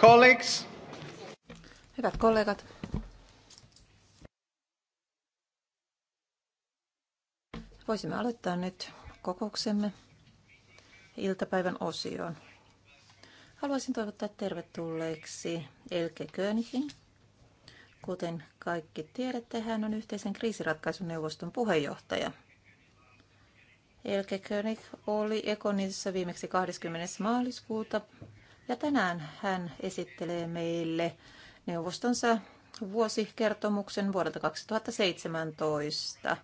colleagues. Hyvät kollegat. Voisimme aloittaa nyt kokouksemme iltapäivän osioon. Haluaisin toivottaa tervetulleeksi Elke Königin. Kuten kaikki tiedätte, hän on yhteisen kriisiratkaisuneuvoston puheenjohtaja. Elke König oli Ekonissa viimeksi 20. maaliskuuta ja tänään hän esittelee meille neuvostonsa vuosikertomuksen vuodelta 2017.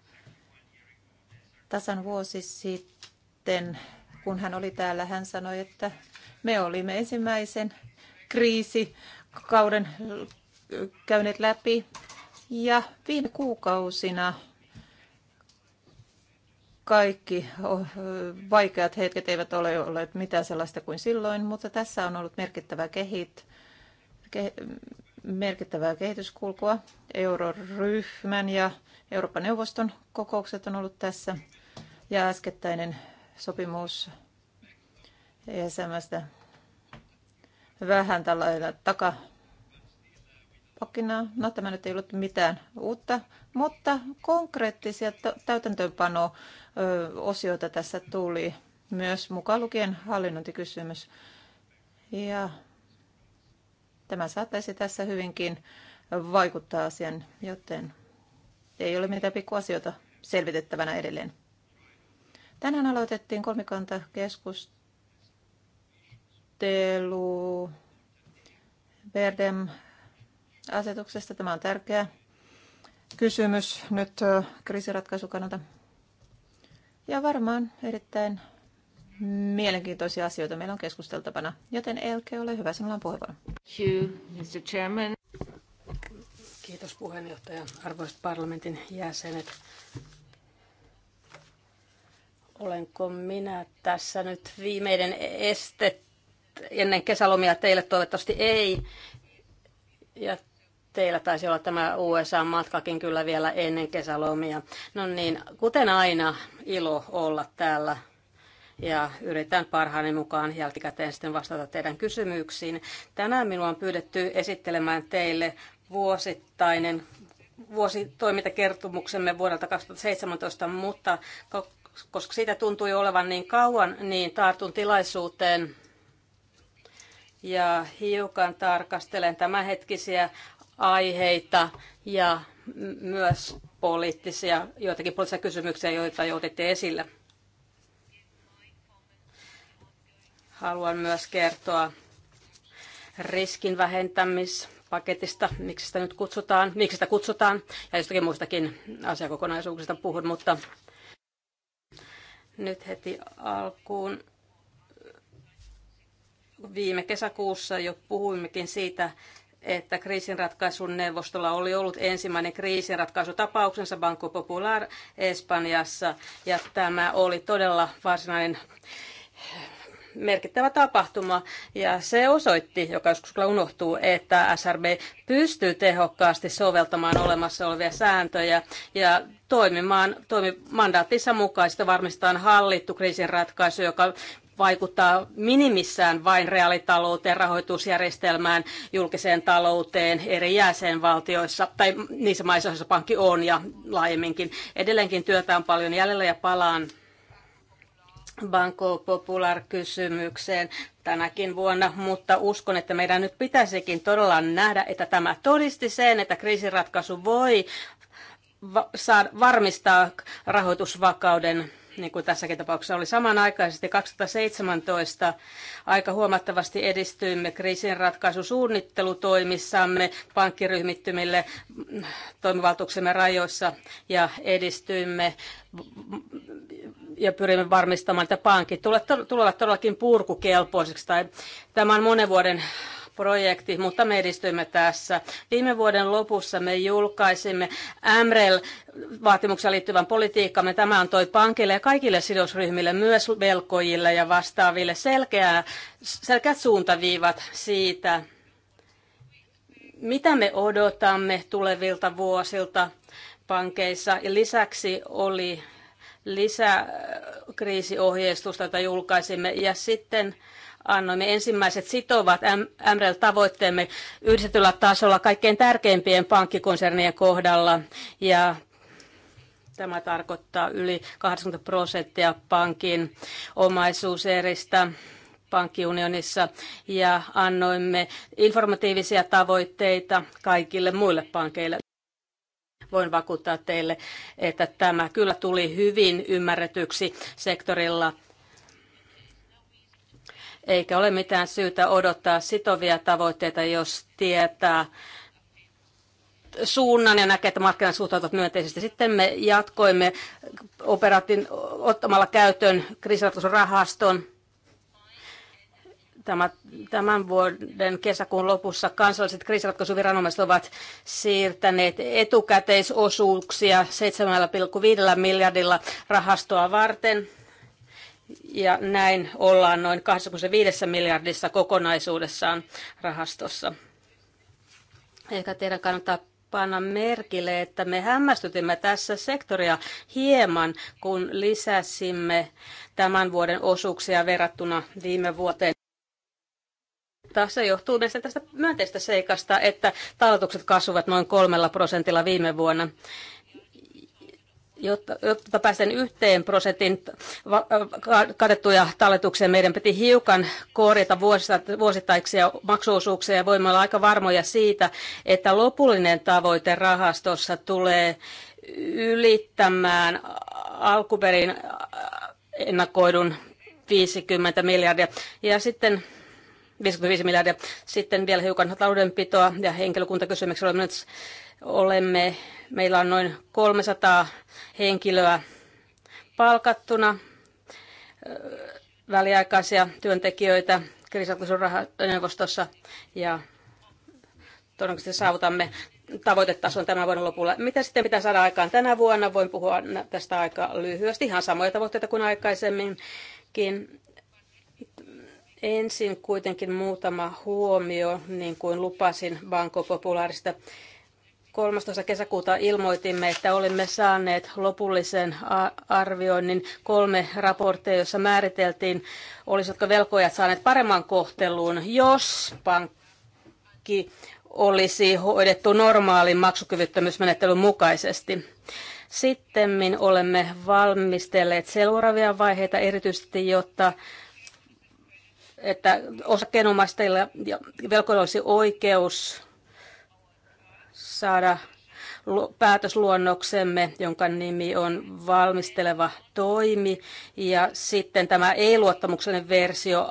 Tasan vuosi sitten, kun hän oli täällä, hän sanoi, että me olimme ensimmäisen kriisikauden käyneet läpi. Ja viime kuukausina kaikki vaikeat hetket eivät ole olleet mitään sellaista kuin silloin, mutta tässä on ollut merkittävä kehit, ke, merkittävää kehityskulkua. Euroryhmän ja Euroopan neuvoston kokoukset on ollut tässä ja äskettäinen sopimus ESMstä vähän tällainen taka pakkina. No tämä nyt ei ollut mitään uutta, mutta konkreettisia täytäntöönpano-osioita tässä tuli myös mukaan lukien hallinnointikysymys. Ja tämä saattaisi tässä hyvinkin vaikuttaa asian, joten ei ole mitään pikkuasioita selvitettävänä edelleen. Tänään aloitettiin kolmikanta keskustelu Verdem asetuksesta. Tämä on tärkeä kysymys nyt kriisiratkaisukannalta. Ja varmaan erittäin mielenkiintoisia asioita meillä on keskusteltavana, joten Elke, ole hyvä, sinulla on puheenvuoro. Mr. Chairman. Kiitos puheenjohtaja, arvoisat parlamentin jäsenet. Olenko minä tässä nyt viimeinen este ennen kesälomia teille? Toivottavasti ei. Ja Teillä taisi olla tämä USA-matkakin kyllä vielä ennen kesälomia. No niin, kuten aina, ilo olla täällä ja yritän parhaani mukaan jälkikäteen sitten vastata teidän kysymyksiin. Tänään minua on pyydetty esittelemään teille vuosittainen vuositoimintakertomuksemme vuodelta 2017, mutta koska siitä tuntui olevan niin kauan, niin tartun tilaisuuteen ja hiukan tarkastelen tämänhetkisiä aiheita ja myös poliittisia, joitakin poliittisia kysymyksiä, joita jo otitte esille. Haluan myös kertoa riskin vähentämispaketista, miksi sitä nyt kutsutaan, miksi sitä kutsutaan, ja jostakin muistakin asiakokonaisuuksista puhun, mutta nyt heti alkuun viime kesäkuussa jo puhuimmekin siitä, että kriisinratkaisun neuvostolla oli ollut ensimmäinen kriisinratkaisutapauksensa Banco Popular Espanjassa, ja tämä oli todella varsinainen merkittävä tapahtuma ja se osoitti, joka joskus unohtuu, että SRB pystyy tehokkaasti soveltamaan olemassa olevia sääntöjä ja toimimaan toimi mandaattissa mukaisesti varmistaan hallittu kriisin ratkaisu, joka vaikuttaa minimissään vain reaalitalouteen, rahoitusjärjestelmään, julkiseen talouteen eri jäsenvaltioissa tai niissä maissa, joissa pankki on ja laajemminkin. Edelleenkin työtä on paljon jäljellä ja palaan Banco Popular-kysymykseen tänäkin vuonna, mutta uskon, että meidän nyt pitäisikin todella nähdä, että tämä todisti sen, että kriisiratkaisu voi varmistaa rahoitusvakauden niin kuin tässäkin tapauksessa oli samanaikaisesti 2017, aika huomattavasti edistyimme kriisinratkaisusuunnittelutoimissamme pankkiryhmittymille mm, toimivaltuuksemme rajoissa ja edistyimme ja pyrimme varmistamaan, että pankit tulevat todellakin purkukelpoiseksi. Tai tämä on monen vuoden projekti, mutta me edistymme tässä. Viime vuoden lopussa me julkaisimme MREL-vaatimuksia liittyvän politiikkamme. Tämä antoi pankille ja kaikille sidosryhmille, myös velkojille ja vastaaville selkeää, selkeät suuntaviivat siitä, mitä me odotamme tulevilta vuosilta pankeissa. Ja lisäksi oli lisäkriisiohjeistusta, jota julkaisimme. Ja sitten annoimme ensimmäiset sitovat MREL-tavoitteemme yhdistetyllä tasolla kaikkein tärkeimpien pankkikonsernien kohdalla ja Tämä tarkoittaa yli 80 prosenttia pankin omaisuuseristä pankkiunionissa ja annoimme informatiivisia tavoitteita kaikille muille pankeille. Voin vakuuttaa teille, että tämä kyllä tuli hyvin ymmärretyksi sektorilla eikä ole mitään syytä odottaa sitovia tavoitteita, jos tietää suunnan ja näkee, että markkinat suhtautuvat myönteisesti. Sitten me jatkoimme operaatin ottamalla käyttöön kriisiratkaisurahaston tämän vuoden kesäkuun lopussa kansalliset kriisiratkaisuviranomaiset ovat siirtäneet etukäteisosuuksia 7,5 miljardilla rahastoa varten ja näin ollaan noin 25 miljardissa kokonaisuudessaan rahastossa. Ehkä teidän kannattaa panna merkille, että me hämmästytimme tässä sektoria hieman, kun lisäsimme tämän vuoden osuuksia verrattuna viime vuoteen. Se johtuu mielestäni tästä myönteistä seikasta, että talotukset kasvavat noin kolmella prosentilla viime vuonna jotta, jotta pääsen yhteen prosentin katettuja talletuksia, meidän piti hiukan korjata vuosittaisia maksuosuuksia ja voimme olla aika varmoja siitä, että lopullinen tavoite rahastossa tulee ylittämään alkuperin ennakoidun 50 miljardia. Ja sitten 55 miljardia. Sitten vielä hiukan taloudenpitoa ja henkilökuntakysymyksiä nyt Olemme, meillä on noin 300 henkilöä palkattuna, väliaikaisia työntekijöitä kriisiratkaisuneuvostossa ja todennäköisesti saavutamme tavoitetason tämän vuoden lopulla. Mitä sitten pitää saada aikaan tänä vuonna? Voin puhua tästä aika lyhyesti, ihan samoja tavoitteita kuin aikaisemminkin. Ensin kuitenkin muutama huomio, niin kuin lupasin Banco Popularista. 13. kesäkuuta ilmoitimme, että olimme saaneet lopullisen arvioinnin kolme raporttia, jossa määriteltiin, olisivatko velkojat saaneet paremman kohtelun, jos pankki olisi hoidettu normaalin maksukyvyttömyysmenettelyn mukaisesti. Sittemmin olemme valmistelleet seuraavia vaiheita erityisesti, jotta että osakkeenomistajilla ja velkoilla olisi oikeus saada päätösluonnoksemme, jonka nimi on valmisteleva toimi. Ja sitten tämä ei-luottamuksellinen versio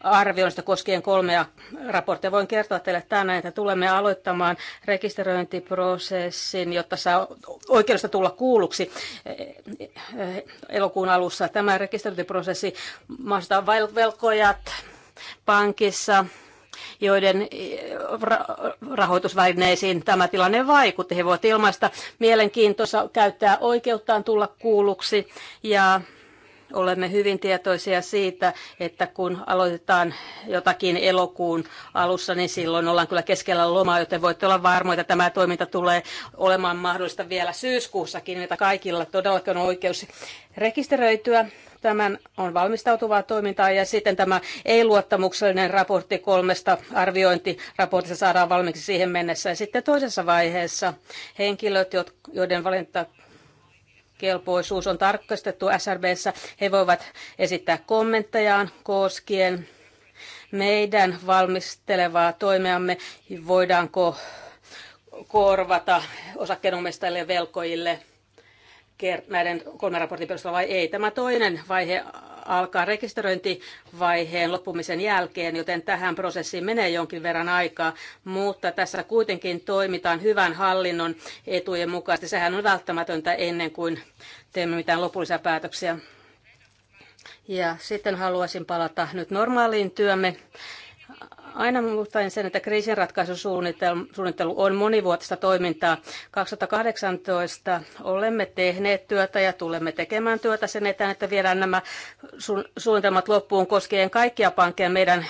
arvioinnista koskien kolmea raporttia. Voin kertoa teille tänään, että tulemme aloittamaan rekisteröintiprosessin, jotta saa oikeudesta tulla kuulluksi eh, elokuun alussa. Tämä rekisteröintiprosessi mahdollistaa velkojat pankissa, joiden eh, rahoitusvälineisiin tämä tilanne vaikutti. He voivat ilmaista mielenkiintoista käyttää oikeuttaan tulla kuulluksi ja olemme hyvin tietoisia siitä, että kun aloitetaan jotakin elokuun alussa, niin silloin ollaan kyllä keskellä lomaa, joten voitte olla varmoja, että tämä toiminta tulee olemaan mahdollista vielä syyskuussakin, että kaikilla todellakin on oikeus rekisteröityä Tämän on valmistautuvaa toimintaa ja sitten tämä ei-luottamuksellinen raportti kolmesta arviointiraportista saadaan valmiiksi siihen mennessä. Ja sitten toisessa vaiheessa henkilöt, joiden valinta kelpoisuus on tarkastettu SRBssä. He voivat esittää kommenttejaan koskien meidän valmistelevaa toimeamme, voidaanko korvata osakkeenomistajille velkojille näiden kolmen raportin perusteella vai ei. Tämä toinen vaihe alkaa rekisteröintivaiheen loppumisen jälkeen, joten tähän prosessiin menee jonkin verran aikaa, mutta tässä kuitenkin toimitaan hyvän hallinnon etujen mukaisesti. Sehän on välttämätöntä ennen kuin teemme mitään lopullisia päätöksiä. Ja sitten haluaisin palata nyt normaaliin työmme Aina muistan sen, että kriisinratkaisusuunnittelu on monivuotista toimintaa. 2018 olemme tehneet työtä ja tulemme tekemään työtä sen eteen, että viedään nämä suunnitelmat loppuun koskien kaikkia pankkeja meidän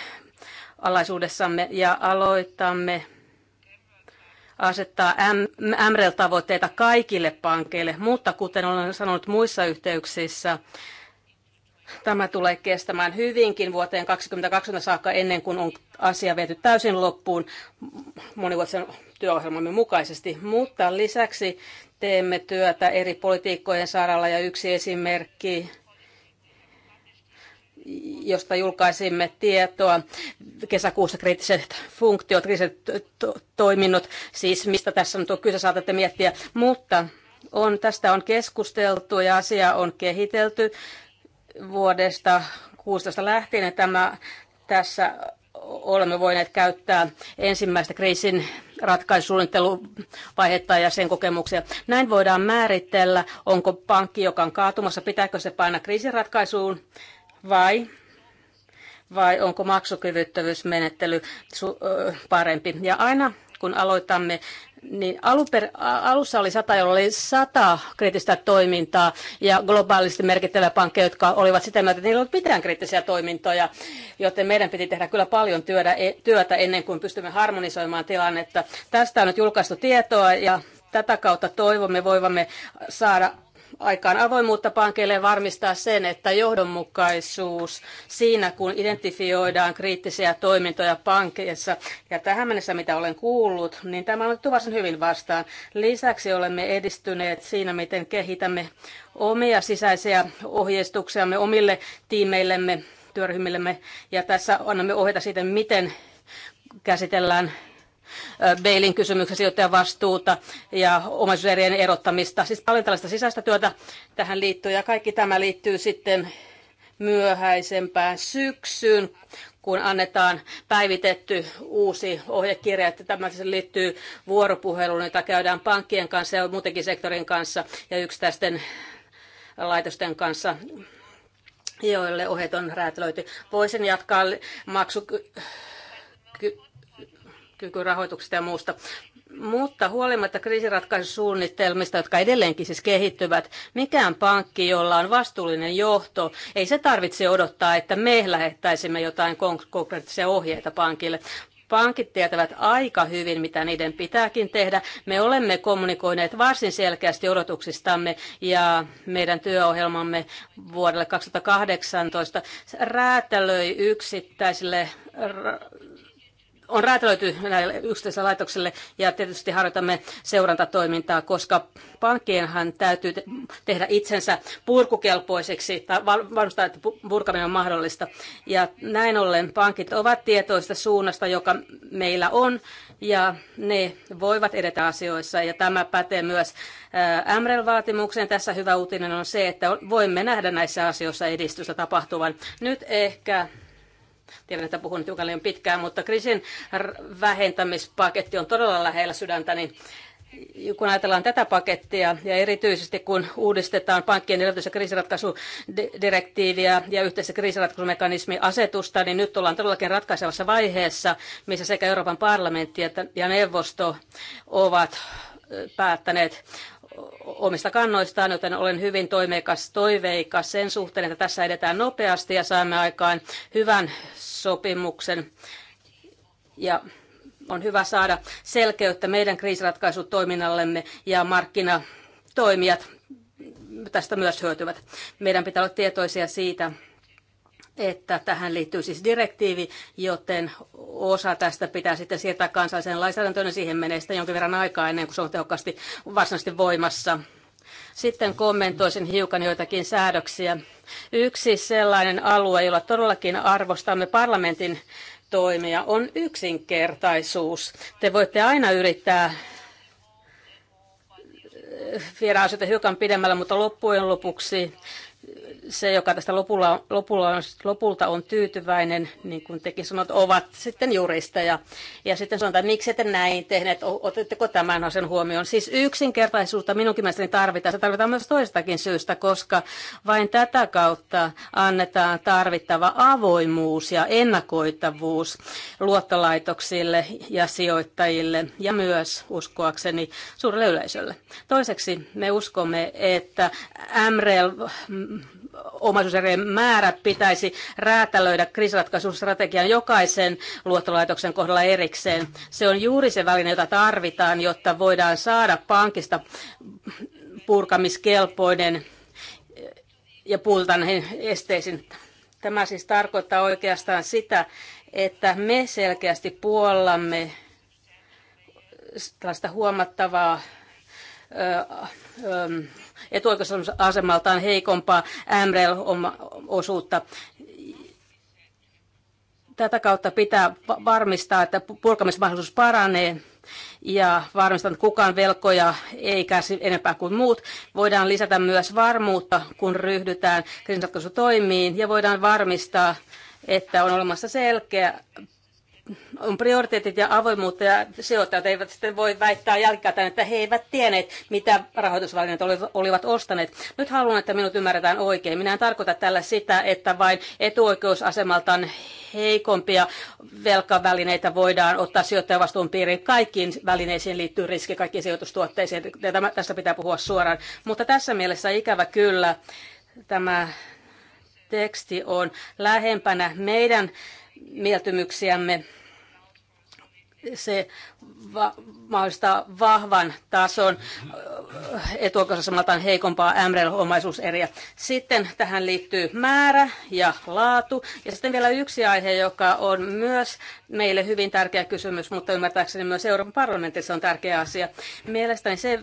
alaisuudessamme ja aloitamme asettaa MREL-tavoitteita kaikille pankeille, mutta kuten olen sanonut muissa yhteyksissä, Tämä tulee kestämään hyvinkin vuoteen 2020 saakka ennen kuin on asia viety täysin loppuun monivuotisen työohjelmamme mukaisesti. Mutta lisäksi teemme työtä eri politiikkojen saralla ja yksi esimerkki josta julkaisimme tietoa kesäkuussa kriittiset funktiot, kriittiset toiminnot, siis mistä tässä nyt on kyse, saatatte miettiä, mutta on, tästä on keskusteltu ja asia on kehitelty vuodesta 16 lähtien, että tämä tässä olemme voineet käyttää ensimmäistä kriisin ratkaisusuunnitteluvaihetta ja sen kokemuksia. Näin voidaan määritellä, onko pankki, joka on kaatumassa, pitääkö se painaa ratkaisuun vai, vai onko maksukyvyttövyysmenettely parempi. Ja aina kun aloitamme niin aluper, alussa oli sata, jolla oli sata kriittistä toimintaa ja globaalisti merkittäviä pankkeja, jotka olivat sitä mieltä, että niillä ei ollut mitään kriittisiä toimintoja, joten meidän piti tehdä kyllä paljon työtä, e- työtä ennen kuin pystymme harmonisoimaan tilannetta. Tästä on nyt julkaistu tietoa ja tätä kautta toivomme voivamme saada aikaan avoimuutta pankeille ja varmistaa sen, että johdonmukaisuus siinä, kun identifioidaan kriittisiä toimintoja pankeissa ja tähän mennessä, mitä olen kuullut, niin tämä on otettu varsin hyvin vastaan. Lisäksi olemme edistyneet siinä, miten kehitämme omia sisäisiä ohjeistuksiamme omille tiimeillemme, työryhmillemme ja tässä annamme ohjeita siitä, miten käsitellään Beilin kysymyksessä sijoittajan vastuuta ja omaisuuserien erottamista. Siis paljon tällaista sisäistä työtä tähän liittyy ja kaikki tämä liittyy sitten myöhäisempään syksyyn, kun annetaan päivitetty uusi ohjekirja, että tämä siis liittyy vuoropuheluun, jota käydään pankkien kanssa ja muutenkin sektorin kanssa ja yksittäisten laitosten kanssa joille ohjeet on räätälöity. Voisin jatkaa maksu rahoituksesta ja muusta. Mutta huolimatta kriisiratkaisusuunnitelmista, jotka edelleenkin siis kehittyvät, mikään pankki, jolla on vastuullinen johto, ei se tarvitse odottaa, että me lähettäisimme jotain konkreettisia ohjeita pankille. Pankit tietävät aika hyvin, mitä niiden pitääkin tehdä. Me olemme kommunikoineet varsin selkeästi odotuksistamme ja meidän työohjelmamme vuodelle 2018 räätälöi yksittäisille on räätälöity näille yksityisille laitoksille ja tietysti harjoitamme seurantatoimintaa, koska pankkienhan täytyy tehdä itsensä purkukelpoiseksi tai varmistaa, että purkaminen on mahdollista. Ja näin ollen pankit ovat tietoista suunnasta, joka meillä on ja ne voivat edetä asioissa ja tämä pätee myös MREL-vaatimukseen. Tässä hyvä uutinen on se, että voimme nähdä näissä asioissa edistystä tapahtuvan. Nyt ehkä Tiedän, että puhun nyt hiukan liian pitkään, mutta kriisin vähentämispaketti on todella lähellä sydäntäni. Niin kun ajatellaan tätä pakettia ja erityisesti kun uudistetaan pankkien elvytys- ja kriisiratkaisudirektiiviä ja yhteistä kriisiratkaisumekanismiasetusta, niin nyt ollaan todellakin ratkaisevassa vaiheessa, missä sekä Euroopan parlamentti ja neuvosto ovat päättäneet omista kannoistaan, joten olen hyvin toimeikas, toiveikas sen suhteen, että tässä edetään nopeasti ja saamme aikaan hyvän sopimuksen. Ja on hyvä saada selkeyttä meidän kriisiratkaisutoiminnallemme ja markkinatoimijat tästä myös hyötyvät. Meidän pitää olla tietoisia siitä, että tähän liittyy siis direktiivi, joten osa tästä pitää sitten siirtää kansalliseen lainsäädäntöön ja siihen menee sitten jonkin verran aikaa ennen kuin se on tehokkaasti varsinaisesti voimassa. Sitten kommentoisin hiukan joitakin säädöksiä. Yksi sellainen alue, jolla todellakin arvostamme parlamentin toimia, on yksinkertaisuus. Te voitte aina yrittää eh, viedä asioita hiukan pidemmällä, mutta loppujen lopuksi se, joka tästä lopulla, lopulla on, lopulta on tyytyväinen, niin kuin tekin sanot, ovat sitten juristeja. Ja sitten sanotaan, miksi ette näin tehneet, otetteko tämän asian huomioon. Siis yksinkertaisuutta minunkin mielestäni tarvitaan. Se tarvitaan myös toistakin syystä, koska vain tätä kautta annetaan tarvittava avoimuus ja ennakoitavuus luottolaitoksille ja sijoittajille ja myös uskoakseni suurelle yleisölle. Toiseksi me uskomme, että MREL omaisuuserien määrä pitäisi räätälöidä kriisiratkaisustrategian jokaisen luottolaitoksen kohdalla erikseen. Se on juuri se väline, jota tarvitaan, jotta voidaan saada pankista purkamiskelpoinen ja puututa näihin esteisiin. Tämä siis tarkoittaa oikeastaan sitä, että me selkeästi puollamme tällaista huomattavaa ö, ö, etuoikeusasemaltaan heikompaa MREL-osuutta. Tätä kautta pitää varmistaa, että purkamismahdollisuus paranee ja varmistan, että kukaan velkoja ei kärsi enempää kuin muut. Voidaan lisätä myös varmuutta, kun ryhdytään kriisinratkaisutoimiin ja voidaan varmistaa, että on olemassa selkeä on prioriteetit ja avoimuutta ja sijoittajat eivät sitten voi väittää jälkikäteen, että he eivät tienneet, mitä rahoitusvälineet olivat ostaneet. Nyt haluan, että minut ymmärretään oikein. Minä en tarkoita tällä sitä, että vain etuoikeusasemaltaan heikompia velkavälineitä voidaan ottaa sijoittajavastuun piiriin. Kaikkiin välineisiin liittyy riski, kaikkiin sijoitustuotteisiin. Ja tästä pitää puhua suoraan. Mutta tässä mielessä ikävä kyllä tämä teksti on lähempänä meidän mieltymyksiämme se va- mahdollistaa vahvan tason äh, etuokossa samalla heikompaa MREL-omaisuuseriä. Sitten tähän liittyy määrä ja laatu. Ja sitten vielä yksi aihe, joka on myös meille hyvin tärkeä kysymys, mutta ymmärtääkseni myös Euroopan parlamentissa on tärkeä asia. Mielestäni se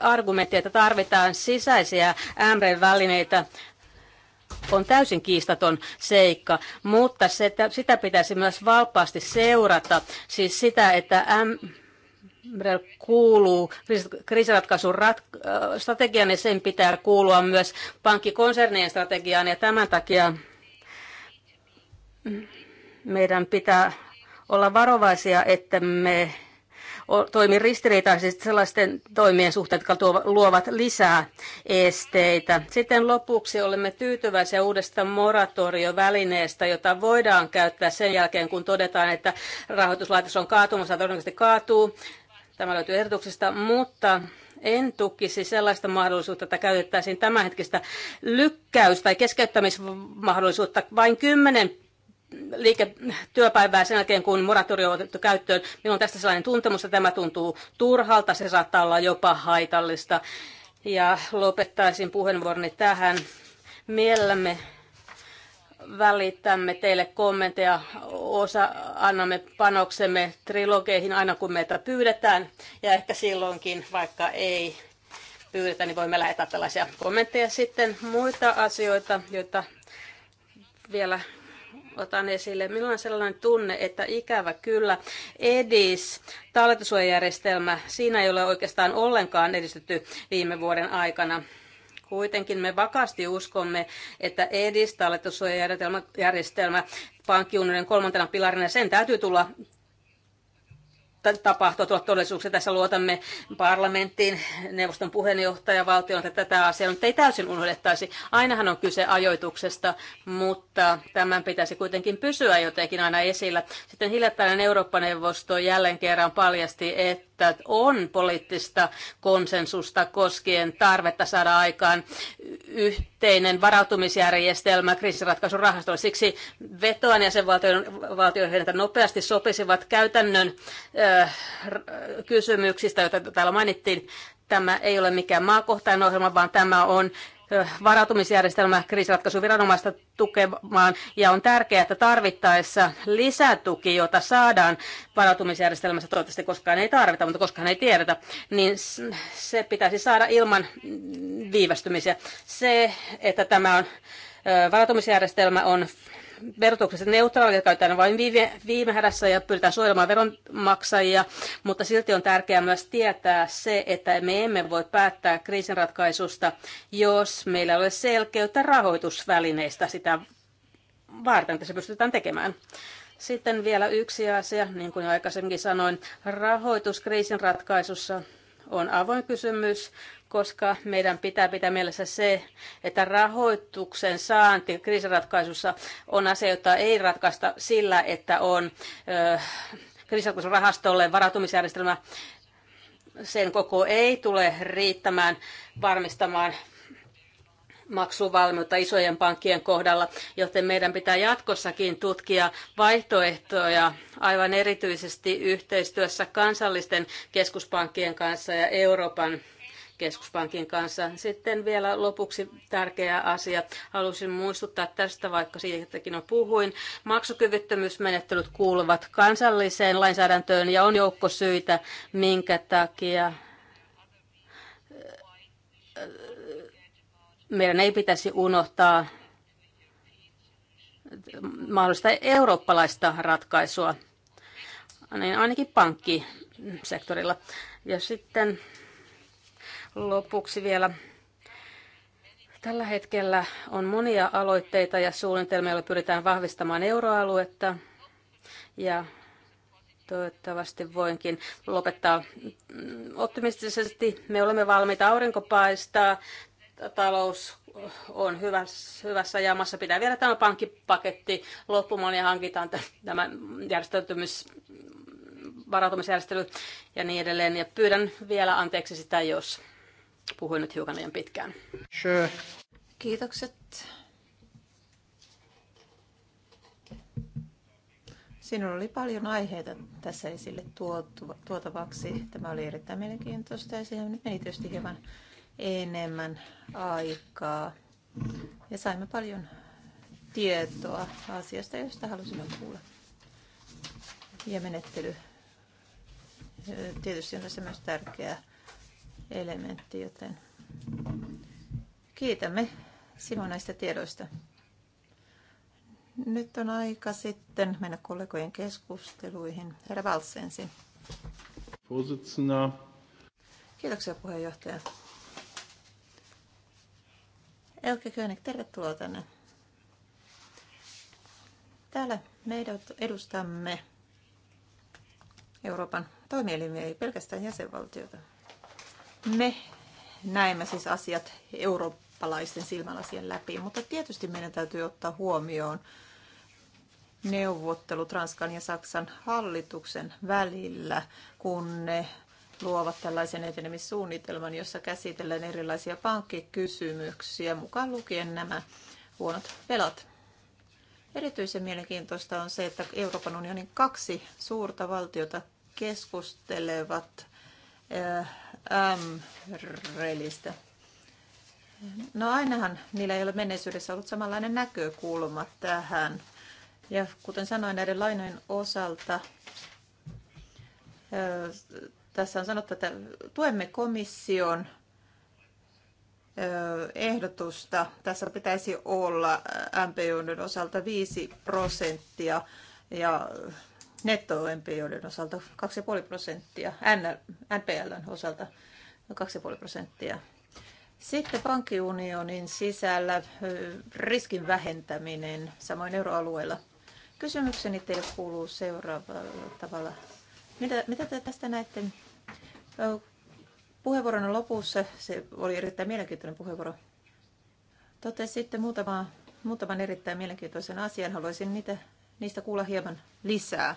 argumentti, että tarvitaan sisäisiä MREL-välineitä, on täysin kiistaton seikka, mutta se, sitä pitäisi myös valpaasti seurata, siis sitä, että M- kuuluu kriisiratkaisun rat- äh, strategiaan ja niin sen pitää kuulua myös pankkikonsernien strategiaan ja tämän takia meidän pitää olla varovaisia, että me toimi ristiriitaisesti sellaisten toimien suhteen, jotka luovat lisää esteitä. Sitten lopuksi olemme tyytyväisiä uudesta moratoriovälineestä, jota voidaan käyttää sen jälkeen, kun todetaan, että rahoituslaitos on kaatumassa, todennäköisesti kaatuu. Tämä löytyy ehdotuksesta, mutta en tukisi sellaista mahdollisuutta, että käytettäisiin tämänhetkistä lykkäys- tai keskeyttämismahdollisuutta vain 10 työpäivää sen jälkeen, kun moratorio on otettu käyttöön. Minulla on tästä sellainen tuntemus, että tämä tuntuu turhalta, se saattaa olla jopa haitallista. Ja lopettaisin puheenvuoroni tähän. Mielämme välitämme teille kommentteja, osa annamme panoksemme trilogeihin aina kun meitä pyydetään ja ehkä silloinkin, vaikka ei pyydetä, niin voimme lähettää tällaisia kommentteja sitten muita asioita, joita vielä otan esille. Minulla on sellainen tunne, että ikävä kyllä EDIS, talletussuojajärjestelmä, siinä ei ole oikeastaan ollenkaan edistytty viime vuoden aikana. Kuitenkin me vakaasti uskomme, että EDIS, talletussuojajärjestelmä, järjestelmä, kolmantena pilarina, sen täytyy tulla tapahtua tuolla todellisuuksia. Tässä luotamme parlamenttiin, neuvoston puheenjohtaja, valtion, että tätä asiaa nyt ei täysin unohdettaisi. Ainahan on kyse ajoituksesta, mutta tämän pitäisi kuitenkin pysyä jotenkin aina esillä. Sitten hiljattain Eurooppa-neuvosto jälleen kerran paljasti, että että on poliittista konsensusta koskien tarvetta saada aikaan yhteinen varautumisjärjestelmä kriisinratkaisurahastolle. Siksi vetoan jäsenvaltioihin, että nopeasti sopisivat käytännön äh, kysymyksistä, joita täällä mainittiin. Tämä ei ole mikään maakohtainen ohjelma, vaan tämä on varautumisjärjestelmä kriisiratkaisuviranomaista tukemaan ja on tärkeää, että tarvittaessa lisätuki, jota saadaan varautumisjärjestelmässä, toivottavasti koskaan ei tarvita, mutta koskaan ei tiedetä, niin se pitäisi saada ilman viivästymisiä. Se, että tämä on varautumisjärjestelmä on verotuksessa neutraalia käytetään vain viime, viime hädässä ja pyritään suojelemaan veronmaksajia, mutta silti on tärkeää myös tietää se, että me emme voi päättää kriisinratkaisusta, jos meillä ei ole selkeyttä rahoitusvälineistä sitä varten, että se pystytään tekemään. Sitten vielä yksi asia, niin kuin aikaisemmin sanoin, rahoituskriisin ratkaisussa on avoin kysymys, koska meidän pitää pitää mielessä se, että rahoituksen saanti kriisiratkaisussa on asia, jota ei ratkaista sillä, että on kriisiratkaisurahastolle varautumisjärjestelmä sen koko ei tule riittämään varmistamaan maksuvalmiutta isojen pankkien kohdalla, joten meidän pitää jatkossakin tutkia vaihtoehtoja aivan erityisesti yhteistyössä kansallisten keskuspankkien kanssa ja Euroopan keskuspankin kanssa. Sitten vielä lopuksi tärkeä asia. Halusin muistuttaa tästä, vaikka siitäkin on puhuin. Maksukyvyttömyysmenettelyt kuuluvat kansalliseen lainsäädäntöön ja on joukko syitä, minkä takia meidän ei pitäisi unohtaa mahdollista eurooppalaista ratkaisua, niin ainakin pankkisektorilla. Ja sitten lopuksi vielä Tällä hetkellä on monia aloitteita ja suunnitelmia, joilla pyritään vahvistamaan euroaluetta. Ja toivottavasti voinkin lopettaa optimistisesti. Me olemme valmiita paistaa talous on hyvässä, hyvässä jamassa. Pitää vielä tämä pankkipaketti loppumaan ja hankitaan tämä järjestäytymis varautumisjärjestely ja niin edelleen. Ja pyydän vielä anteeksi sitä, jos puhuin nyt hiukan liian pitkään. Sure. Kiitokset. Sinulla oli paljon aiheita tässä esille tuotavaksi. Tämä oli erittäin mielenkiintoista ja siihen meni tietysti hieman enemmän aikaa. Ja saimme paljon tietoa asiasta, josta halusimme kuulla. Ja menettely tietysti on tässä myös tärkeä elementti, joten kiitämme sinua näistä tiedoista. Nyt on aika sitten mennä kollegojen keskusteluihin. Herra Vals Kiitoksia puheenjohtaja. Elke König, tervetuloa tänne. Täällä meidät edustamme Euroopan toimielimiä, ei pelkästään jäsenvaltiota. Me näemme siis asiat eurooppalaisten silmälasien läpi, mutta tietysti meidän täytyy ottaa huomioon neuvottelut Ranskan ja Saksan hallituksen välillä, kun ne luovat tällaisen etenemissuunnitelman, jossa käsitellään erilaisia pankkikysymyksiä, mukaan lukien nämä huonot velat. Erityisen mielenkiintoista on se, että Euroopan unionin kaksi suurta valtiota keskustelevat äh, M-relistä. No ainahan niillä ei ole menneisyydessä ollut samanlainen näkökulma tähän. Ja kuten sanoin, näiden lainojen osalta äh, tässä on sanottu, että tuemme komission ehdotusta. Tässä pitäisi olla MPUn osalta 5 prosenttia ja netto MPUn osalta 2,5 prosenttia, NPLn osalta 2,5 prosenttia. Sitten pankkiunionin sisällä riskin vähentäminen, samoin euroalueella. Kysymykseni teille kuuluu seuraavalla tavalla. Mitä, mitä te tästä näette? Puheenvuoron lopussa, se oli erittäin mielenkiintoinen puheenvuoro, sitten muutama, muutaman erittäin mielenkiintoisen asian. Haluaisin niitä, niistä kuulla hieman lisää.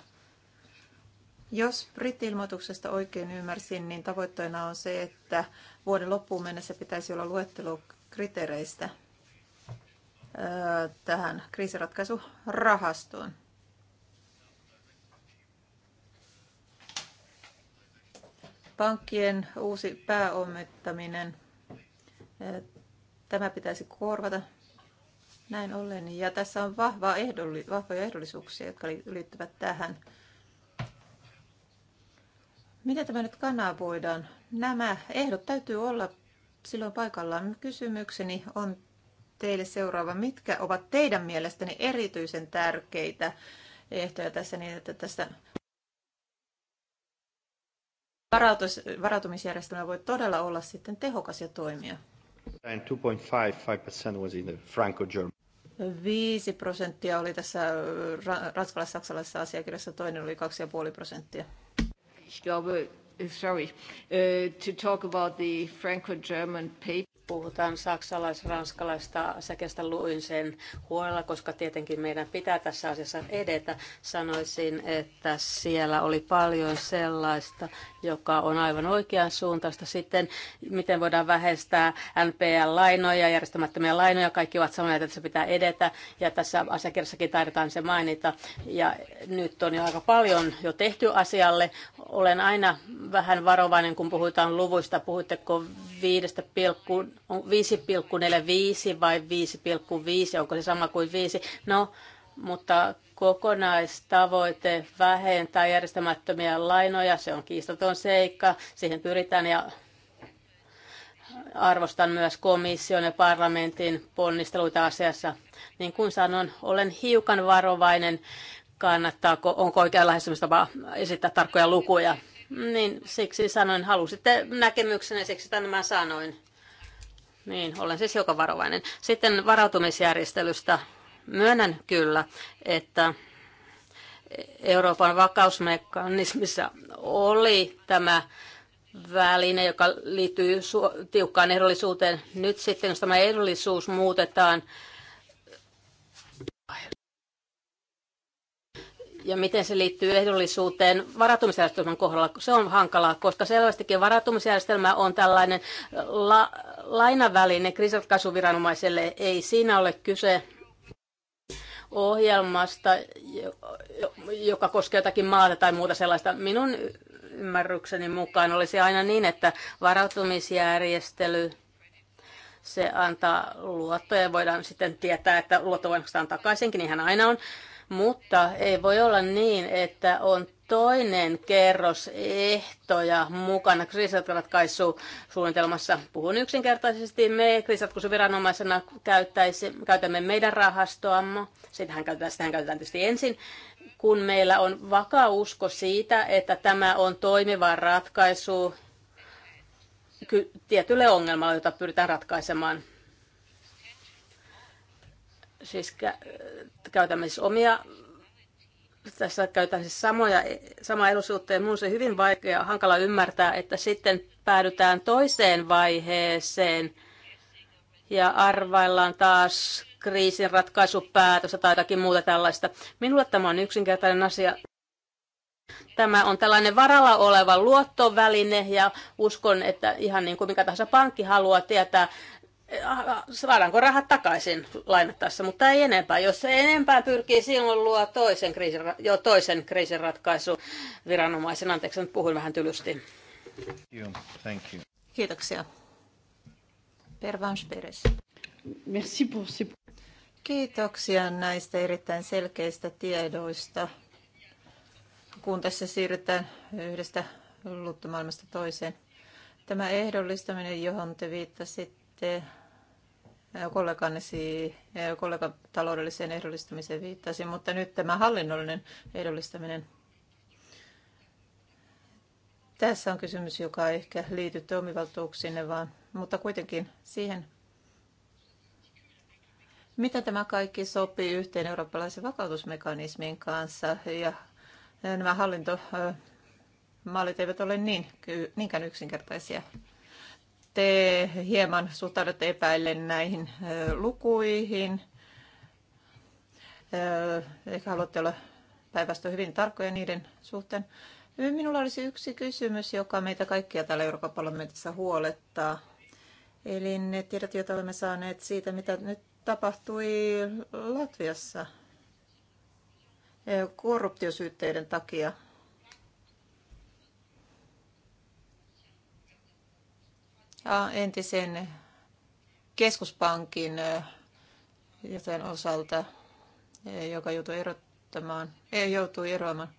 Jos britti-ilmoituksesta oikein ymmärsin, niin tavoitteena on se, että vuoden loppuun mennessä pitäisi olla luettelo kriteereistä tähän kriisiratkaisurahastoon. Pankkien uusi pääomittaminen, tämä pitäisi korvata näin ollen. Ja tässä on vahvaa ehdolli, vahvoja ehdollisuuksia, jotka liittyvät tähän. Miten tämä nyt kanavoidaan? Nämä ehdot täytyy olla silloin paikallaan. Kysymykseni on teille seuraava. Mitkä ovat teidän mielestänne erityisen tärkeitä ehtoja tässä niin, että tässä varautumisjärjestelmä voi todella olla sitten tehokas ja toimia. 5 prosenttia oli tässä ranskalais-saksalaisessa asiakirjassa, toinen oli 2,5 prosenttia. Sorry, uh, to talk about the Franco-German paper puhutaan saksalais-ranskalaista säkestä, luin sen huolella, koska tietenkin meidän pitää tässä asiassa edetä. Sanoisin, että siellä oli paljon sellaista, joka on aivan oikean suuntaista. Sitten, miten voidaan vähestää NPL-lainoja, järjestämättömiä lainoja, kaikki ovat sanoneet, että se pitää edetä. Ja tässä asiakirjassakin taidetaan se mainita. Ja nyt on jo aika paljon jo tehty asialle. Olen aina vähän varovainen, kun puhutaan luvuista. Puhuitteko 5,4 on 5,45 vai 5,5, onko se sama kuin 5? No, mutta kokonaistavoite vähentää järjestämättömiä lainoja, se on kiistaton seikka, siihen pyritään ja arvostan myös komission ja parlamentin ponnisteluita asiassa. Niin kuin sanon, olen hiukan varovainen, kannattaako, onko oikea lähestymistapa esittää tarkkoja lukuja. Niin siksi sanoin, halusitte näkemyksenä siksi tämän sanoin. Niin, olen siis joka varovainen. Sitten varautumisjärjestelystä. Myönnän kyllä, että Euroopan vakausmekanismissa oli tämä väline, joka liittyy tiukkaan ehdollisuuteen. Nyt sitten, jos tämä ehdollisuus muutetaan, ja miten se liittyy ehdollisuuteen varautumisjärjestelmän kohdalla, se on hankalaa, koska selvästikin varautumisjärjestelmä on tällainen la- lainaväline kriisiratkaisuviranomaiselle ei siinä ole kyse ohjelmasta, joka koskee jotakin maata tai muuta sellaista. Minun ymmärrykseni mukaan olisi aina niin, että varautumisjärjestely se antaa luottoja. Voidaan sitten tietää, että luotto voidaan takaisinkin, niinhän aina on. Mutta ei voi olla niin, että on toinen kerros ehtoja mukana suunnitelmassa. Puhun yksinkertaisesti, me viranomaisena käytämme meidän rahastoamme, sitähän käytetään, sitähän käytetään tietysti ensin, kun meillä on vakaa usko siitä, että tämä on toimiva ratkaisu tietylle ongelmalle, jota pyritään ratkaisemaan siis käytämme siis omia tässä käytän siis samoja, samaa elosuutta ja se hyvin vaikea hankala ymmärtää, että sitten päädytään toiseen vaiheeseen ja arvaillaan taas kriisin ratkaisupäätöstä tai jotakin muuta tällaista. Minulle tämä on yksinkertainen asia. Tämä on tällainen varalla oleva luottoväline ja uskon, että ihan niin kuin mikä tahansa pankki haluaa tietää Äh, äh, saadaanko rahat takaisin lainattaessa, mutta ei enempää. Jos se enempää pyrkii, silloin luo toisen kriisin, jo toisen kriisin ratkaisu viranomaisen. Anteeksi, nyt puhuin vähän tylysti. Thank you. Kiitoksia. Pervans Merci pour Kiitoksia näistä erittäin selkeistä tiedoista. Kun tässä siirrytään yhdestä luuttomaailmasta toiseen. Tämä ehdollistaminen, johon te viittasitte, sitten kollegani, kollegan taloudelliseen ehdollistamiseen viittasi, mutta nyt tämä hallinnollinen ehdollistaminen. Tässä on kysymys, joka ei ehkä liity toimivaltuuksinne, vaan, mutta kuitenkin siihen, mitä tämä kaikki sopii yhteen eurooppalaisen vakautusmekanismin kanssa ja nämä hallintomallit eivät ole niin, niinkään yksinkertaisia te hieman suhtaudutte epäillen näihin lukuihin. Ehkä haluatte olla päinvastoin hyvin tarkkoja niiden suhteen. Minulla olisi yksi kysymys, joka meitä kaikkia täällä Euroopan parlamentissa huolettaa. Eli ne tiedot, joita olemme saaneet siitä, mitä nyt tapahtui Latviassa korruptiosyytteiden takia. ja entisen keskuspankin joten osalta, joka joutui erottamaan, ei joutui eroamaan.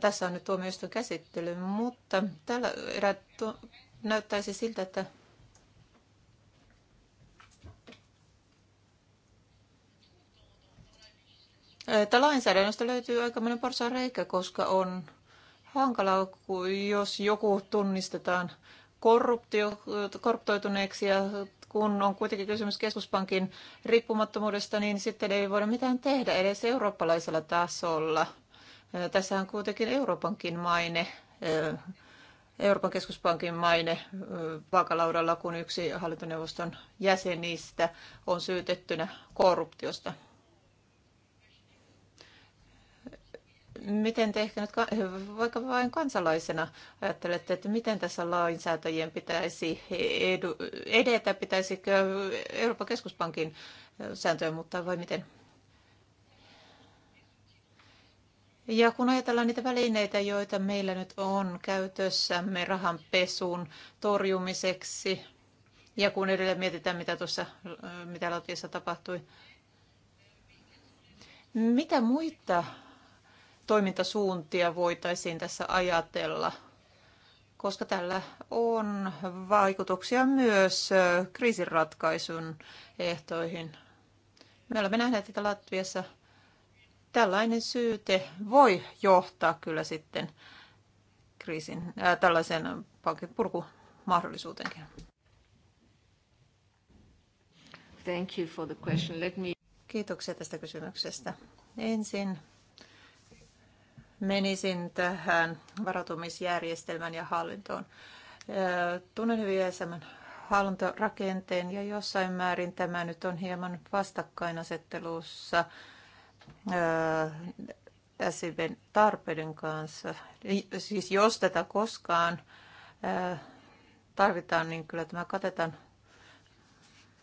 Tässä on nyt tuomioistuin käsittely, mutta tällä erää näyttäisi siltä, että että lainsäädännöstä löytyy monen porsan reikä, koska on hankalaa, jos joku tunnistetaan korruptio, korruptoituneeksi ja kun on kuitenkin kysymys keskuspankin riippumattomuudesta, niin sitten ei voida mitään tehdä edes eurooppalaisella tasolla. Tässä on kuitenkin Euroopankin maine, Euroopan keskuspankin maine vaakalaudalla, kun yksi hallintoneuvoston jäsenistä on syytettynä korruptiosta. miten te ehkä nyt vaikka vain kansalaisena ajattelette, että miten tässä lainsäätäjien pitäisi edu, edetä, pitäisikö Euroopan keskuspankin sääntöjä muuttaa vai miten? Ja kun ajatellaan niitä välineitä, joita meillä nyt on käytössämme rahanpesun torjumiseksi, ja kun edelleen mietitään, mitä tuossa, mitä Latviassa tapahtui, mitä muita toimintasuuntia voitaisiin tässä ajatella, koska tällä on vaikutuksia myös kriisinratkaisun ehtoihin. Me olemme nähneet, että Latviassa tällainen syyte voi johtaa kyllä sitten kriisin, äh, tällaisen pankin purkumahdollisuuteenkin. Thank you for the question. Let me... Kiitoksia tästä kysymyksestä. Ensin menisin tähän varautumisjärjestelmän ja hallintoon. Tunnen hyvin ESMn hallintorakenteen ja jossain määrin tämä nyt on hieman vastakkainasettelussa SIVn tarpeiden kanssa. Siis jos tätä koskaan tarvitaan, niin kyllä tämä katetaan.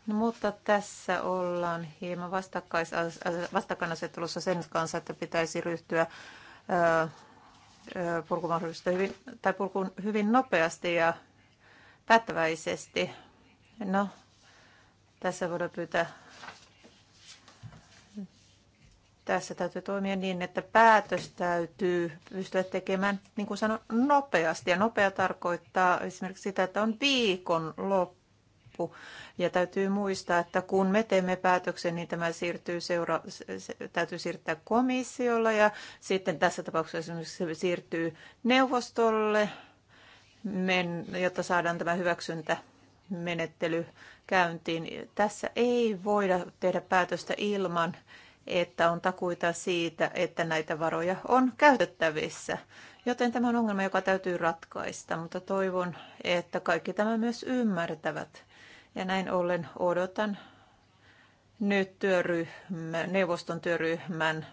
No, mutta tässä ollaan hieman vastakkainasettelussa sen kanssa, että pitäisi ryhtyä purkumahdollisuutta hyvin, tai purkuun hyvin nopeasti ja päättäväisesti. No, tässä voidaan pyytää tässä täytyy toimia niin, että päätös täytyy pystyä tekemään, niin kuin sanoin, nopeasti. Ja nopea tarkoittaa esimerkiksi sitä, että on viikon loppu loppu. Ja täytyy muistaa, että kun me teemme päätöksen, niin tämä siirtyy seura- se täytyy siirtää komissiolla ja sitten tässä tapauksessa esimerkiksi se siirtyy neuvostolle, men- jotta saadaan tämä hyväksyntä menettely käyntiin. Tässä ei voida tehdä päätöstä ilman, että on takuita siitä, että näitä varoja on käytettävissä. Joten tämä on ongelma, joka täytyy ratkaista, mutta toivon, että kaikki tämä myös ymmärtävät. Ja näin ollen odotan nyt työryhmä, neuvoston työryhmän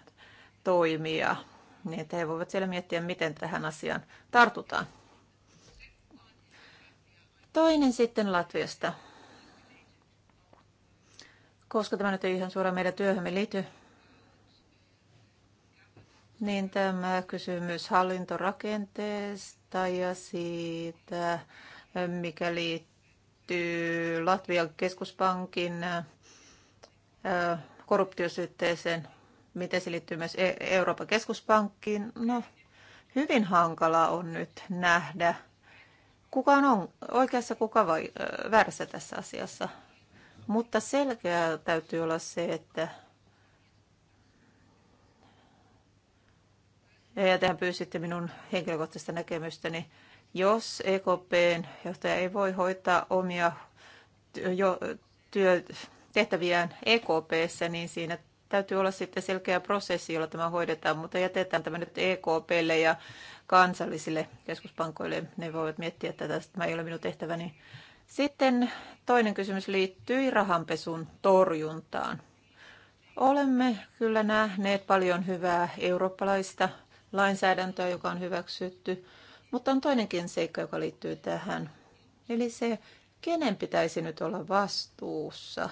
toimia, niin että he voivat siellä miettiä, miten tähän asiaan tartutaan. Toinen sitten Latviasta. Koska tämä nyt ei ihan suoraan meidän työhömme liity, niin tämä kysymys hallintorakenteesta ja siitä, mikä liittyy liittyy Latvian keskuspankin korruptiosyytteeseen, miten se liittyy myös e- Euroopan keskuspankkiin. No, hyvin hankala on nyt nähdä, kuka on oikeassa, kuka vai, väärässä tässä asiassa. Mutta selkeää täytyy olla se, että ja tähän pyysitte minun henkilökohtaista näkemystäni jos EKPn johtaja ei voi hoitaa omia tehtäviään EKPssä, niin siinä täytyy olla sitten selkeä prosessi, jolla tämä hoidetaan, mutta jätetään tämä nyt EKPlle ja kansallisille keskuspankoille. Ne voivat miettiä, että tämä ei ole minun tehtäväni. Sitten toinen kysymys liittyy rahanpesun torjuntaan. Olemme kyllä nähneet paljon hyvää eurooppalaista lainsäädäntöä, joka on hyväksytty mutta on toinenkin seikka, joka liittyy tähän. Eli se, kenen pitäisi nyt olla vastuussa.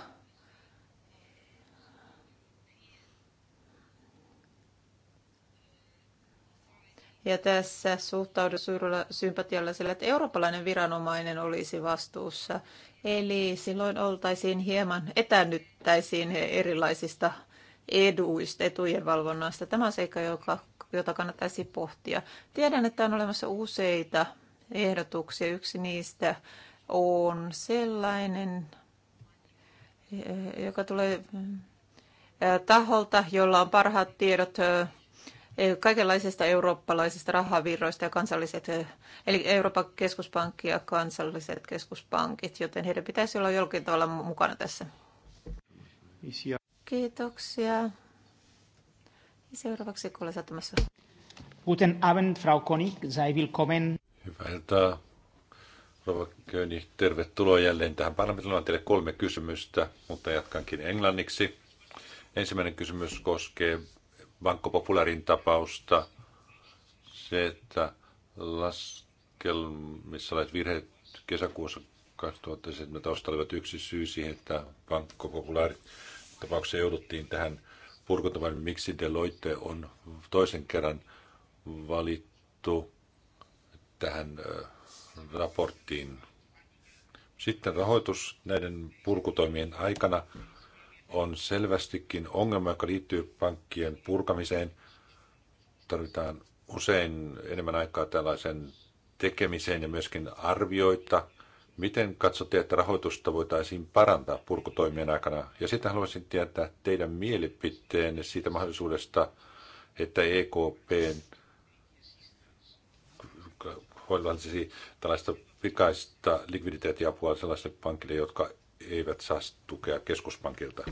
Ja tässä suhtaudu suurella sympatialla sillä, että eurooppalainen viranomainen olisi vastuussa. Eli silloin oltaisiin hieman etänyttäisiin erilaisista eduista, etujen valvonnasta. Tämä on seikka, joka jota kannattaisi pohtia. Tiedän, että on olemassa useita ehdotuksia. Yksi niistä on sellainen, eh, joka tulee eh, taholta, jolla on parhaat tiedot eh, kaikenlaisista eurooppalaisista rahavirroista ja kansalliset, eli Euroopan keskuspankki ja kansalliset keskuspankit, joten heidän pitäisi olla jollakin tavalla mukana tässä. Kiitoksia. Seuraavaksi kollega satamassa. Guten Abend, Frau Konig, sei willkommen. Hyvää iltaa, Rova König. Tervetuloa jälleen tähän parlamentille. on teille kolme kysymystä, mutta jatkankin englanniksi. Ensimmäinen kysymys koskee Banco Popularin tapausta. Se, että laskelmissa olet virheet kesäkuussa 2017 olivat yksi syy siihen, että Banco Popularin tapauksessa jouduttiin tähän purkuntavan, miksi Deloitte on toisen kerran valittu tähän äh, raporttiin. Sitten rahoitus näiden purkutoimien aikana on selvästikin ongelma, joka liittyy pankkien purkamiseen. Tarvitaan usein enemmän aikaa tällaisen tekemiseen ja myöskin arvioita – Miten katsotte, että rahoitusta voitaisiin parantaa purkutoimien aikana? Ja sitten haluaisin tietää teidän mielipiteenne siitä mahdollisuudesta, että EKPn hoitaisi tällaista pikaista likviditeettiapua sellaisille pankille, jotka eivät saa tukea keskuspankilta.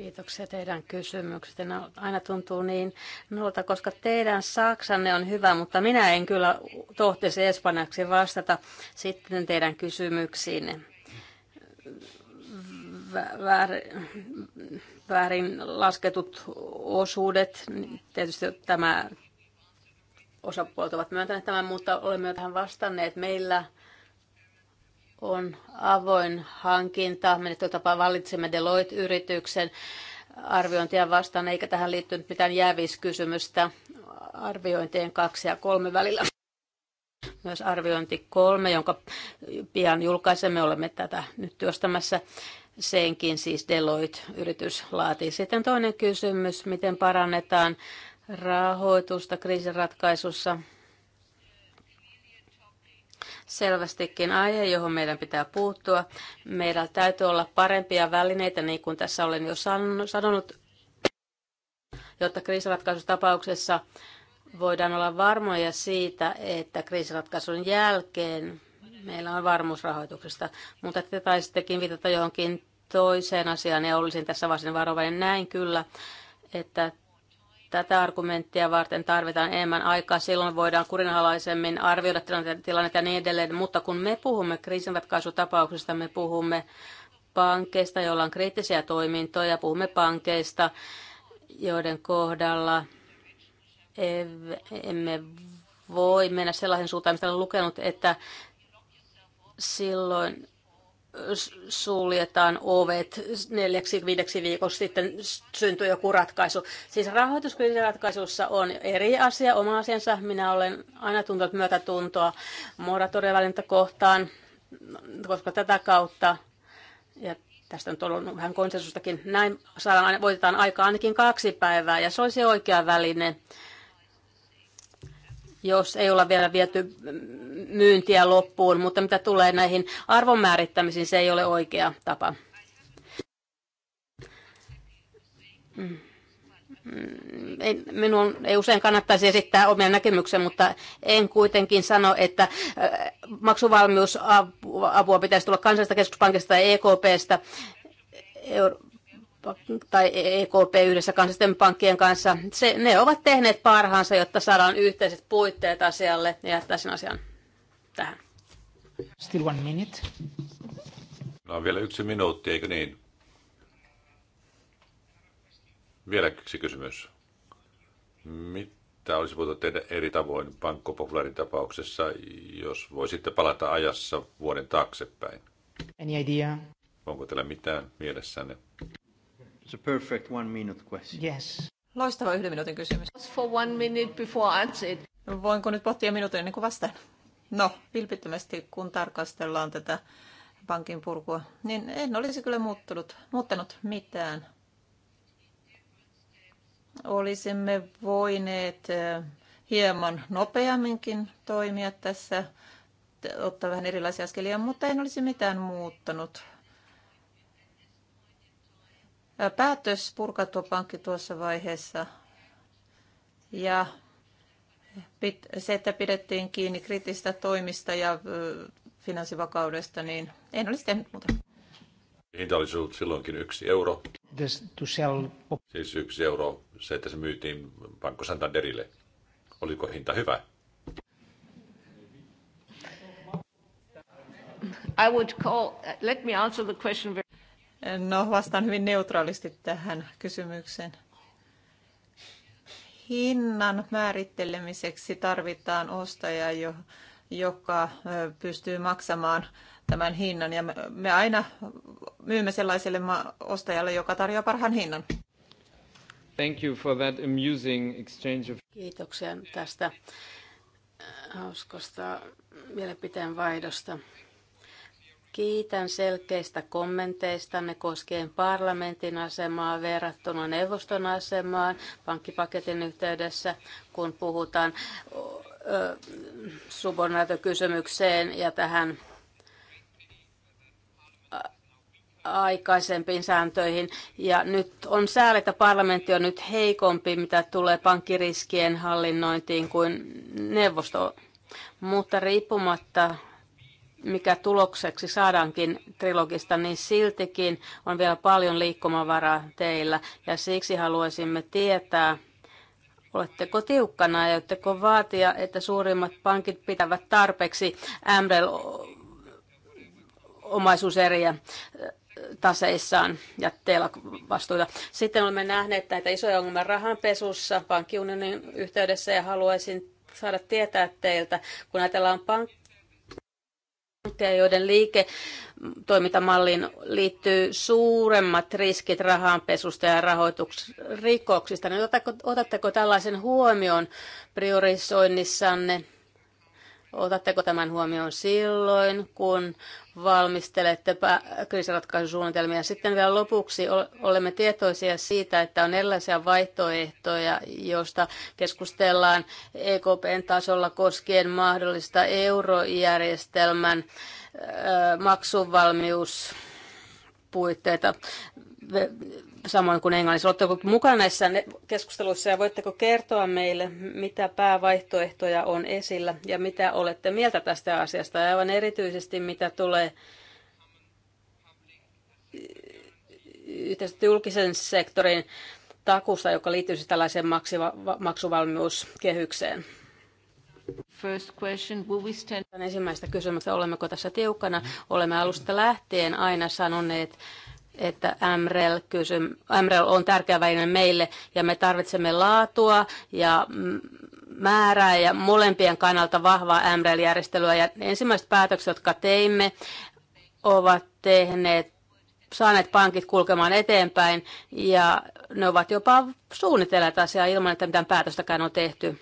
Kiitoksia teidän kysymyksistä No, aina tuntuu niin nolta, koska teidän saksanne on hyvä, mutta minä en kyllä tohtisi espanjaksi vastata sitten teidän kysymyksiinne. Väärin, väärin lasketut osuudet, tietysti tämä osapuolet ovat myöntäneet tämän, mutta olemme jo tähän vastanneet. Meillä on avoin hankinta. me tuota tapaa valitsemme Deloitte-yrityksen arviointia vastaan, eikä tähän liittynyt mitään jääviskysymystä arviointien kaksi ja kolme välillä. Myös arviointi kolme, jonka pian julkaisemme, olemme tätä nyt työstämässä. Senkin siis Deloitte-yritys laatii. Sitten toinen kysymys, miten parannetaan rahoitusta kriisinratkaisussa. ratkaisussa selvästikin aihe, johon meidän pitää puuttua. Meillä täytyy olla parempia välineitä, niin kuin tässä olen jo sanonut, jotta kriisiratkaisutapauksessa voidaan olla varmoja siitä, että kriisiratkaisun jälkeen meillä on varmuusrahoituksesta. Mutta te taisittekin viitata johonkin toiseen asiaan ja olisin tässä varsin varovainen näin kyllä, että Tätä argumenttia varten tarvitaan enemmän aikaa, silloin voidaan kurinalaisemmin arvioida tilannetta ja niin edelleen. Mutta kun me puhumme kriisinratkaisutapauksista, me puhumme pankeista, joilla on kriittisiä toimintoja, puhumme pankeista, joiden kohdalla emme voi mennä sellaisen suuntaan, mistä olen lukenut, että silloin suljetaan ovet neljäksi viideksi viikoksi sitten syntyy joku ratkaisu. Siis rahoituskriisiratkaisussa on eri asia, oma asiansa. Minä olen aina tuntunut myötätuntoa moratoriovalinta kohtaan, koska tätä kautta, ja tästä on ollut vähän konsensustakin, näin saadaan, voitetaan aika ainakin kaksi päivää, ja se olisi oikea väline jos ei olla vielä viety myyntiä loppuun, mutta mitä tulee näihin arvomäärittämisiin, se ei ole oikea tapa. Mm. minun ei usein kannattaisi esittää omia näkemyksiä, mutta en kuitenkin sano, että äh, maksuvalmiusapua pitäisi tulla kansallisesta keskuspankista tai EKPstä. Euro- tai EKP yhdessä kansallisten pankkien kanssa, se, ne ovat tehneet parhaansa, jotta saadaan yhteiset puitteet asialle ja jättäisin asian tähän. Still one minute. No on vielä yksi minuutti, eikö niin? Vielä yksi kysymys. Mitä olisi voitu tehdä eri tavoin pankkopopulaarin tapauksessa, jos voisitte palata ajassa vuoden taaksepäin? Any idea? Onko teillä mitään mielessänne? It's a perfect one minute question. Yes. Loistava yhden minuutin kysymys. For one minute before answer. Voinko nyt pohtia minuutin ennen kuin vastaan? No, vilpittömästi kun tarkastellaan tätä pankin purkua, niin en olisi kyllä muuttunut, muuttanut mitään. Olisimme voineet hieman nopeamminkin toimia tässä, ottaa vähän erilaisia askelia, mutta en olisi mitään muuttanut päätös purkaa tuo pankki tuossa vaiheessa. Ja se, että pidettiin kiinni kriittisistä toimista ja finanssivakaudesta, niin en olisi tehnyt muuta. Hinta olisi ollut silloinkin yksi euro. Siis yksi euro, se että se myytiin Pankko Santanderille. Oliko hinta hyvä? I would call, let me answer the question very... No, vastaan hyvin neutraalisti tähän kysymykseen. Hinnan määrittelemiseksi tarvitaan ostaja, joka pystyy maksamaan tämän hinnan. Ja me aina myymme sellaiselle ostajalle, joka tarjoaa parhaan hinnan. Thank you for that amusing exchange of... Kiitoksia tästä äh, hauskasta mielipiteen vaihdosta. Kiitän selkeistä kommenteistanne koskien parlamentin asemaa verrattuna neuvoston asemaan pankkipaketin yhteydessä, kun puhutaan subordinaatiokysymykseen ja tähän aikaisempiin sääntöihin. Ja nyt on sääli, että parlamentti on nyt heikompi, mitä tulee pankkiriskien hallinnointiin kuin neuvosto. Mutta riippumatta mikä tulokseksi saadaankin trilogista, niin siltikin on vielä paljon liikkumavaraa teillä. Ja siksi haluaisimme tietää, oletteko tiukkana ja oletteko vaatia, että suurimmat pankit pitävät tarpeeksi MREL-omaisuuseriä äh, taseissaan ja teillä vastuuta. Sitten olemme nähneet näitä isoja ongelmia rahanpesussa pankkiunionin yhteydessä ja haluaisin saada tietää teiltä, kun ajatellaan pank- projekteja, joiden liike toimintamalliin liittyy suuremmat riskit rahanpesusta ja rahoituksrikoksista. Niin otatteko, otatteko tällaisen huomioon priorisoinnissanne? Otatteko tämän huomioon silloin, kun valmistelettepä kriisiratkaisusuunnitelmia. Sitten vielä lopuksi olemme tietoisia siitä, että on erilaisia vaihtoehtoja, joista keskustellaan EKPn tasolla koskien mahdollista eurojärjestelmän maksuvalmiuspuitteita samoin kuin englannissa. Oletteko mukana näissä keskusteluissa ja voitteko kertoa meille, mitä päävaihtoehtoja on esillä ja mitä olette mieltä tästä asiasta? Ja aivan erityisesti, mitä tulee yhteistyötä julkisen sektorin takusta, joka liittyy siis tällaiseen maksuvalmiuskehykseen. First question, will we stand... Ensimmäistä kysymystä, olemmeko tässä tiukkana? Olemme alusta lähtien aina sanoneet, että MREL, kysym, MREL on tärkeä väline meille ja me tarvitsemme laatua ja määrää ja molempien kannalta vahvaa MREL-järjestelyä. Ja ensimmäiset päätökset, jotka teimme, ovat tehneet saaneet pankit kulkemaan eteenpäin ja ne ovat jopa suunnitelleet asiaa ilman, että mitään päätöstäkään on tehty.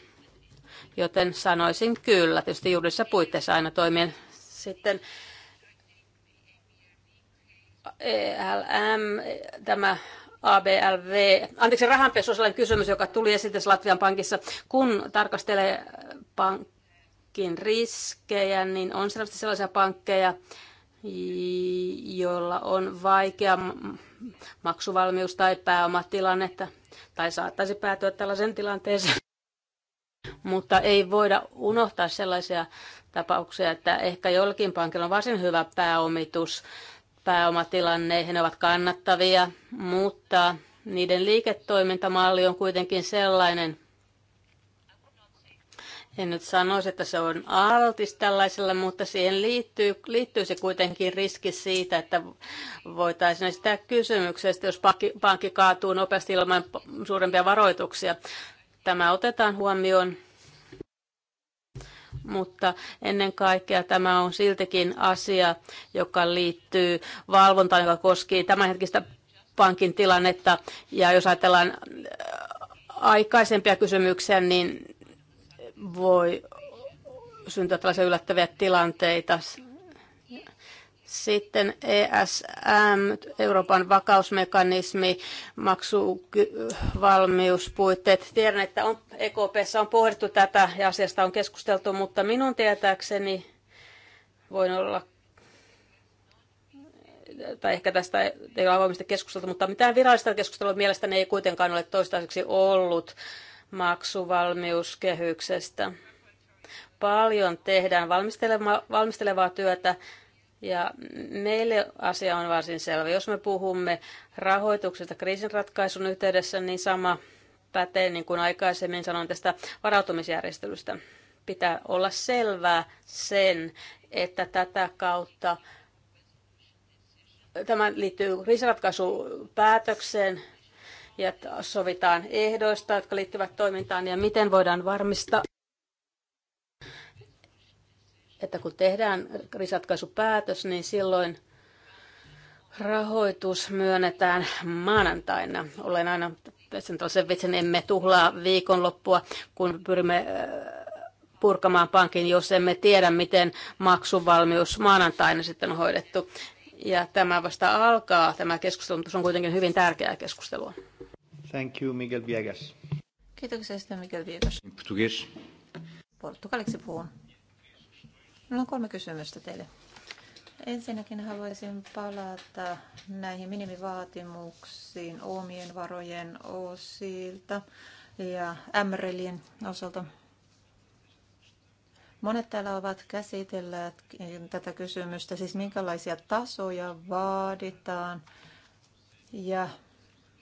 Joten sanoisin kyllä, tietysti juridisissa puitteissa aina toimien. Sitten ELM, tämä ABLV, anteeksi rahanpesu sellainen kysymys, joka tuli esille Latvian pankissa. Kun tarkastelee pankin riskejä, niin on selvästi sellaisia pankkeja, joilla on vaikea maksuvalmius tai pääomatilannetta, tai saattaisi päätyä tällaisen tilanteeseen. Mutta ei voida unohtaa sellaisia tapauksia, että ehkä jollakin pankilla on varsin hyvä pääomitus pääomatilanne, he ovat kannattavia, mutta niiden liiketoimintamalli on kuitenkin sellainen, en nyt sanoisi, että se on altis tällaiselle, mutta siihen liittyy, liittyy se kuitenkin riski siitä, että voitaisiin sitä kysymyksestä, jos pankki, pankki kaatuu nopeasti ilman suurempia varoituksia. Tämä otetaan huomioon mutta ennen kaikkea tämä on siltikin asia, joka liittyy valvontaan, joka koskee tämänhetkistä pankin tilannetta. Ja jos ajatellaan äh, aikaisempia kysymyksiä, niin voi syntyä tällaisia yllättäviä tilanteita sitten ESM, Euroopan vakausmekanismi, maksuvalmiuspuitteet. Tiedän, että on, EKPssä on pohdittu tätä ja asiasta on keskusteltu, mutta minun tietääkseni voin olla tai ehkä tästä ei ole avoimesti keskusteltu, mutta mitään virallista keskustelua mielestäni ei kuitenkaan ole toistaiseksi ollut maksuvalmiuskehyksestä. Paljon tehdään valmistelevaa työtä ja meille asia on varsin selvä. Jos me puhumme rahoituksesta kriisinratkaisun yhteydessä, niin sama pätee, niin kuin aikaisemmin sanoin tästä varautumisjärjestelystä. Pitää olla selvää sen, että tätä kautta tämä liittyy kriisinratkaisupäätökseen ja sovitaan ehdoista, jotka liittyvät toimintaan ja miten voidaan varmistaa, että kun tehdään risatkaisupäätös, niin silloin rahoitus myönnetään maanantaina. Olen aina sen toisen vitsin, emme tuhlaa viikonloppua, kun pyrimme purkamaan pankin, jos emme tiedä, miten maksuvalmius maanantaina sitten on hoidettu. Ja tämä vasta alkaa, tämä keskustelu, mutta se on kuitenkin hyvin tärkeää keskustelua. Thank you, Miguel Viegas. Kiitoksia sitten, Miguel Viegas. Portugaliksi puhun. Minulla on kolme kysymystä teille. Ensinnäkin haluaisin palata näihin minimivaatimuksiin omien varojen osilta ja MRLin osalta. Monet täällä ovat käsitelleet tätä kysymystä, siis minkälaisia tasoja vaaditaan ja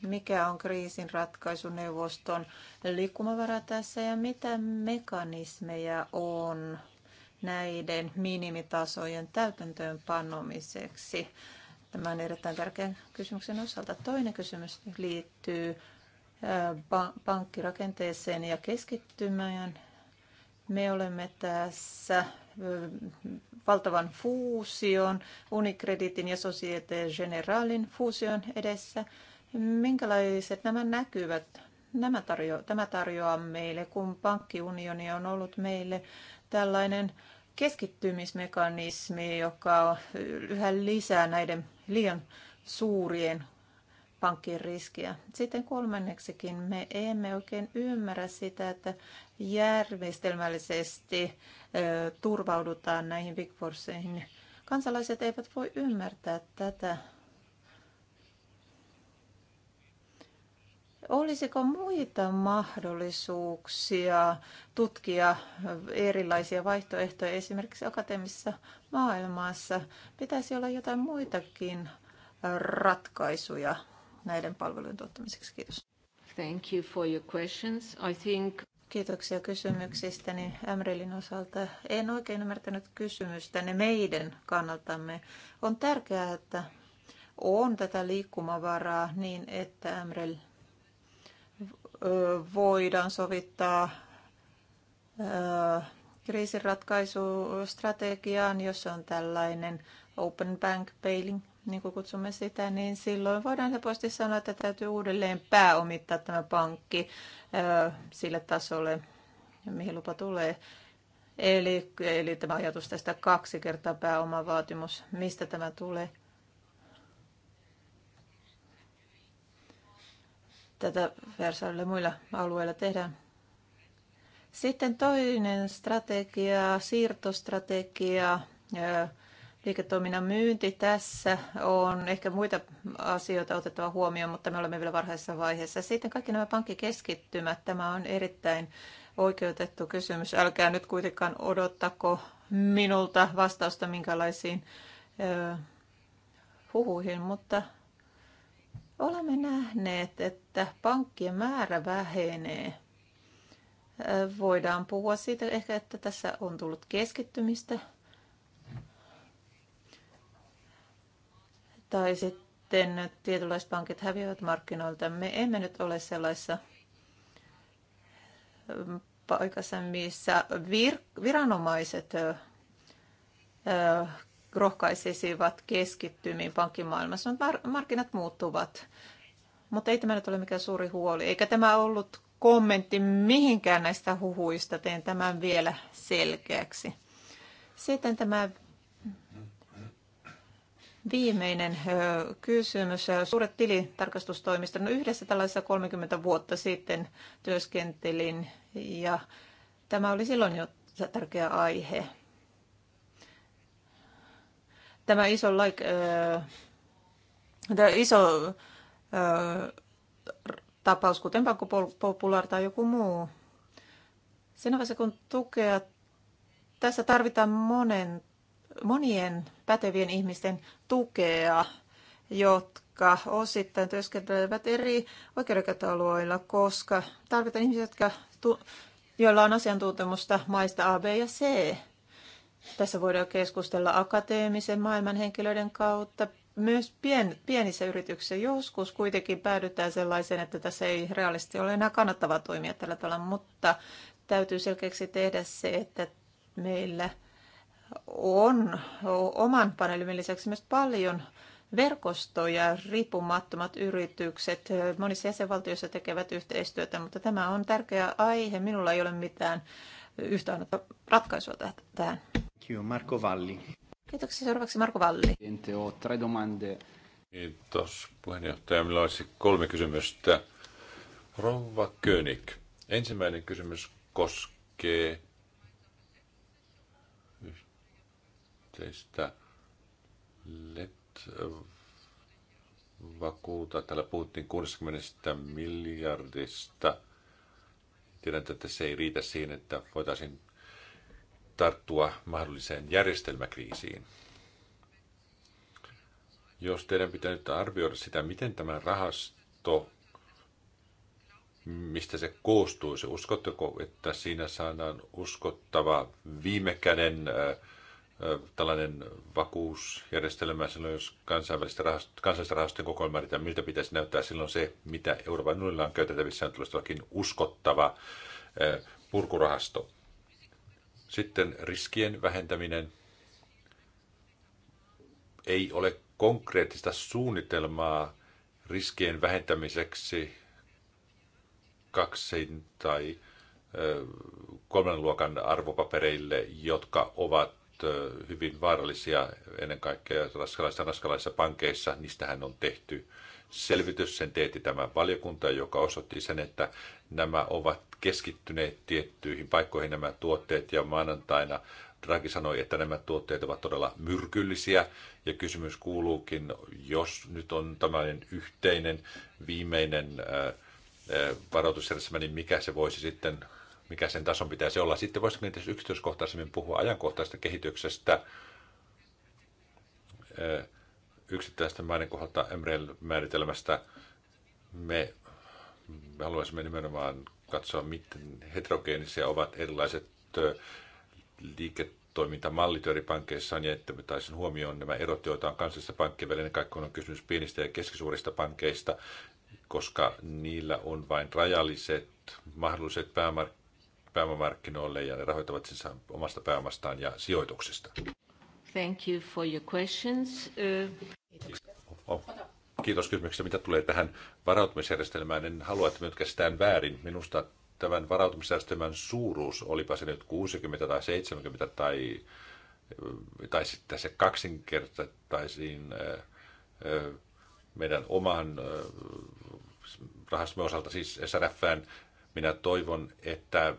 mikä on kriisin ratkaisuneuvoston liikkumavara tässä ja mitä mekanismeja on näiden minimitasojen täytäntöön panomiseksi? Tämä on erittäin tärkeä kysymyksen osalta. Toinen kysymys liittyy pankkirakenteeseen ja keskittymään. Me olemme tässä valtavan fuusion, Unikreditin ja Societe Generalin fuusion edessä. Minkälaiset nämä näkyvät? Nämä tarjo- tämä tarjoaa meille, kun pankkiunioni on ollut meille tällainen keskittymismekanismi, joka yhä lisää näiden liian suurien pankkien riskiä. Sitten kolmanneksikin me emme oikein ymmärrä sitä, että järjestelmällisesti turvaudutaan näihin Big Forceihin. Kansalaiset eivät voi ymmärtää tätä Olisiko muita mahdollisuuksia tutkia erilaisia vaihtoehtoja esimerkiksi akateemisessa maailmassa? Pitäisi olla jotain muitakin ratkaisuja näiden palvelujen tuottamiseksi. Kiitos. Thank you for your questions. I think... Kiitoksia kysymyksistä. Niin osalta en oikein ymmärtänyt kysymystä. Ne meidän kannaltamme on tärkeää, että on tätä liikkumavaraa niin, että Ämrel voidaan sovittaa kriisinratkaisustrategiaan, jos on tällainen open bank bailing, niin kuin kutsumme sitä, niin silloin voidaan helposti sanoa, että täytyy uudelleen pääomittaa tämä pankki sille tasolle, mihin lupa tulee. Eli, eli tämä ajatus tästä kaksi kertaa pääomavaatimus, mistä tämä tulee? tätä Versaille muilla alueilla tehdään. Sitten toinen strategia, siirtostrategia, liiketoiminnan myynti tässä on ehkä muita asioita otettava huomioon, mutta me olemme vielä varhaisessa vaiheessa. Sitten kaikki nämä pankkikeskittymät, tämä on erittäin oikeutettu kysymys. Älkää nyt kuitenkaan odottako minulta vastausta minkälaisiin huhuihin, mutta Olemme nähneet, että pankkien määrä vähenee. Voidaan puhua siitä ehkä, että tässä on tullut keskittymistä. Tai sitten tietynlaiset pankit häviävät markkinoilta. Me emme nyt ole sellaisessa paikassa, missä vir- viranomaiset rohkaisisivat keskittymiin pankkimaailmassa, mutta markkinat muuttuvat. Mutta ei tämä nyt ole mikään suuri huoli, eikä tämä ollut kommentti mihinkään näistä huhuista. Teen tämän vielä selkeäksi. Sitten tämä viimeinen kysymys. Suuret tilitarkastustoimista. No yhdessä tällaisessa 30 vuotta sitten työskentelin ja tämä oli silloin jo tärkeä aihe tämä iso, like, uh, tämä iso uh, tapaus, kuten Popular tai joku muu, siinä vaiheessa kun tukea, tässä tarvitaan monen, monien pätevien ihmisten tukea, jotka osittain työskentelevät eri oikeudenkäyttöalueilla, koska tarvitaan ihmisiä, jotka, joilla on asiantuntemusta maista A, B ja C tässä voidaan keskustella akateemisen maailman henkilöiden kautta, myös pien, pienissä yrityksissä joskus kuitenkin päädytään sellaiseen, että tässä ei realisti ole enää kannattavaa toimia tällä tavalla, mutta täytyy selkeäksi tehdä se, että meillä on oman paneelimme lisäksi myös paljon verkostoja, riippumattomat yritykset, monissa jäsenvaltioissa tekevät yhteistyötä, mutta tämä on tärkeä aihe. Minulla ei ole mitään yhtä ainutta ratkaisua tähän. Marko Valli. Kiitoksia. Seuraavaksi Marko Valli. Kiitos puheenjohtaja. Minulla olisi kolme kysymystä. Rouva König, ensimmäinen kysymys koskee yhteistä LED-vakuuta. Täällä puhuttiin 60 miljardista Tiedän, että se ei riitä siihen, että voitaisiin tarttua mahdolliseen järjestelmäkriisiin. Jos teidän pitää nyt arvioida sitä, miten tämä rahasto, mistä se koostuisi, uskotteko, että siinä saadaan uskottava viime käden äh, tällainen vakuusjärjestelmä silloin, jos kansainvälisten rahast- kansallisten rahastojen koko määritään, miltä pitäisi näyttää silloin se, mitä Euroopan unionilla on käytettävissä, on tulostakin uskottava purkurahasto. Sitten riskien vähentäminen. Ei ole konkreettista suunnitelmaa riskien vähentämiseksi kaksin tai kolmen luokan arvopapereille, jotka ovat hyvin vaarallisia ennen kaikkea raskalaisissa, raskalaisissa pankeissa. Niistähän on tehty selvitys, sen teetti tämä valiokunta, joka osoitti sen, että nämä ovat keskittyneet tiettyihin paikkoihin nämä tuotteet ja maanantaina Draghi sanoi, että nämä tuotteet ovat todella myrkyllisiä ja kysymys kuuluukin, jos nyt on tämmöinen yhteinen viimeinen varoitusjärjestelmä, niin mikä se voisi sitten mikä sen tason pitäisi olla. Sitten voisi tietysti yksityiskohtaisemmin puhua ajankohtaisesta kehityksestä. Eh, yksittäisten maiden kohdalta MREL-määritelmästä me, me haluaisimme nimenomaan katsoa, miten heterogeenisia ovat erilaiset eh, liiketoimintamallit eri pankeissa, niin että me taisin huomioon nämä erot, joita on kansallisessa pankkien välinen, Kaikki on kysymys pienistä ja keskisuurista pankeista, koska niillä on vain rajalliset mahdolliset päämark- pääomamarkkinoille ja ne rahoittavat siis omasta pääomastaan ja sijoituksista. Thank you for your questions. Uh... Oh, kiitos kysymyksestä, mitä tulee tähän varautumisjärjestelmään. En halua, että me nyt käsitään väärin. Minusta tämän varautumisjärjestelmän suuruus, olipa se nyt 60 tai 70 tai, tai sitten se kaksinkertaisiin meidän oman rahastamme osalta, siis SRFn, minä toivon, että äh,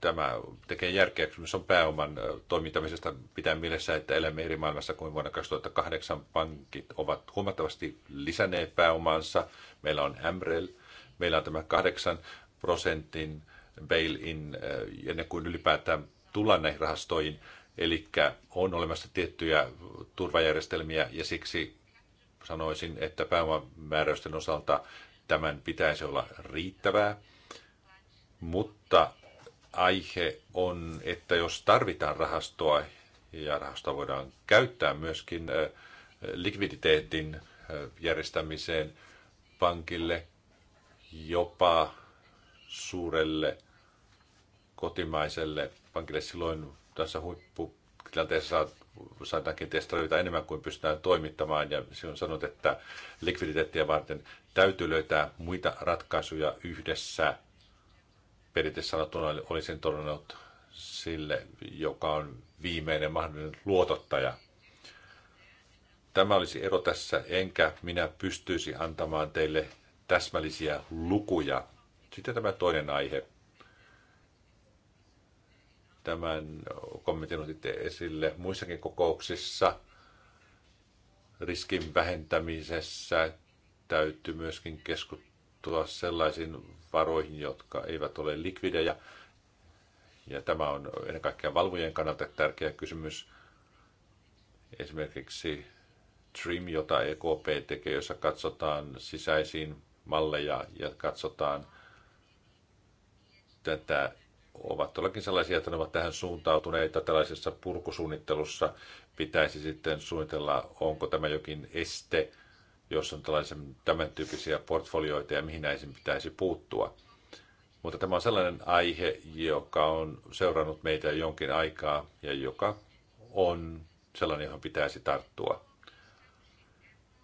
tämä tekee järkeä, kysymys on pääoman äh, toimintamisesta. Pitää mielessä, että elämme eri maailmassa kuin vuonna 2008. Pankit ovat huomattavasti lisänneet pääomaansa. Meillä on MREL, meillä on tämä 8 prosentin bail-in äh, ennen kuin ylipäätään tullaan näihin rahastoihin. Eli on olemassa tiettyjä turvajärjestelmiä ja siksi sanoisin, että pääomamääräysten osalta tämän pitäisi olla riittävää, mutta aihe on, että jos tarvitaan rahastoa, ja rahastoa voidaan käyttää myöskin likviditeetin järjestämiseen pankille, jopa suurelle kotimaiselle pankille silloin tässä huipputilanteessa kenties tarjota enemmän kuin pystytään toimittamaan. Ja se on sanottu, että likviditeettiä varten täytyy löytää muita ratkaisuja yhdessä. Perinteisesti sanottuna olisin todennut sille, joka on viimeinen mahdollinen luotottaja. Tämä olisi ero tässä, enkä minä pystyisi antamaan teille täsmällisiä lukuja. Sitten tämä toinen aihe, Tämän kommentin otitte esille muissakin kokouksissa. Riskin vähentämisessä täytyy myöskin keskustella sellaisiin varoihin, jotka eivät ole likvidejä. Ja tämä on ennen kaikkea valvojen kannalta tärkeä kysymys. Esimerkiksi TRIM, jota EKP tekee, jossa katsotaan sisäisiin malleja ja katsotaan tätä ovat todellakin sellaisia, että ne ovat tähän suuntautuneita. Tällaisessa purkusuunnittelussa pitäisi sitten suunnitella, onko tämä jokin este, jos on tällaisen, tämän tyyppisiä portfolioita ja mihin näihin pitäisi puuttua. Mutta tämä on sellainen aihe, joka on seurannut meitä jonkin aikaa ja joka on sellainen, johon pitäisi tarttua.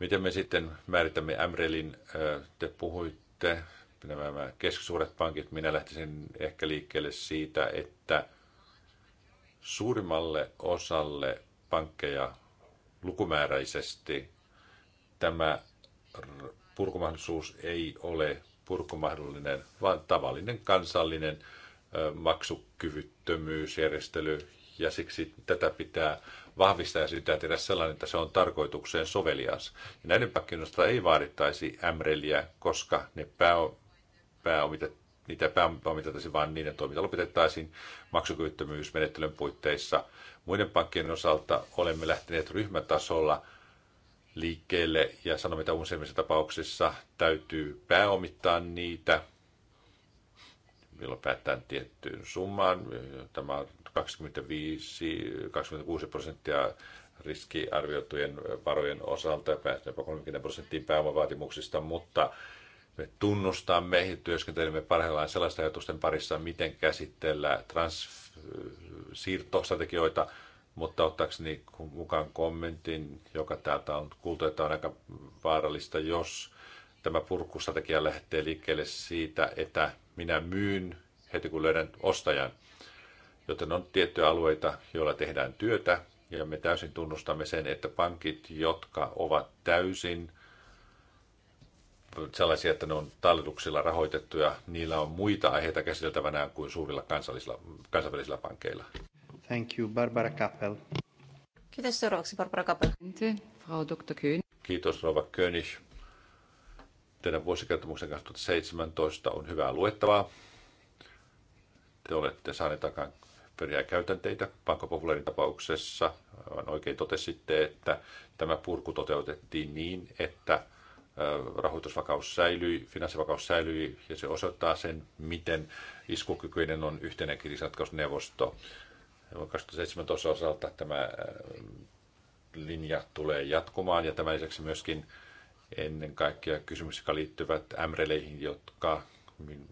Miten me sitten määritämme Amrelin, Te puhuitte nämä keskisuuret pankit, minä lähtisin ehkä liikkeelle siitä, että suurimmalle osalle pankkeja lukumääräisesti tämä purkumahdollisuus ei ole purkumahdollinen, vaan tavallinen kansallinen maksukyvyttömyysjärjestely, ja siksi tätä pitää vahvistaa ja sitä tehdä sellainen, että se on tarkoitukseen sovelias. Ja näiden pakkinoista ei vaadittaisi MRELiä, koska ne pääo- pääomita, niitä pääomitettaisiin, vaan niiden toiminta lopetettaisiin maksukyvyttömyysmenettelyn puitteissa. Muiden pankkien osalta olemme lähteneet ryhmätasolla liikkeelle ja sanomme, että useimmissa tapauksissa täytyy pääomittaa niitä, milloin päättää tiettyyn summaan. Tämä on 25-26 prosenttia riskiarvioitujen varojen osalta ja päästään jopa 30 prosenttiin pääomavaatimuksista, mutta me tunnustamme ja työskentelemme parhaillaan sellaisten ajatusten parissa, miten käsitellä transsiirtostrategioita, mutta ottaakseni mukaan kommentin, joka täältä on kuultu, että on aika vaarallista, jos tämä purkustrategia lähtee liikkeelle siitä, että minä myyn heti kun löydän ostajan. Joten on tiettyjä alueita, joilla tehdään työtä, ja me täysin tunnustamme sen, että pankit, jotka ovat täysin – sellaisia, että ne on talletuksilla rahoitettuja, niillä on muita aiheita käsiteltävänä kuin suurilla kansallisilla, kansainvälisillä pankeilla. Thank you, Barbara Kappel. Kiitos seuraavaksi, Barbara Kappel. Frau Dr. Kyn. Kiitos, Rova König. Teidän vuosikertomuksen 2017 on hyvää luettavaa. Te olette saaneet aikaan hyviä käytänteitä pankkopopulaarin tapauksessa. Oikein totesitte, että tämä purku toteutettiin niin, että rahoitusvakaus säilyi, finanssivakaus säilyi ja se osoittaa sen, miten iskukykyinen on yhteinen kriisinratkaisuneuvosto. 2017 osalta tämä linja tulee jatkumaan ja tämän lisäksi myöskin ennen kaikkea kysymyksiä, jotka liittyvät MREleihin, jotka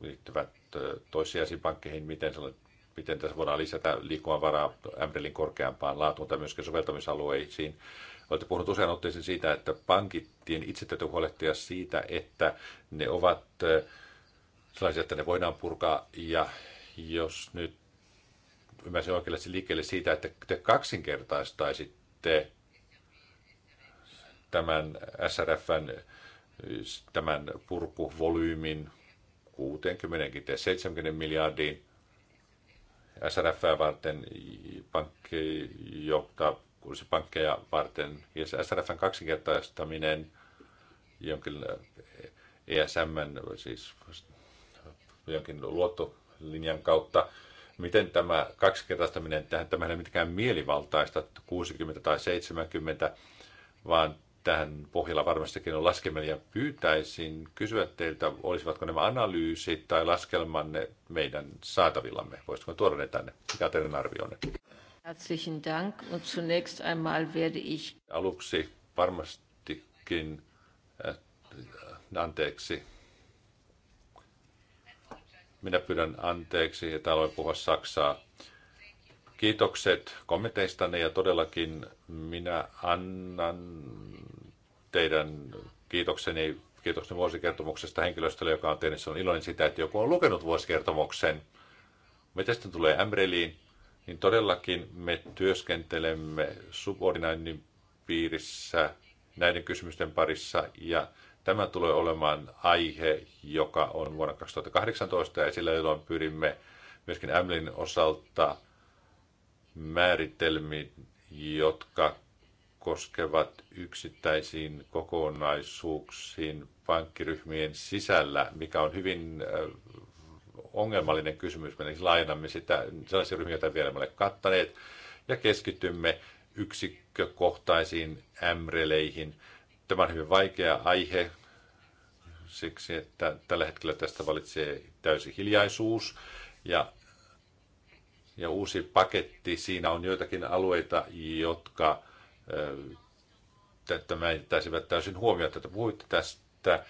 liittyvät toissijaisiin pankkeihin, miten, miten tässä voidaan lisätä liikkumavaraa MRLin korkeampaan laatuun tai myöskin soveltamisalueisiin Olette puhunut usein otteeseen siitä, että pankittien itse täytyy huolehtia siitä, että ne ovat sellaisia, että ne voidaan purkaa. Ja jos nyt ymmärsin oikealle liikkeelle siitä, että te kaksinkertaistaisitte tämän SRFn tämän purkuvolyymin 60 70 miljardiin SRF varten pankki, jota kuulisi pankkeja varten. Ja se SRFn kaksinkertaistaminen jonkin ESM, eh, e siis jonkin luottolinjan kautta, miten tämä kaksinkertaistaminen, tähän tämä ei ole mitenkään mielivaltaista 60 tai 70, vaan tähän pohjalla varmastikin on laskemelia Pyytäisin kysyä teiltä, olisivatko nämä analyysit tai laskelmanne meidän saatavillamme? Voisitko tuoda ne tänne? Mikä on teidän arvionne? Herzlichen Dank und zunächst einmal werde ich... Aluksi varmastikin äh, anteeksi. Minä pyydän anteeksi, että aloin puhua saksaa. Kiitokset kommenteistanne ja todellakin minä annan teidän kiitokseni, kiitokseni vuosikertomuksesta henkilöstölle, joka on tehnyt. Se on iloinen sitä, että joku on lukenut vuosikertomuksen. Miten sitten tulee Ämreliin? niin todellakin me työskentelemme subordinaatin piirissä näiden kysymysten parissa ja tämä tulee olemaan aihe, joka on vuonna 2018 ja sillä jolloin pyrimme myöskin Amlin osalta määritelmiin, jotka koskevat yksittäisiin kokonaisuuksiin pankkiryhmien sisällä, mikä on hyvin äh, ongelmallinen kysymys. Me laajennamme sitä sellaisia ryhmiä, joita vielä olemme kattaneet, ja keskitymme yksikkökohtaisiin M-releihin. Tämä on hyvin vaikea aihe, siksi että tällä hetkellä tästä valitsee täysi hiljaisuus, ja ja uusi paketti. Siinä on joitakin alueita, jotka tämä jättäisivät täysin huomiota. Puhuitte tästä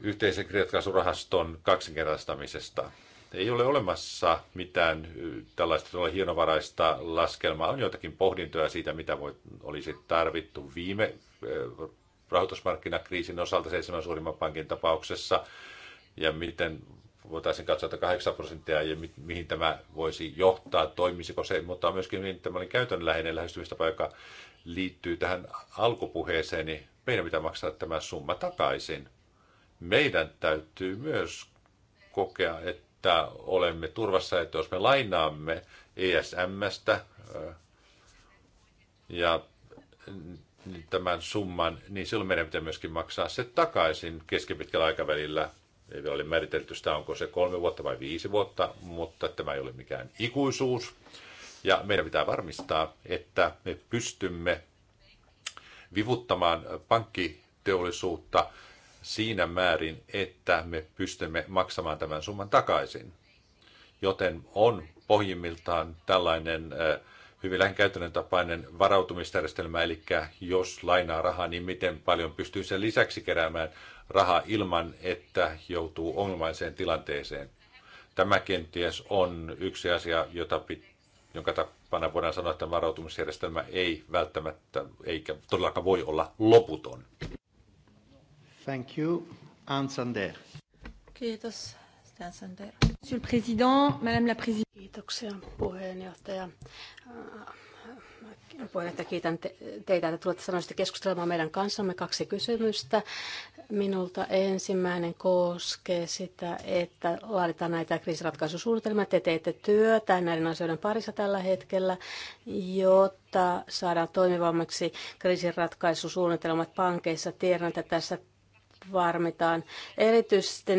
yhteisen kriatkaisurahaston kaksinkertaistamisesta. Ei ole olemassa mitään tällaista ole hienovaraista laskelmaa. On joitakin pohdintoja siitä, mitä voi, olisi tarvittu viime rahoitusmarkkinakriisin osalta seitsemän suurimman pankin tapauksessa ja miten voitaisiin katsoa, että 8 prosenttia ja mi- mihin tämä voisi johtaa, toimisiko se, mutta myöskin niin tämä oli käytännönläheinen lähestymistapa, joka liittyy tähän alkupuheeseen, niin meidän pitää maksaa tämä summa takaisin meidän täytyy myös kokea, että olemme turvassa, että jos me lainaamme ESMstä ja tämän summan, niin silloin meidän pitää myöskin maksaa se takaisin keskipitkällä aikavälillä. Ei vielä ole määritelty sitä, onko se kolme vuotta vai viisi vuotta, mutta tämä ei ole mikään ikuisuus. Ja meidän pitää varmistaa, että me pystymme vivuttamaan pankkiteollisuutta siinä määrin, että me pystymme maksamaan tämän summan takaisin. Joten on pohjimmiltaan tällainen äh, hyvin lähinkäytännön tapainen varautumisjärjestelmä, eli jos lainaa rahaa, niin miten paljon pystyy sen lisäksi keräämään rahaa ilman, että joutuu ongelmaiseen tilanteeseen. Tämä kenties on yksi asia, jota pitää jonka tapana voidaan sanoa, että varautumisjärjestelmä ei välttämättä, eikä todellakaan voi olla loputon. Thank you. Kiitos. Stansander. Monsieur le Président, Madame la Présidente. Kiitoksia puheenjohtaja Puheenjohtaja, äh, äh, kiitän teitä, että tulette sanoista keskustelemaan meidän kanssamme kaksi kysymystä. Minulta ensimmäinen koskee sitä, että laaditaan näitä kriisiratkaisusuunnitelmia. Te teette työtä näiden asioiden parissa tällä hetkellä, jotta saadaan toimivammaksi kriisiratkaisusuunnitelmat pankeissa. Tiedän, että tässä varmitaan. Erityisesti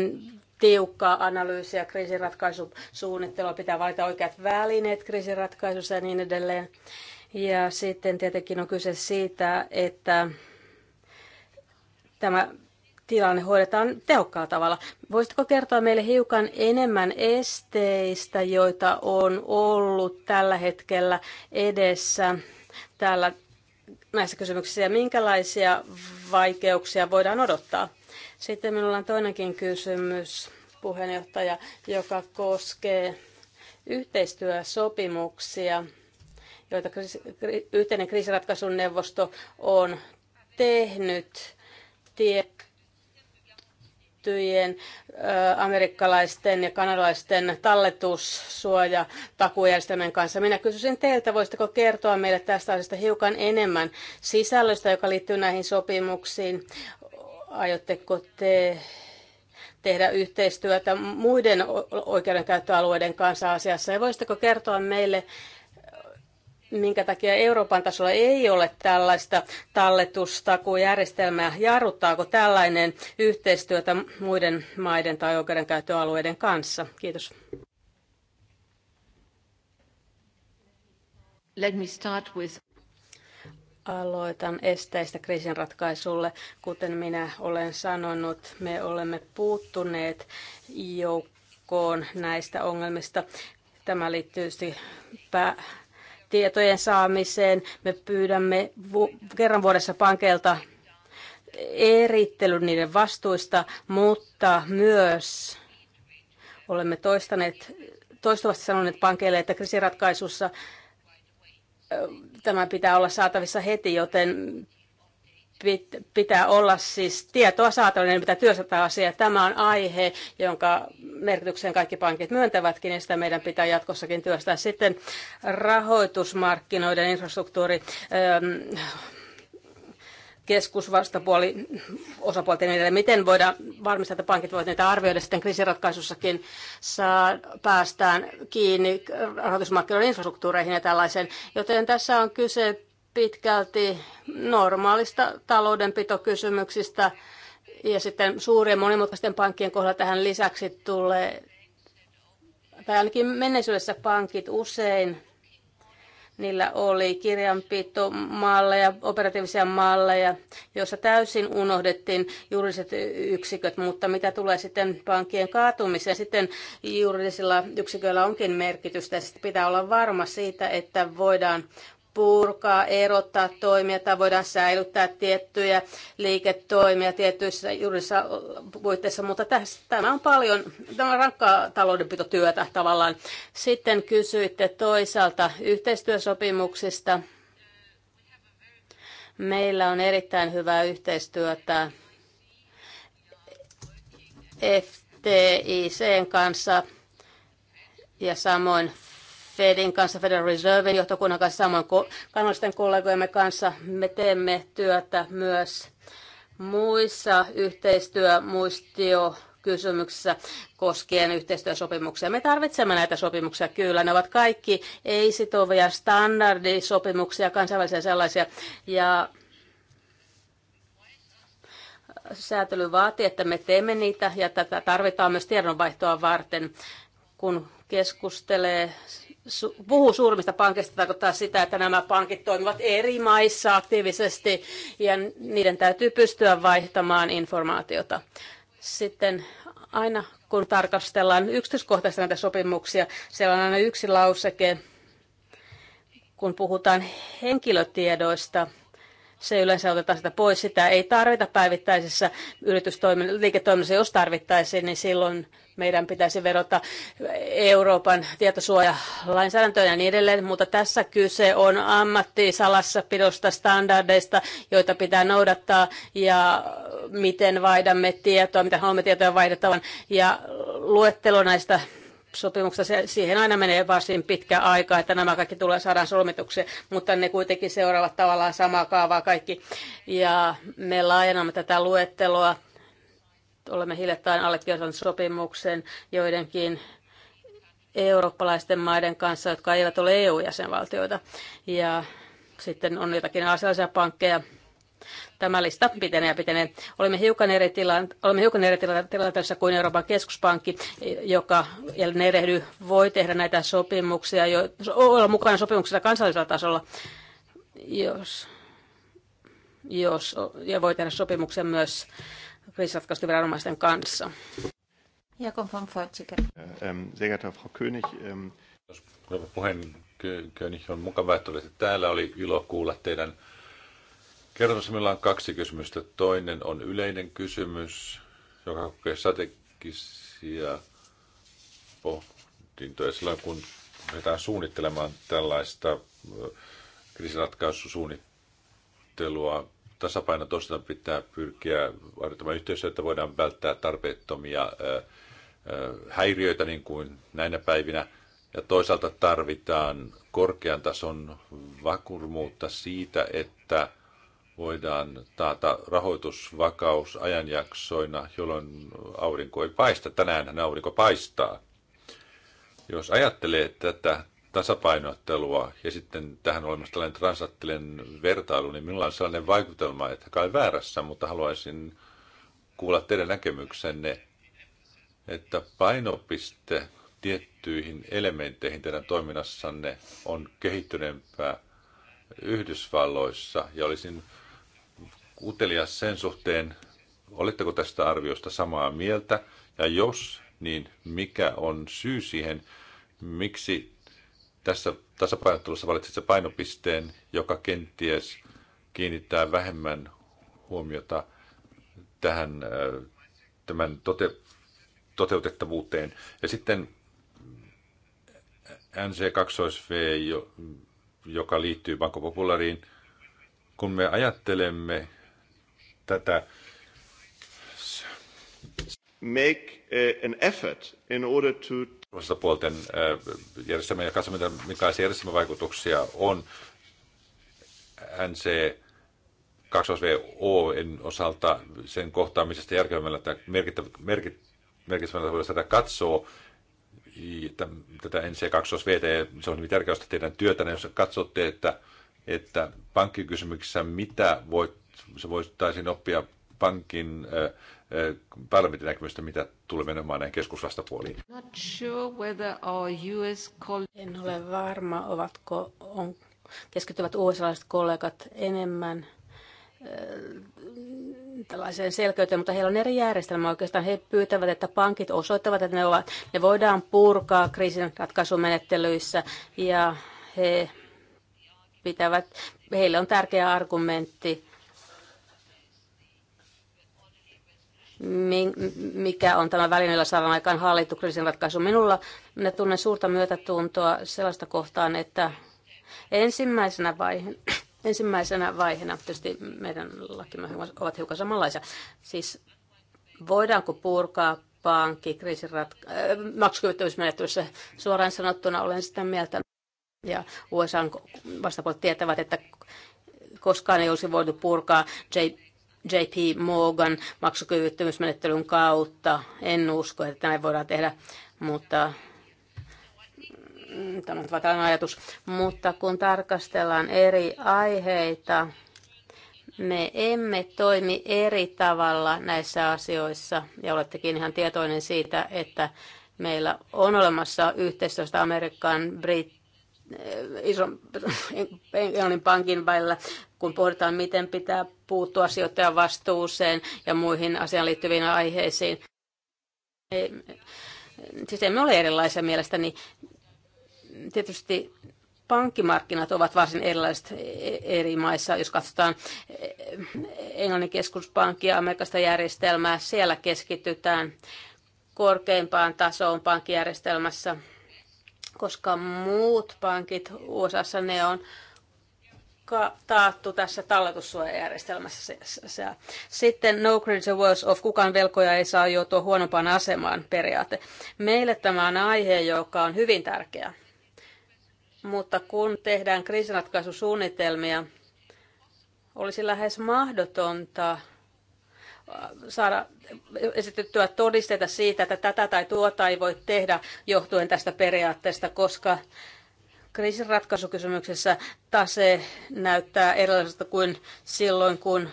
tiukkaa analyysiä, kriisinratkaisusuunnittelua, pitää valita oikeat välineet kriisinratkaisussa ja niin edelleen. Ja sitten tietenkin on kyse siitä, että tämä tilanne hoidetaan tehokkaalla tavalla. Voisitko kertoa meille hiukan enemmän esteistä, joita on ollut tällä hetkellä edessä täällä näissä kysymyksissä ja minkälaisia vaikeuksia voidaan odottaa? Sitten minulla on toinenkin kysymys, puheenjohtaja, joka koskee yhteistyösopimuksia, joita yhteinen kriisiratkaisun neuvosto on tehnyt tiettyjen amerikkalaisten ja kanadalaisten talletussuoja takujärjestelmän kanssa. Minä kysyisin teiltä, voisitteko kertoa meille tästä asiasta hiukan enemmän sisällöstä, joka liittyy näihin sopimuksiin aiotteko te tehdä yhteistyötä muiden oikeudenkäyttöalueiden kanssa asiassa? Ja voisitteko kertoa meille, minkä takia Euroopan tasolla ei ole tällaista talletusta järjestelmää Jarruttaako tällainen yhteistyötä muiden maiden tai oikeudenkäyttöalueiden kanssa? Kiitos. Let me start with... Aloitan esteistä kriisinratkaisulle. Kuten minä olen sanonut, me olemme puuttuneet joukkoon näistä ongelmista. Tämä liittyy pää- tietojen saamiseen. Me pyydämme vu- kerran vuodessa pankeilta erittelyn niiden vastuista, mutta myös olemme toistaneet, toistuvasti sanoneet pankeille, että kriisiratkaisussa tämä pitää olla saatavissa heti, joten pitää olla siis tietoa saatavilla, niin pitää työstää asiaa. Tämä on aihe, jonka merkityksen kaikki pankit myöntävätkin, ja sitä meidän pitää jatkossakin työstää. Sitten rahoitusmarkkinoiden infrastruktuuri. Öö, keskusvastapuoli osapuolten edelleen. Miten voidaan varmistaa, että pankit voivat niitä arvioida sitten kriisiratkaisussakin, saa, päästään kiinni rahoitusmarkkinoiden infrastruktuureihin ja tällaiseen. Joten tässä on kyse pitkälti normaalista taloudenpitokysymyksistä ja sitten suurien monimutkaisten pankkien kohdalla tähän lisäksi tulee, tai ainakin menneisyydessä pankit usein Niillä oli kirjanpito-malleja, operatiivisia malleja, joissa täysin unohdettiin juridiset yksiköt, mutta mitä tulee sitten pankkien kaatumiseen, sitten juridisilla yksiköillä onkin merkitystä. Sitten pitää olla varma siitä, että voidaan purkaa, erottaa toimia tai voidaan säilyttää tiettyjä liiketoimia tietyissä juurissa puitteissa, mutta tässä, tämä on paljon, tämä on rankkaa taloudenpitotyötä tavallaan. Sitten kysyitte toisaalta yhteistyösopimuksista. Meillä on erittäin hyvää yhteistyötä FTIC kanssa ja samoin Fedin kanssa, Federal Reservein johtokunnan kanssa, samoin kanallisten kollegojemme kanssa. Me teemme työtä myös muissa yhteistyömuistio kysymyksissä koskien yhteistyösopimuksia. Me tarvitsemme näitä sopimuksia kyllä. Ne ovat kaikki ei-sitovia standardisopimuksia, kansainvälisiä sellaisia. Ja säätely vaatii, että me teemme niitä ja tätä tarvitaan myös tiedonvaihtoa varten, kun keskustelee puhuu suurimmista pankeista, tarkoittaa sitä, että nämä pankit toimivat eri maissa aktiivisesti ja niiden täytyy pystyä vaihtamaan informaatiota. Sitten aina kun tarkastellaan yksityiskohtaisesti näitä sopimuksia, siellä on aina yksi lauseke, kun puhutaan henkilötiedoista – se yleensä otetaan sitä pois. Sitä ei tarvita päivittäisessä liiketoiminnassa, jos tarvittaisiin, niin silloin meidän pitäisi verota Euroopan tietosuojalainsäädäntöön ja niin edelleen, mutta tässä kyse on ammattisalassapidosta, standardeista, joita pitää noudattaa ja miten vaihdamme tietoa, mitä haluamme tietoja vaihdettavan ja luettelo näistä sopimuksessa. Siihen aina menee varsin pitkä aika, että nämä kaikki tulee saadaan solmituksi, mutta ne kuitenkin seuraavat tavallaan samaa kaavaa kaikki. Ja me laajennamme tätä luetteloa. Olemme hiljattain allekirjoittaneet sopimuksen joidenkin eurooppalaisten maiden kanssa, jotka eivät ole EU-jäsenvaltioita. Ja sitten on jotakin asiallisia pankkeja, Tämä lista pitenee ja pitenee. Olemme hiukan eri, tilante- olemme hiukan eri tilanteessa kuin Euroopan keskuspankki, joka erehdy voi tehdä näitä sopimuksia, jo, olla mukana sopimuksissa kansallisella tasolla, jos, jos, ja voi tehdä sopimuksen myös kriisiratkaisuviranomaisten kanssa. Jakob von Feutziger. Äh, ähm, sehr geehrte Frau König, ähm, puheen König, on mukava, että olette täällä. Oli ilo kuulla teidän Kertomassa meillä on kaksi kysymystä. Toinen on yleinen kysymys, joka kokee strategisia pohdintoja. Silloin kun lähdetään suunnittelemaan tällaista kriisiratkaisusuunnittelua, tasapaino tosiaan pitää pyrkiä arvittamaan yhteistyötä, että voidaan välttää tarpeettomia häiriöitä niin kuin näinä päivinä. Ja toisaalta tarvitaan korkean tason vakurmuutta siitä, että voidaan taata rahoitusvakaus ajanjaksoina, jolloin aurinko ei paista. Tänään aurinko paistaa. Jos ajattelee tätä tasapainottelua ja sitten tähän olemassa tällainen transattilinen vertailu, niin minulla on sellainen vaikutelma, että kai väärässä, mutta haluaisin kuulla teidän näkemyksenne, että painopiste tiettyihin elementteihin teidän toiminnassanne on kehittyneempää Yhdysvalloissa ja olisin utelias sen suhteen, oletteko tästä arviosta samaa mieltä, ja jos, niin mikä on syy siihen, miksi tässä tasapainottelussa valitsit se painopisteen, joka kenties kiinnittää vähemmän huomiota tähän äh, tämän tote, toteutettavuuteen. Ja sitten NC2V, joka liittyy Banco Populariin, kun me ajattelemme tätä. Make eh, an effort in order to... Vastapuolten eh, järjestelmä ja katsomme, minkälaisia järjestelmävaikutuksia on NC 2VO osalta sen kohtaamisesta järkevämmällä tai tavalla sitä katsoo tätä NC2VT, se on hyvin tärkeää teidän työtä, jos katsotte, että, että pankkikysymyksissä mitä voit se voisi taisin oppia pankin parlamentin mitä tulee menemään näin keskusvastapuoliin. Not sure whether our US en ole varma, ovatko on, keskittyvät usa kollegat enemmän tällaiseen selkeyteen, mutta heillä on eri järjestelmä oikeastaan. He pyytävät, että pankit osoittavat, että ne, ovat, ne voidaan purkaa kriisin ratkaisumenettelyissä ja he pitävät, heille on tärkeä argumentti mikä on tämä välineellä saadaan aikaan hallituksellisen ratkaisun. Minulla minä tunnen suurta myötätuntoa sellaista kohtaan, että ensimmäisenä vaiheena, ensimmäisenä vaiheena tietysti meidän lakimme ovat hiukan samanlaisia, siis voidaanko purkaa pankki kriisiratka- äh, maksukyvyttömyysmenettelyssä suoraan sanottuna olen sitä mieltä, ja USA vastapuolet tietävät, että koskaan ei olisi voitu purkaa J. JP Morgan maksukyvyttömyysmenettelyn kautta. En usko, että näin voidaan tehdä, mutta mm, tämä on tällainen ajatus. Mutta kun tarkastellaan eri aiheita, me emme toimi eri tavalla näissä asioissa, ja olettekin ihan tietoinen siitä, että meillä on olemassa yhteistyöstä Amerikan, Brit, eh, iso, Englannin pankin välillä kun pohditaan, miten pitää puuttua sijoittajan vastuuseen ja muihin asiaan liittyviin aiheisiin. Ei, siis emme ole erilaisia mielestäni. Tietysti pankkimarkkinat ovat varsin erilaiset eri maissa. Jos katsotaan Englannin keskuspankkia, Amerikasta järjestelmää, siellä keskitytään korkeimpaan tasoon pankkijärjestelmässä, koska muut pankit USAssa ne on taattu tässä talletussuojajärjestelmässä. Sitten no credit worse of, kukaan velkoja ei saa joutua huonompaan asemaan periaate. Meille tämä on aihe, joka on hyvin tärkeä. Mutta kun tehdään kriisinratkaisusuunnitelmia, olisi lähes mahdotonta äh, saada esitettyä todisteita siitä, että tätä tai tuota ei voi tehdä johtuen tästä periaatteesta, koska Kriisin ratkaisukysymyksessä tase näyttää erilaiselta kuin silloin, kun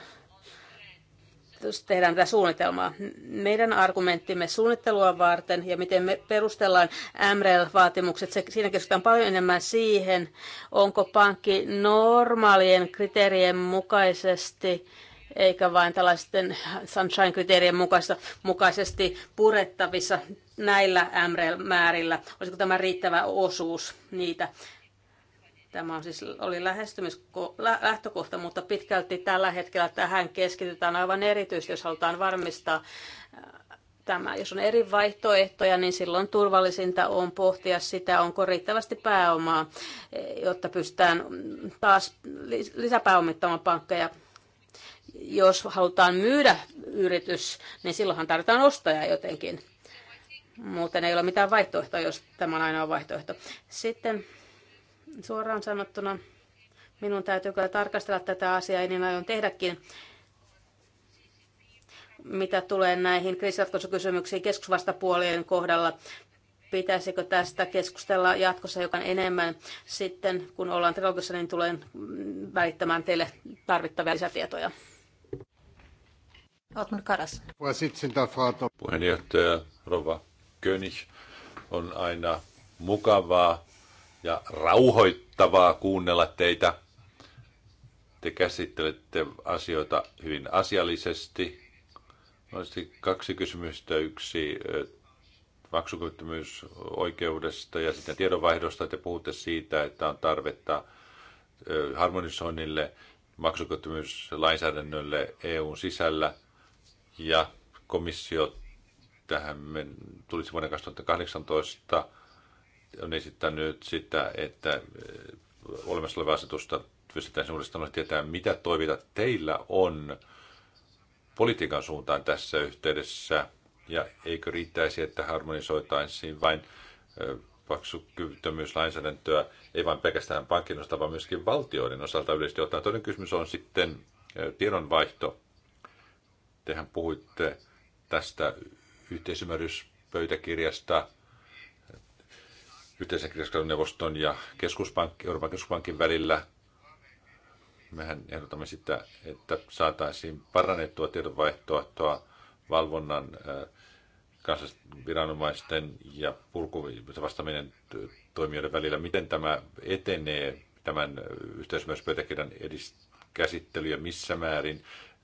tehdään tätä suunnitelmaa. Meidän argumenttimme suunnittelua varten ja miten me perustellaan MREL-vaatimukset, siinä keskitytään paljon enemmän siihen, onko pankki normaalien kriteerien mukaisesti eikä vain tällaisten sunshine-kriteerien mukaisesti purettavissa näillä MREL-määrillä. Olisiko tämä riittävä osuus niitä? Tämä on siis, oli lähestymislähtökohta, mutta pitkälti tällä hetkellä tähän keskitytään aivan erityisesti, jos halutaan varmistaa äh, tämä. Jos on eri vaihtoehtoja, niin silloin turvallisinta on pohtia sitä, onko riittävästi pääomaa, eh, jotta pystytään taas lisäpääomittamaan pankkeja. Jos halutaan myydä yritys, niin silloinhan tarvitaan ostaja jotenkin. Muuten ei ole mitään vaihtoehtoa, jos tämä on ainoa vaihtoehto. Sitten Suoraan sanottuna minun täytyy kyllä tarkastella tätä asiaa, ja niin aion tehdäkin mitä tulee näihin kriisiratkaisukysymyksiin keskusvastapuolien kohdalla, pitäisikö tästä keskustella jatkossa jokan enemmän. Sitten kun ollaan trilogissa, niin tulen välittämään teille tarvittavia lisätietoja. Otmar Karas. Puheenjohtaja Rova König on aina mukavaa ja rauhoittavaa kuunnella teitä. Te käsittelette asioita hyvin asiallisesti. Olisi kaksi kysymystä. Yksi maksukyvyttömyysoikeudesta ja sitten tiedonvaihdosta. Te puhutte siitä, että on tarvetta harmonisoinnille, maksukyvyttömyyslainsäädännölle EUn sisällä ja komissio tähän tulisi vuonna 2018 on esittänyt sitä, että äh, olemassa olevaa asetusta pystytään uudestaan tietää, mitä toiveita teillä on politiikan suuntaan tässä yhteydessä, ja eikö riittäisi, että harmonisoitaisiin vain äh, paksukyvyttömyyslainsäädäntöä, ei vain pelkästään pankin osalta, vaan myöskin valtioiden osalta yleisesti ottaen. Toinen kysymys on sitten äh, tiedonvaihto. Tehän puhuitte tästä yhteisymmärryspöytäkirjasta, yhteisen neuvoston ja keskuspankki, Euroopan keskuspankin välillä. Mehän ehdotamme sitä, että saataisiin parannettua tiedonvaihtoa tuo valvonnan viranomaisten ja purku vastaaminen toimijoiden välillä. Miten tämä etenee, tämän yhteismyöspöytäkirjan edist- käsittely ja missä määrin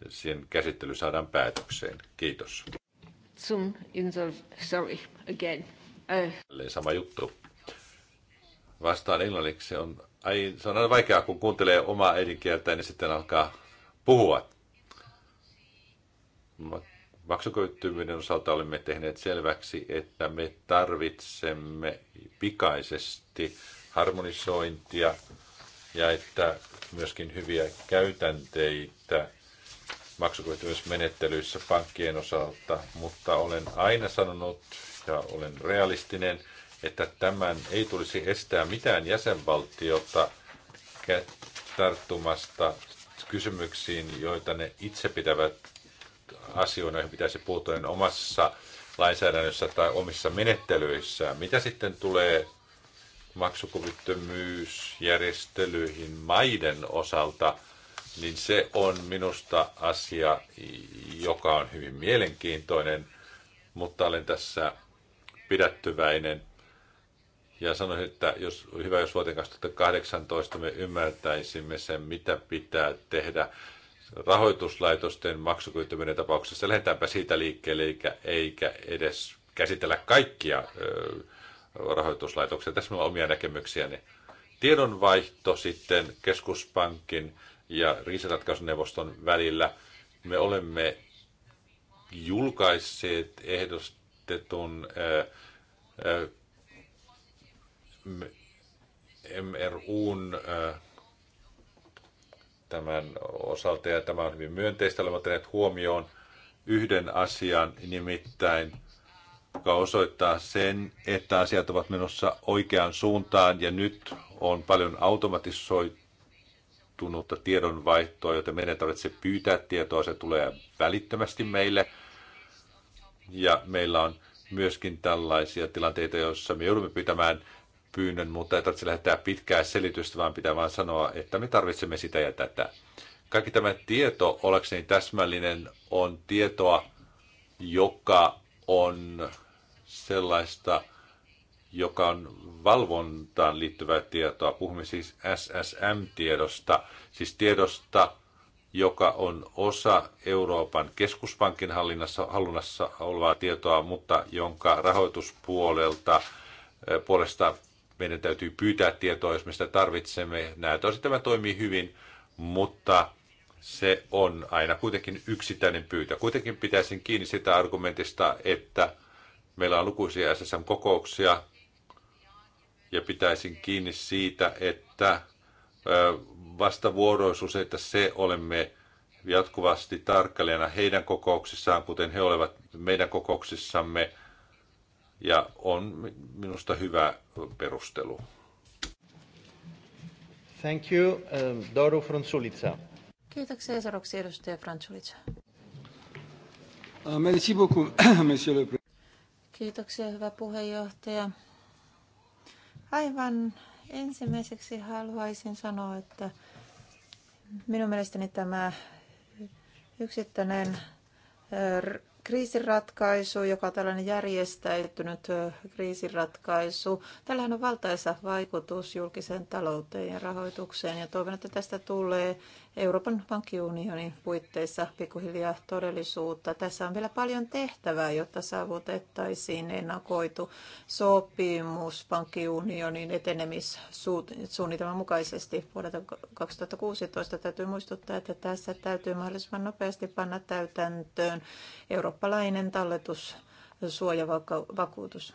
sen käsittely saadaan päätökseen? Kiitos. sorry, again. Uh. Sama juttu vastaan englanniksi. Se on, ai, se on aina vaikeaa, kun kuuntelee omaa äidinkieltä, niin sitten alkaa puhua. Maksukyvyttömyyden osalta olemme tehneet selväksi, että me tarvitsemme pikaisesti harmonisointia ja että myöskin hyviä käytänteitä maksukyvyttömyysmenettelyissä pankkien osalta, mutta olen aina sanonut ja olen realistinen – että tämän ei tulisi estää mitään jäsenvaltiota tarttumasta kysymyksiin, joita ne itse pitävät asioina, joihin pitäisi puuttua niin omassa lainsäädännössä tai omissa menettelyissä. Mitä sitten tulee maksukyvyttömyysjärjestelyihin maiden osalta, niin se on minusta asia, joka on hyvin mielenkiintoinen, mutta olen tässä pidättyväinen ja sanoisin, että jos, hyvä, jos vuoteen 2018 me ymmärtäisimme sen, mitä pitää tehdä rahoituslaitosten maksukyvyttömyyden tapauksessa. Lähdetäänpä siitä liikkeelle, eikä, eikä edes käsitellä kaikkia ö, rahoituslaitoksia. Tässä on omia näkemyksiäni. Tiedonvaihto sitten keskuspankin ja riisiratkaisuneuvoston välillä. Me olemme julkaisseet ehdostetun ö, MRUn äh, tämän osalta, ja tämä on hyvin myönteistä, olemme tehneet huomioon yhden asian, nimittäin joka osoittaa sen, että asiat ovat menossa oikeaan suuntaan ja nyt on paljon automatisoitunutta tiedonvaihtoa, joten meidän tarvitsee pyytää tietoa, se tulee välittömästi meille. Ja meillä on myöskin tällaisia tilanteita, joissa me joudumme pyytämään pyynnön, mutta ei tarvitse lähettää pitkää selitystä, vaan pitää vain sanoa, että me tarvitsemme sitä ja tätä. Kaikki tämä tieto, olekseni täsmällinen, on tietoa, joka on sellaista, joka on valvontaan liittyvää tietoa. Puhumme siis SSM-tiedosta, siis tiedosta, joka on osa Euroopan keskuspankin hallinnassa, hallinnassa olevaa tietoa, mutta jonka rahoituspuolelta puolesta meidän täytyy pyytää tietoa, jos me sitä tarvitsemme. Näiltä osin tämä toimii hyvin, mutta se on aina kuitenkin yksittäinen pyytä. Kuitenkin pitäisin kiinni sitä argumentista, että meillä on lukuisia SSM-kokouksia ja pitäisin kiinni siitä, että vastavuoroisuus, että se olemme jatkuvasti tarkkailijana heidän kokouksissaan, kuten he olivat meidän kokouksissamme – ja on minusta hyvä perustelu. Thank you, um, Doru Fronsulica. Kiitoksia seuraavaksi edustaja Fronsulica. Uh, merci beaucoup, monsieur le Président. Kiitoksia, hyvä puheenjohtaja. Aivan ensimmäiseksi haluaisin sanoa, että minun mielestäni tämä yksittäinen äh, kriisinratkaisu, joka on tällainen järjestäytynyt kriisinratkaisu. Tällähän on valtaisa vaikutus julkiseen talouteen ja rahoitukseen ja toivon, että tästä tulee Euroopan pankkiunionin puitteissa pikkuhiljaa todellisuutta. Tässä on vielä paljon tehtävää, jotta saavutettaisiin ennakoitu sopimus pankkiunionin etenemissuunnitelman mukaisesti vuodelta 2016. Täytyy muistuttaa, että tässä täytyy mahdollisimman nopeasti panna täytäntöön eurooppalainen talletus suojavakuutus.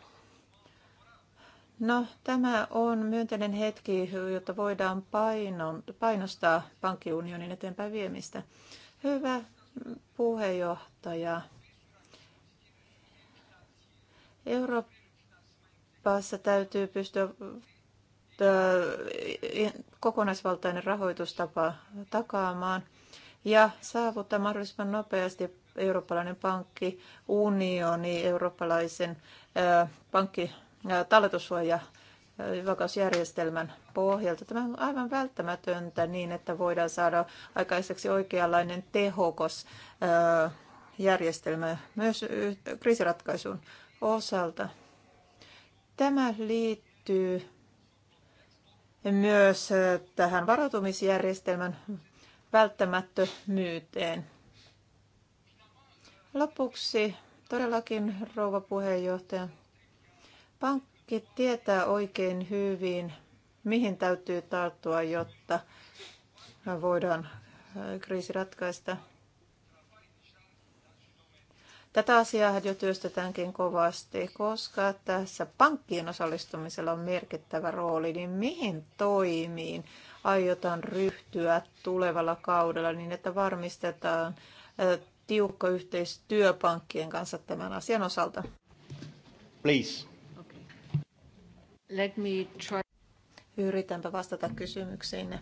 No, tämä on myönteinen hetki, jotta voidaan painostaa pankkiunionin eteenpäin viemistä. Hyvä puheenjohtaja. Euroopassa täytyy pystyä äh, kokonaisvaltainen rahoitustapa takaamaan ja saavuttaa mahdollisimman nopeasti eurooppalainen pankkiunioni, eurooppalaisen äh, pankki talletussuoja vakausjärjestelmän pohjalta. Tämä on aivan välttämätöntä niin, että voidaan saada aikaiseksi oikeanlainen tehokas järjestelmä myös kriisiratkaisun osalta. Tämä liittyy myös tähän varautumisjärjestelmän välttämättömyyteen. Lopuksi todellakin, rouva puheenjohtaja, Pankki tietää oikein hyvin, mihin täytyy tarttua, jotta voidaan äh, kriisi ratkaista. Tätä asiaa jo työstetäänkin kovasti, koska tässä pankkien osallistumisella on merkittävä rooli, niin mihin toimiin aiotaan ryhtyä tulevalla kaudella niin, että varmistetaan äh, tiukka yhteistyö pankkien kanssa tämän asian osalta? Please. Let me try. Yritänpä vastata kysymyksiin.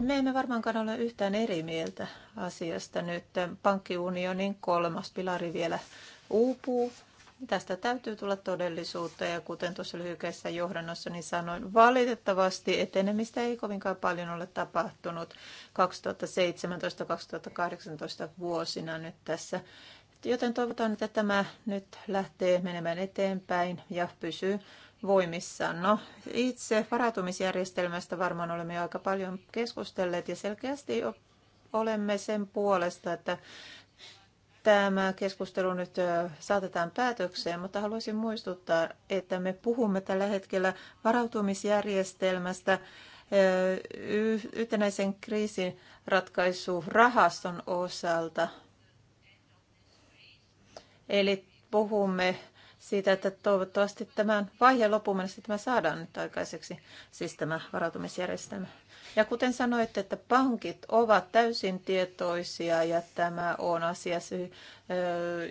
Me emme varmaankaan ole yhtään eri mieltä asiasta nyt. Pankkiunionin kolmas pilari vielä uupuu. Tästä täytyy tulla todellisuutta ja kuten tuossa johdannossa niin sanoin, valitettavasti etenemistä ei kovinkaan paljon ole tapahtunut 2017-2018 vuosina nyt tässä Joten toivotan, että tämä nyt lähtee menemään eteenpäin ja pysyy voimissaan. No, itse varautumisjärjestelmästä varmaan olemme jo aika paljon keskustelleet ja selkeästi olemme sen puolesta, että tämä keskustelu nyt saatetaan päätökseen, mutta haluaisin muistuttaa, että me puhumme tällä hetkellä varautumisjärjestelmästä yhtenäisen kriisin ratkaisurahaston osalta. Eli puhumme siitä, että toivottavasti tämän vaiheen loppuun mennessä tämä saadaan nyt aikaiseksi, siis tämä varautumisjärjestelmä. Ja kuten sanoitte, että pankit ovat täysin tietoisia ja tämä on asia,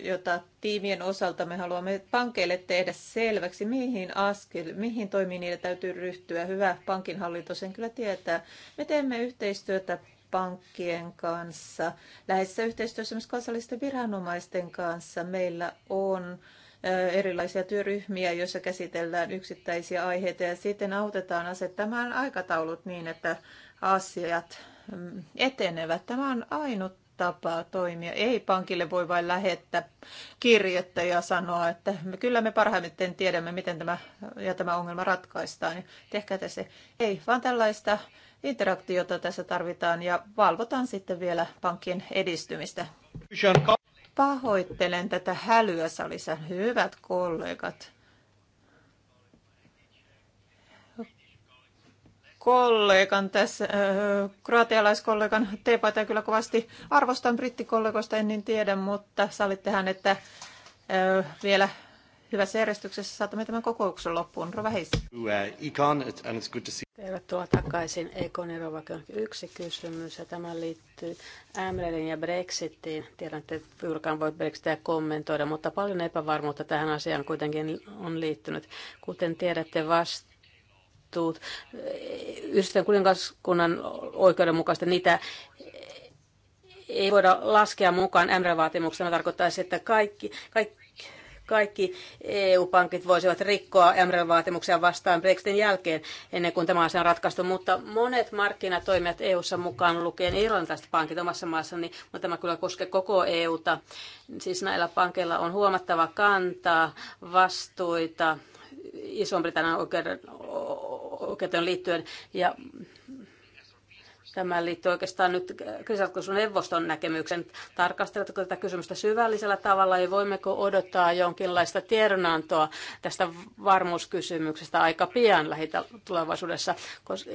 jota tiimien osalta me haluamme pankeille tehdä selväksi, mihin askel, mihin toimiin niillä täytyy ryhtyä. Hyvä pankinhallinto sen kyllä tietää. Me teemme yhteistyötä pankkien kanssa, lähes yhteistyössä myös kansallisten viranomaisten kanssa. Meillä on erilaisia työryhmiä, joissa käsitellään yksittäisiä aiheita ja sitten autetaan asettamaan aikataulut niin, että asiat mm, etenevät. Tämä on ainut tapa toimia. Ei pankille voi vain lähettää kirjettä ja sanoa, että me, kyllä me parhaimmiten tiedämme, miten tämä ja tämä ongelma ratkaistaan. Niin Tehkää se. Ei, vaan tällaista interaktiota tässä tarvitaan ja valvotaan sitten vielä pankkien edistymistä. Pahoittelen tätä hälyä salissa, hyvät kollegat. kollegan tässä, äh, kroatialaiskollegan teepaita kyllä kovasti arvostan brittikollegoista, en niin tiedä, mutta salittehän että äh, vielä hyvässä järjestyksessä saatamme tämän kokouksen loppuun. Rova Heis. Uh, Tervetuloa takaisin Ekon ja Rova Yksi kysymys, ja tämä liittyy Amrelin ja Brexitiin. Tiedän, että Fyrkan voi Brexitia kommentoida, mutta paljon epävarmuutta tähän asiaan kuitenkin on liittynyt. Kuten tiedätte, vasta vastuut yhdistön kuningaskunnan oikeudenmukaista, niitä ei voida laskea mukaan MR-vaatimuksena. Tarkoittaisi, että kaikki, kaikki kaikki EU-pankit voisivat rikkoa MREL-vaatimuksia vastaan Brexitin jälkeen ennen kuin tämä asia on ratkaistu, mutta monet markkinatoimijat EU-ssa mukaan lukien irlantilaiset pankit omassa maassani, niin- mutta tämä kyllä koskee koko EUta. Siis näillä pankeilla on huomattava kantaa, vastuita iso britannian oikeuden, oikeuteen liittyen ja Tämä liittyy oikeastaan nyt neuvoston näkemyksen. Tarkasteletko tätä kysymystä syvällisellä tavalla ja voimmeko odottaa jonkinlaista tiedonantoa tästä varmuuskysymyksestä aika pian lähitulevaisuudessa, koska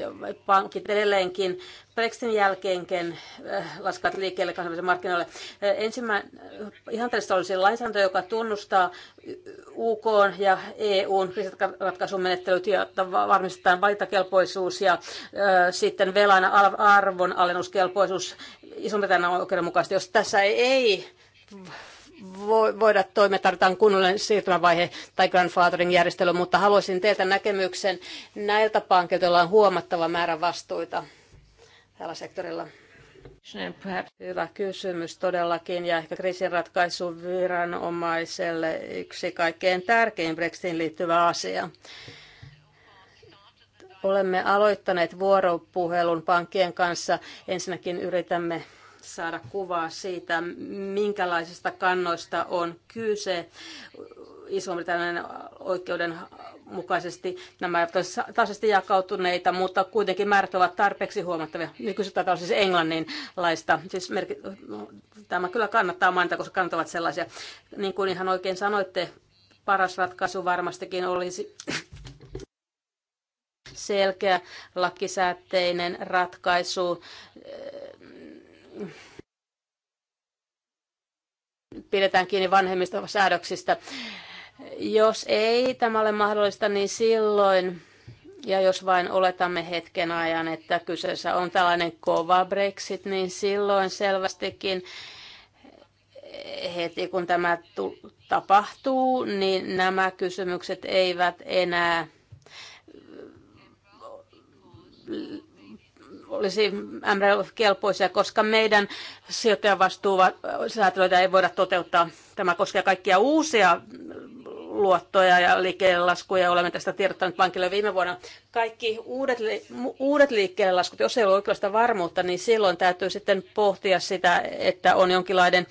pankit edelleenkin Brexitin jälkeenkin äh, laskevat liikkeelle kansainvälisille markkinoille. Äh, Ensimmäinen äh, ihan tällaista olisi lainsäädäntö, joka tunnustaa UK ja EUn kriisiratkaisumenettelyt ja varmistetaan valintakelpoisuus ja sitten velan arvon alennuskelpoisuus Iso-Britannian oikeudenmukaisesti. Jos tässä ei voida toimia, tarvitaan kunnollinen siirtymävaihe tai grandfathering järjestely, mutta haluaisin teiltä näkemyksen näiltä pankilta, joilla on huomattava määrä vastuita tällä sektorilla? Hyvä kysymys todellakin ja ehkä kriisinratkaisun viranomaiselle yksi kaikkein tärkein Brexitin liittyvä asia. Olemme aloittaneet vuoropuhelun pankkien kanssa. Ensinnäkin yritämme saada kuvaa siitä, minkälaisista kannoista on kyse Iso-Britannian oikeuden mukaisesti. Nämä eivät ole tasaisesti jakautuneita, mutta kuitenkin määrät ovat tarpeeksi huomattavia. Nykyiset on siis englanninlaista. Siis merki... Tämä kyllä kannattaa mainita, koska kannat ovat sellaisia. Niin kuin ihan oikein sanoitte, paras ratkaisu varmastikin olisi selkeä lakisääteinen ratkaisu eh, pidetään kiinni vanhemmista säädöksistä jos ei tämä ole mahdollista, niin silloin, ja jos vain oletamme hetken ajan, että kyseessä on tällainen kova Brexit, niin silloin selvästikin heti kun tämä tapahtuu, niin nämä kysymykset eivät enää olisi MRL-kelpoisia, koska meidän sijoittajavastuusäätelyitä ei voida toteuttaa. Tämä koskee kaikkia uusia luottoja ja liikkeellelaskuja. Olemme tästä tiedottaneet pankille viime vuonna. Kaikki uudet, li- uudet liikkeellelaskut, jos ei ole oikeasta varmuutta, niin silloin täytyy sitten pohtia sitä, että on jonkinlainen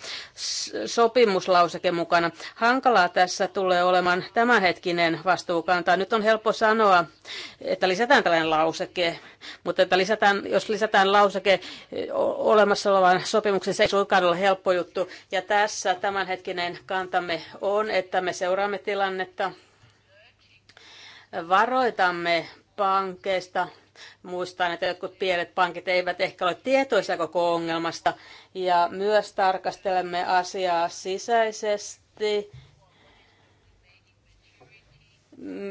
sopimuslauseke mukana. Hankalaa tässä tulee olemaan tämänhetkinen vastuukanta. Nyt on helppo sanoa, että lisätään tällainen lauseke, mutta että lisätään, jos lisätään lauseke olemassa olevan sopimuksen, se ei suinkaan ole helppo juttu. Ja tässä tämänhetkinen kantamme on, että me seuraamme tilannetta. Varoitamme pankeista. Muistan, että jotkut pienet pankit eivät ehkä ole tietoisia koko ongelmasta. Ja myös tarkastelemme asiaa sisäisesti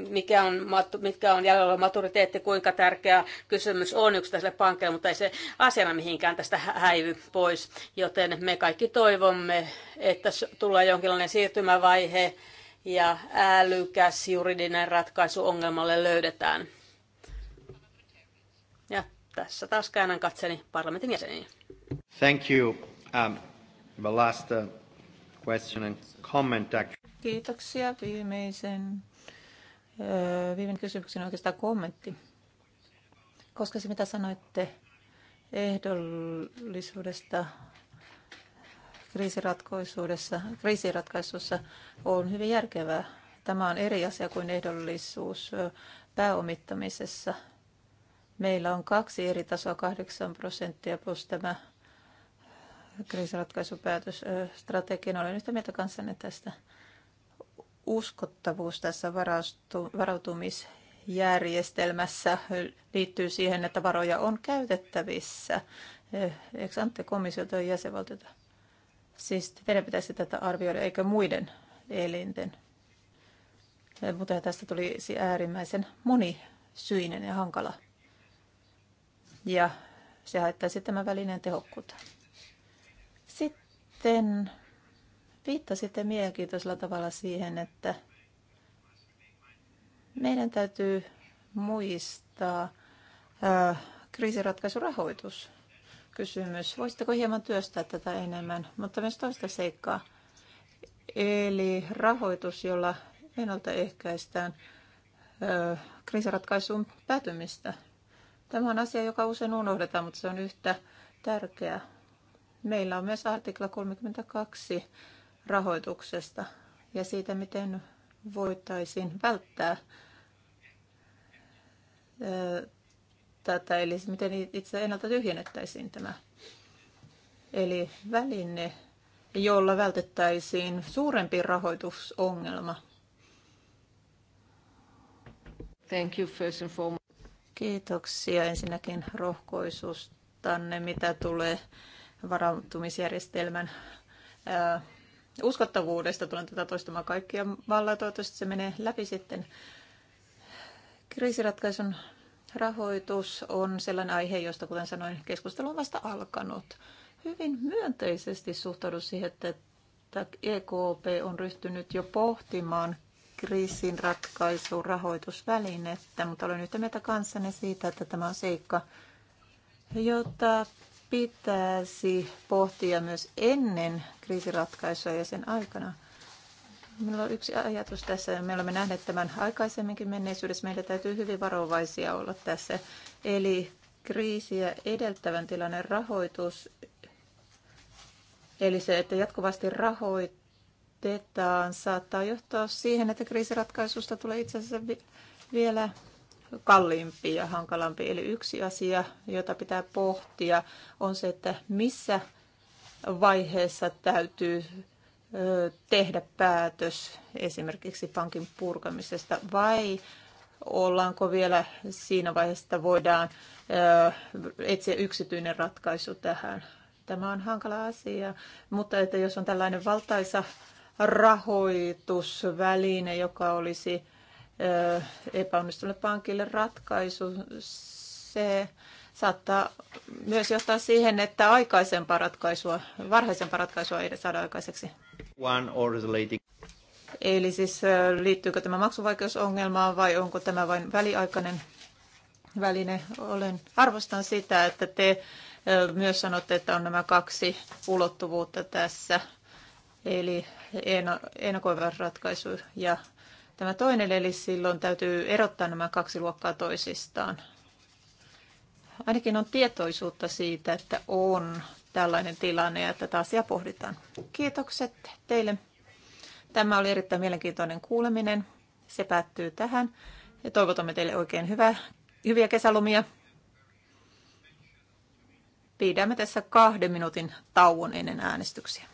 mikä on, mitkä on jäljellä maturiteetti, kuinka tärkeä kysymys on yksittäiselle pankille, mutta ei se asiana mihinkään tästä häivy pois. Joten me kaikki toivomme, että tulee jonkinlainen siirtymävaihe ja älykäs juridinen ratkaisu ongelmalle löydetään. Ja tässä taas käännän katseni parlamentin jäseniin. Thank you. Um, the last uh, question and comment. Kiitoksia viimeisen uh, viimeisen kysymyksen oikeastaan kommentti. Koska se mitä sanoitte ehdollisuudesta kriisiratkaisuudessa, kriisiratkaisussa on hyvin järkevää. Tämä on eri asia kuin ehdollisuus pääomittamisessa. Meillä on kaksi eri tasoa, 8 prosenttia plus tämä kriisiratkaisupäätös strategian. Olen yhtä mieltä kanssanne tästä uskottavuus tässä varaustu, varautumisjärjestelmässä liittyy siihen, että varoja on käytettävissä. Eikö ante komissiota ja jäsenvaltiota. Siis meidän pitäisi tätä arvioida, eikä muiden elinten. Eh, mutta tästä tuli äärimmäisen monisyinen ja hankala. Ja se haittaisi tämän välineen tehokkuutta. Sitten viittasitte mielenkiintoisella tavalla siihen, että meidän täytyy muistaa eh, kriisiratkaisurahoitus kysymys. Voisitteko hieman työstää tätä enemmän, mutta myös toista seikkaa. Eli rahoitus, jolla ennaltaehkäistään kriisiratkaisuun päätymistä. Tämä on asia, joka usein unohdetaan, mutta se on yhtä tärkeä. Meillä on myös artikla 32 rahoituksesta ja siitä, miten voitaisiin välttää tätä, eli miten itse ennalta tyhjennettäisiin tämä. Eli väline, jolla vältettäisiin suurempi rahoitusongelma. Thank you first and foremost. Kiitoksia ensinnäkin rohkoisustanne, mitä tulee varautumisjärjestelmän äh, uskottavuudesta. Tulen tätä toistamaan kaikkia vallaa. Toivottavasti se menee läpi sitten kriisiratkaisun Rahoitus on sellainen aihe, josta kuten sanoin, keskustelu on vasta alkanut. Hyvin myönteisesti suhtaudun siihen, että EKP e on ryhtynyt jo pohtimaan kriisin ratkaisu rahoitusvälinettä, mutta olen yhtä mieltä kanssani siitä, että tämä on seikka, jota pitäisi pohtia myös ennen kriisiratkaisua ja sen aikana. Minulla on yksi ajatus tässä. Me olemme nähneet tämän aikaisemminkin menneisyydessä. Meidän täytyy hyvin varovaisia olla tässä. Eli kriisiä edeltävän tilanne rahoitus, eli se, että jatkuvasti rahoitetaan, saattaa johtaa siihen, että kriisiratkaisusta tulee itse asiassa vielä kalliimpi ja hankalampi. Eli yksi asia, jota pitää pohtia, on se, että missä vaiheessa täytyy tehdä päätös esimerkiksi pankin purkamisesta vai ollaanko vielä siinä vaiheessa, että voidaan etsiä yksityinen ratkaisu tähän. Tämä on hankala asia, mutta että jos on tällainen valtaisa rahoitusväline, joka olisi epäonnistunut pankille ratkaisu, se saattaa myös johtaa siihen, että aikaisempaa ratkaisua, varhaisempaa ratkaisua ei saada aikaiseksi. One or related... Eli siis liittyykö tämä maksuvaikeusongelmaan vai onko tämä vain väliaikainen väline? Olen, arvostan sitä, että te myös sanotte, että on nämä kaksi ulottuvuutta tässä, eli ennakoiva ratkaisu ja tämä toinen, eli silloin täytyy erottaa nämä kaksi luokkaa toisistaan. Ainakin on tietoisuutta siitä, että on tällainen tilanne ja tätä asiaa pohditaan. Kiitokset teille. Tämä oli erittäin mielenkiintoinen kuuleminen. Se päättyy tähän ja toivotamme teille oikein hyvää, hyviä kesälomia. Pidämme tässä kahden minuutin tauon ennen äänestyksiä.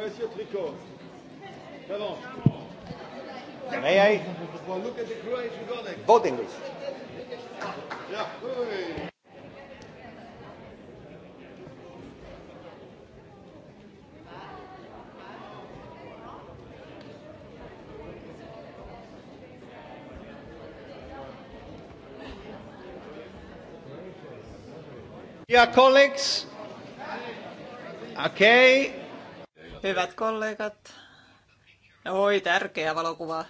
May I? Look at the Croatian Both English. Yeah. Dear colleagues, okay, Hyvät kollegat, oi tärkeä valokuva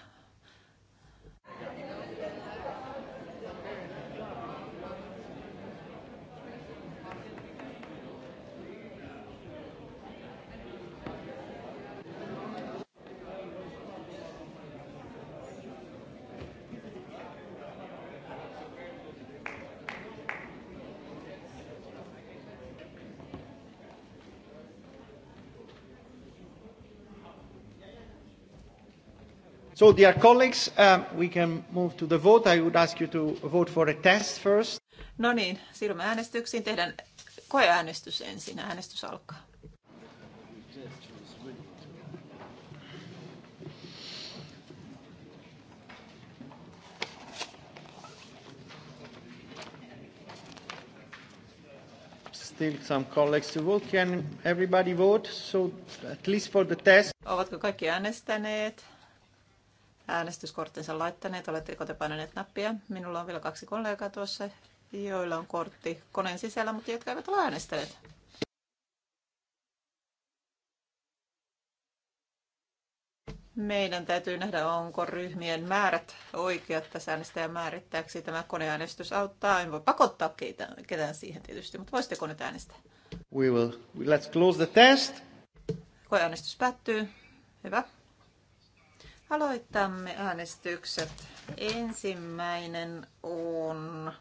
So, dear colleagues, um, we can move to the vote. I would ask you to vote for a test first. No niin, siirrymme äänestyksiin. Tehdään koeäänestys ensin. Äänestys alkaa. Still some colleagues to vote. Can everybody vote? So at least for the test. Ovatko kaikki äänestäneet? äänestyskorttinsa laittaneet? Oletteko te painaneet nappia? Minulla on vielä kaksi kollegaa tuossa, joilla on kortti koneen sisällä, mutta jotka eivät ole äänestäneet. Meidän täytyy nähdä, onko ryhmien määrät oikeat tässä äänestäjä määrittääksi. Tämä koneäänestys auttaa. En voi pakottaa ketään, ketään siihen tietysti, mutta voisitteko nyt äänestää? We will. Let's close the test. Koeäänestys päättyy. Hyvä. Aloitamme äänestykset. Ensimmäinen on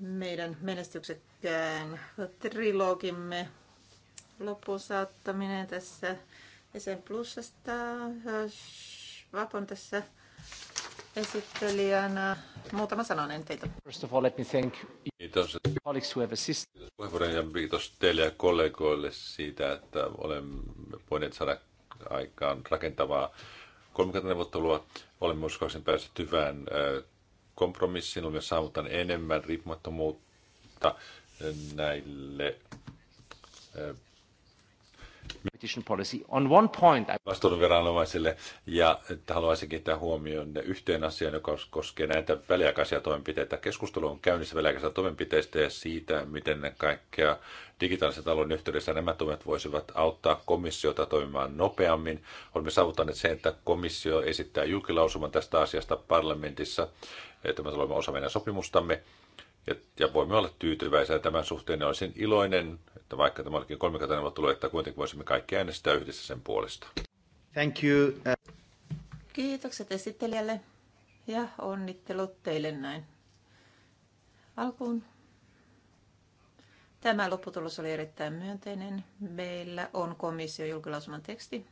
meidän menestyksekkään trilogimme saattaminen tässä Esen Plusasta. Äh, Vapon tässä esittelijänä. Muutama sananen teitä. First of all, let me thank kiitos. colleagues who have assisted. ja kiitos teille ja kollegoille siitä, että olemme voineet saada aikaan rakentavaa neuvottelua. Olemme uskoakseni päässeet hyvään kompromissiin. Olemme saavuttaneet enemmän riippumattomuutta näille viranomaisille ja että haluaisin kiinnittää huomioon yhteen asiaan, joka koskee näitä väliaikaisia toimenpiteitä. Keskustelu on käynnissä väliaikaisista toimenpiteistä ja siitä, miten ne kaikkea digitaalisen talouden yhteydessä nämä toimet voisivat auttaa komissiota toimimaan nopeammin. Olemme saavuttaneet sen, että komissio esittää julkilausuman tästä asiasta parlamentissa. Tämä tulee osa meidän sopimustamme ja, ja voimme olla tyytyväisiä tämän suhteen. Ja olisin iloinen, että vaikka tämä olikin kolmikantainen tulee, että kuitenkin voisimme kaikki äänestää yhdessä sen puolesta. Thank you. Uh, Kiitokset esittelijälle ja onnittelut teille näin. Alkuun Tämä lopputulos oli erittäin myönteinen. Meillä on komission julkilausuman teksti.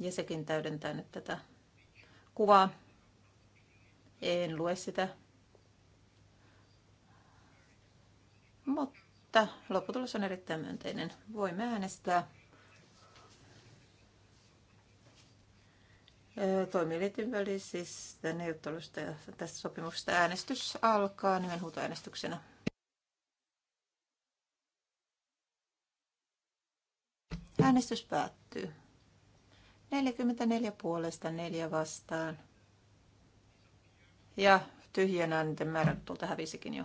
Ja sekin täydentää nyt tätä kuvaa. En lue sitä Mutta lopputulos on erittäin myönteinen. Voimme äänestää toimielinten välisistä neuvotteluista ja tästä sopimuksesta äänestys alkaa nimenhuutoäänestyksenä. Äänestys päättyy. 44 puolesta, 4 vastaan. Ja tyhjänä niiden määrä tuolta hävisikin jo.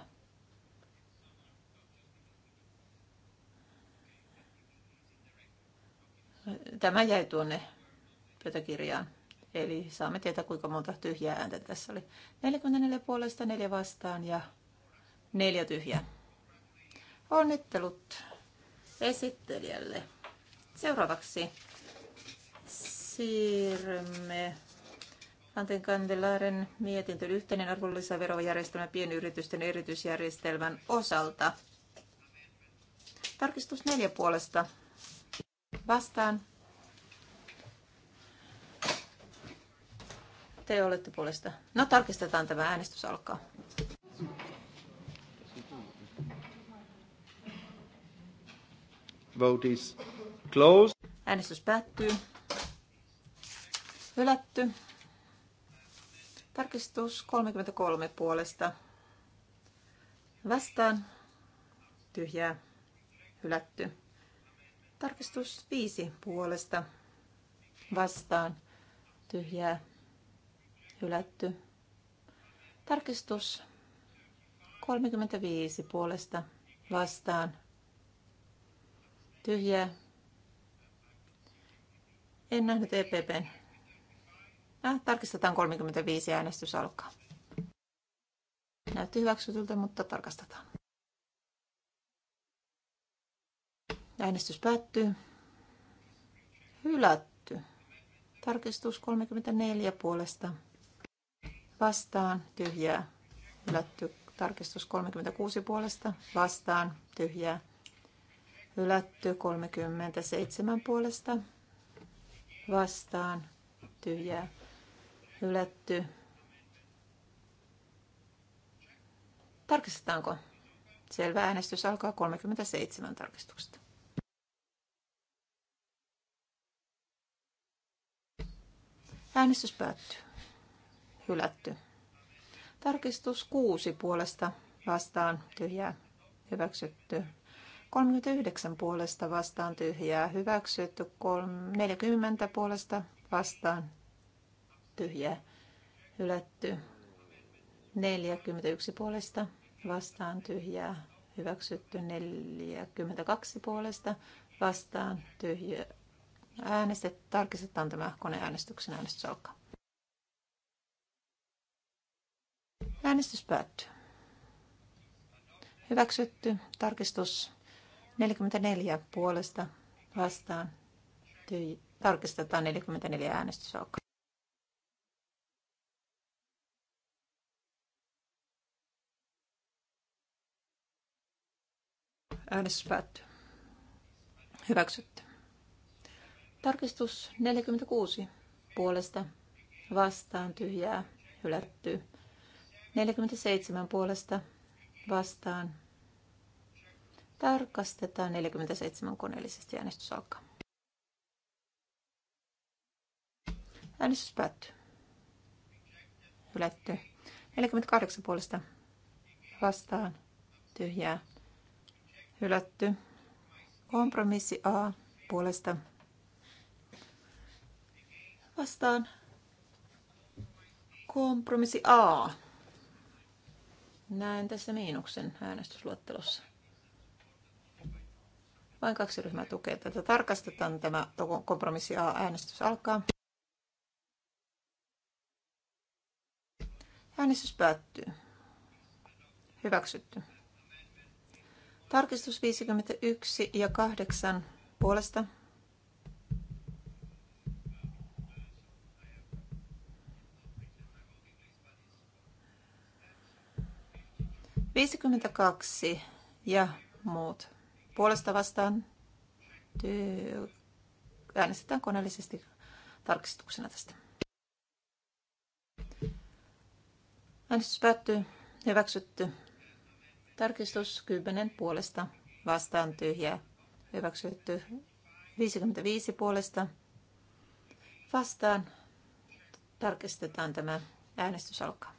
Tämä jäi tuonne pöytäkirjaan. Eli saamme tietää, kuinka monta tyhjää ääntä tässä oli. 44 puolesta, 4 vastaan ja 4 tyhjää. Onnittelut esittelijälle. Seuraavaksi siirrymme Anten Kandelaaren mietintö yhteinen arvonlisäverojärjestelmä pienyritysten erityisjärjestelmän osalta. Tarkistus neljä puolesta Vastaan. Te olette puolesta. No tarkistetaan tämä äänestys alkaa. Vote is closed. Äänestys päättyy. Hylätty. Tarkistus 33 puolesta. Vastaan. Tyhjää. Hylätty. Tarkistus 5 puolesta vastaan tyhjää hylätty. Tarkistus 35 puolesta vastaan tyhjää. En nähnyt EPPn. Äh, tarkistetaan 35 äänestys alkaa. Näytti hyväksytyltä, mutta tarkastetaan. Äänestys päättyy. Hylätty. Tarkistus 34 puolesta. Vastaan. Tyhjää. Hylätty. Tarkistus 36 puolesta. Vastaan. Tyhjää. Hylätty 37 puolesta. Vastaan. Tyhjää. Hylätty. Tarkistetaanko? Selvä äänestys alkaa 37 tarkistuksesta. Äänestys päättyy. Hylätty. Tarkistus 6 puolesta vastaan tyhjää hyväksytty. 39 puolesta vastaan tyhjää hyväksytty. 40 puolesta vastaan tyhjää hylätty. 41 puolesta vastaan tyhjää hyväksytty. 42 puolesta vastaan tyhjää Äänestet, tarkistetaan tämä koneäänestyksen äänestys alkaa. Äänestys päättyy. Hyväksytty. Tarkistus 44 puolesta vastaan. Tarkistetaan 44 äänestys alkaa. Äänestys päättyy. Hyväksytty. Tarkistus 46 puolesta vastaan tyhjää hylätty. 47 puolesta vastaan. Tarkastetaan 47 koneellisesti äänestys alkaa. Äänestys päättyy. Hylätty. 48 puolesta vastaan tyhjää hylätty. Kompromissi A puolesta Vastaan kompromissi A. Näen tässä miinuksen äänestysluettelossa. Vain kaksi ryhmää tukee tätä. Tarkastetaan tämä kompromissi A. Äänestys alkaa. Äänestys päättyy. Hyväksytty. Tarkistus 51 ja 8 puolesta 52 ja muut. Puolesta vastaan työ, äänestetään koneellisesti tarkistuksena tästä. Äänestys päättyy. Hyväksytty. Tarkistus 10 puolesta vastaan tyhjä Hyväksytty 55 puolesta vastaan. Tarkistetaan tämä äänestys alkaa.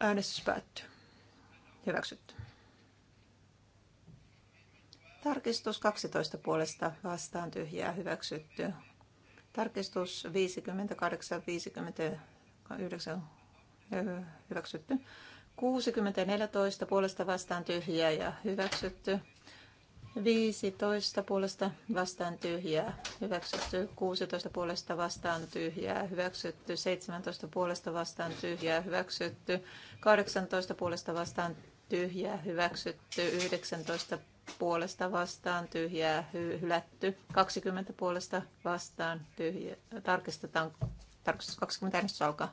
Äänestys päättyy. Hyväksytty. Tarkistus 12 puolesta vastaan tyhjää hyväksytty. Tarkistus 58, 59 hyväksytty. 60, 14 puolesta vastaan tyhjää ja hyväksytty. 15 puolesta vastaan tyhjää, hyväksytty 16 puolesta vastaan tyhjää, hyväksytty 17 puolesta vastaan tyhjää, hyväksytty 18 puolesta vastaan tyhjää, hyväksytty 19 puolesta vastaan tyhjää, hy- hylätty 20 puolesta vastaan tyhjää. Tarkistetaan, tarkistus 20 äänestys alkaa.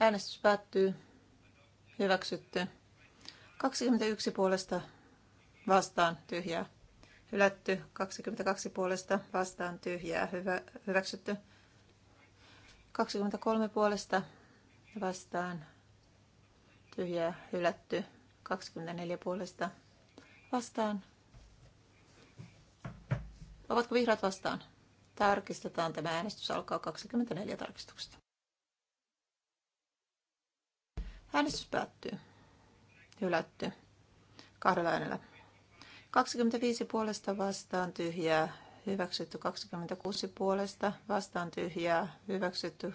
Äänestys päättyy hyväksytty. 21 puolesta vastaan tyhjää, hylätty. 22 puolesta vastaan tyhjää, hyvä, hyväksytty. 23 puolesta vastaan tyhjää, hylätty. 24 puolesta vastaan. Ovatko vihreät vastaan? Tarkistetaan tämä äänestys. Alkaa 24 tarkistuksesta. Äänestys päättyy. Hylätty. Kahdella äänellä. 25 puolesta vastaan tyhjää, hyväksytty 26 puolesta vastaan tyhjää, hyväksytty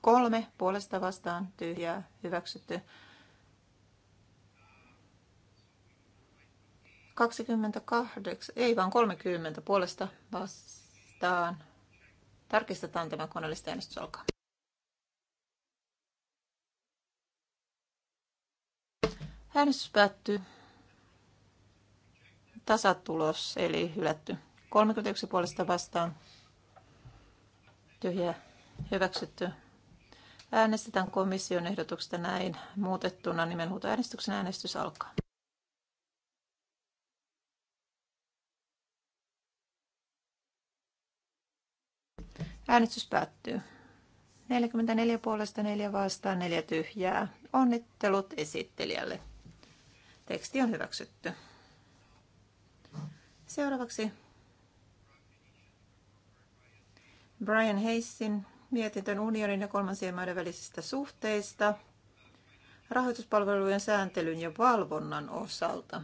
3 puolesta vastaan tyhjää, hyväksytty 28, ei vaan 30 puolesta vastaan. Tarkistetaan tämä koneellista äänestys alkaa. Äänestys päättyy. Tasatulos, eli hylätty. 31 puolesta vastaan. Tyhjä. Hyväksytty. Äänestetään komission ehdotuksesta näin muutettuna nimenhuutoäänestyksen äänestys alkaa. Äänestys päättyy. 44 puolesta 4 vastaan 4 tyhjää. Onnittelut esittelijälle. Teksti on hyväksytty. Seuraavaksi Brian Heissin mietintön unionin ja kolmansien maiden välisistä suhteista rahoituspalvelujen sääntelyn ja valvonnan osalta.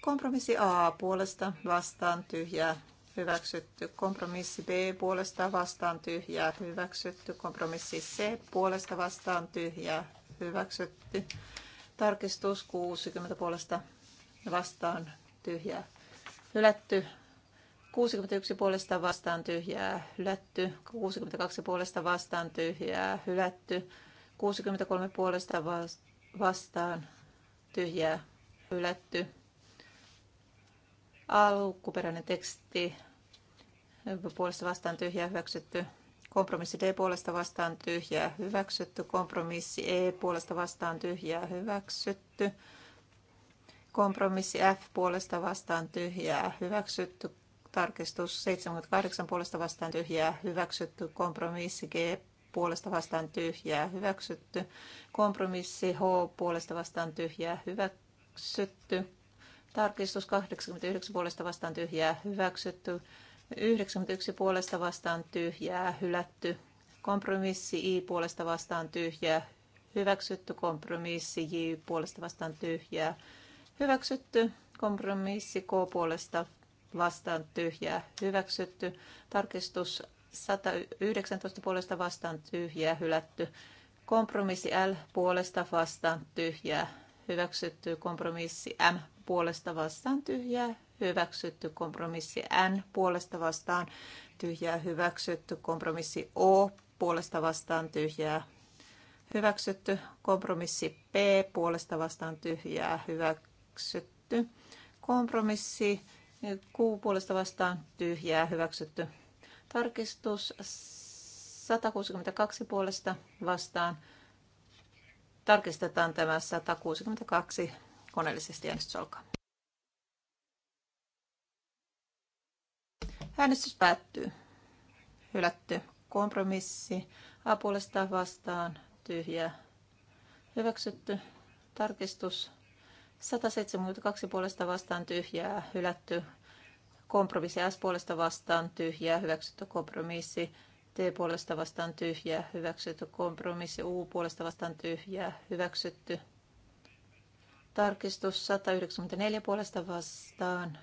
Kompromissi A puolesta vastaan tyhjää hyväksytty. Kompromissi B puolesta vastaan tyhjää hyväksytty. Kompromissi C puolesta vastaan tyhjää hyväksytty. Tarkistus 60 puolesta vastaan tyhjää hylätty. 61 puolesta vastaan tyhjää hylätty. 62 puolesta vastaan tyhjää hylätty. 63 puolesta vastaan tyhjää hylätty. Alkuperäinen teksti puolesta vastaan tyhjää hyväksytty. Kompromissi D puolesta vastaan tyhjää hyväksytty. Kompromissi E puolesta vastaan tyhjää hyväksytty. Kompromissi F puolesta vastaan tyhjää hyväksytty. Tarkistus 78 puolesta vastaan tyhjää hyväksytty. Kompromissi G puolesta vastaan tyhjää hyväksytty. Kompromissi H puolesta vastaan tyhjää hyväksytty. Tarkistus 89 puolesta vastaan tyhjää hyväksytty. 91 puolesta vastaan tyhjää, hylätty. Kompromissi I puolesta vastaan tyhjää, hyväksytty. Kompromissi J puolesta vastaan tyhjää, hyväksytty. Kompromissi K puolesta vastaan tyhjää, hyväksytty. Tarkistus 119 puolesta vastaan tyhjää, hylätty. Kompromissi L puolesta vastaan tyhjää, hyväksytty. Kompromissi M puolesta vastaan tyhjää, hyväksytty. Kompromissi N puolesta vastaan tyhjää hyväksytty. Kompromissi O puolesta vastaan tyhjää hyväksytty. Kompromissi P puolesta vastaan tyhjää hyväksytty. Kompromissi Q puolesta vastaan tyhjää hyväksytty. Tarkistus 162 puolesta vastaan. Tarkistetaan tämä 162 koneellisesti äänestys alkaa. Äänestys päättyy. Hylätty. Kompromissi. A puolesta vastaan. Tyhjä. Hyväksytty. Tarkistus. 172 puolesta vastaan tyhjää, hylätty kompromissi S puolesta vastaan tyhjää, hyväksytty kompromissi T puolesta vastaan tyhjää, hyväksytty kompromissi U puolesta vastaan tyhjää, hyväksytty tarkistus 194 puolesta vastaan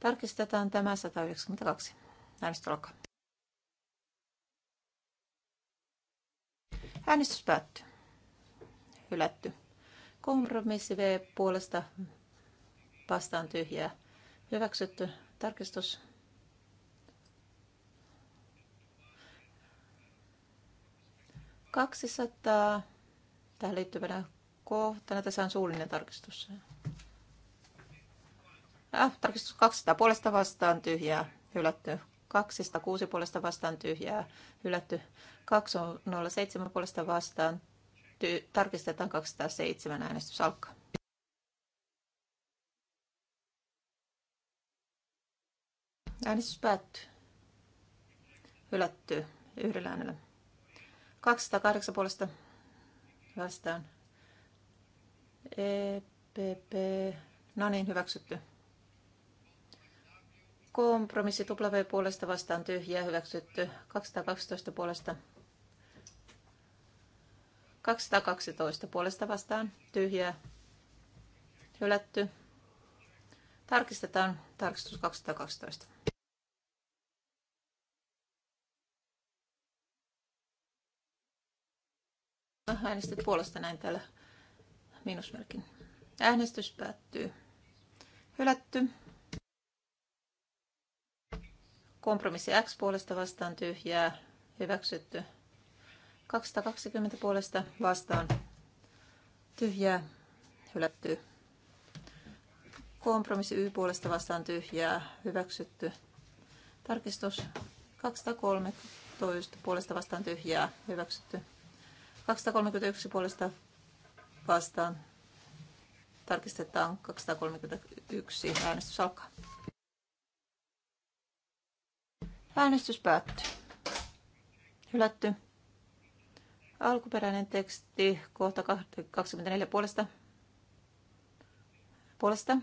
Tarkistetaan tämä 192. Äänestys alkaa. Äänestys päättyy. Hylätty. Kompromissi V puolesta vastaan tyhjää. Hyväksytty. Tarkistus. Kaksisataa. Tähän liittyvänä kohtana. Tässä on suullinen tarkistus. Ja, äh, tarkistus 200 puolesta vastaan tyhjää, hylätty. 206 puolesta vastaan tyhjää, hylätty. 207 puolesta vastaan, ty- tarkistetaan 207 äänestys alkaa. Äänestys päättyy. Hylätty yhdellä äänellä. 208 puolesta vastaan. EPP. No niin, hyväksytty. Kompromissi W puolesta vastaan tyhjää hyväksytty. 212 puolesta 212 puolesta vastaan tyhjää hylätty. Tarkistetaan tarkistus 212. Äänestit puolesta näin täällä miinusmerkin. Äänestys päättyy. Hylätty. Kompromissi X puolesta vastaan tyhjää. Hyväksytty. 220 puolesta vastaan tyhjää. Hylätty. Kompromissi Y puolesta vastaan tyhjää. Hyväksytty. Tarkistus 213 puolesta vastaan tyhjää. Hyväksytty. 231 puolesta vastaan. Tarkistetaan 231. Äänestys alkaa. Äänestys päättyy. Hylätty. Alkuperäinen teksti kohta 24 puolesta. Puolesta.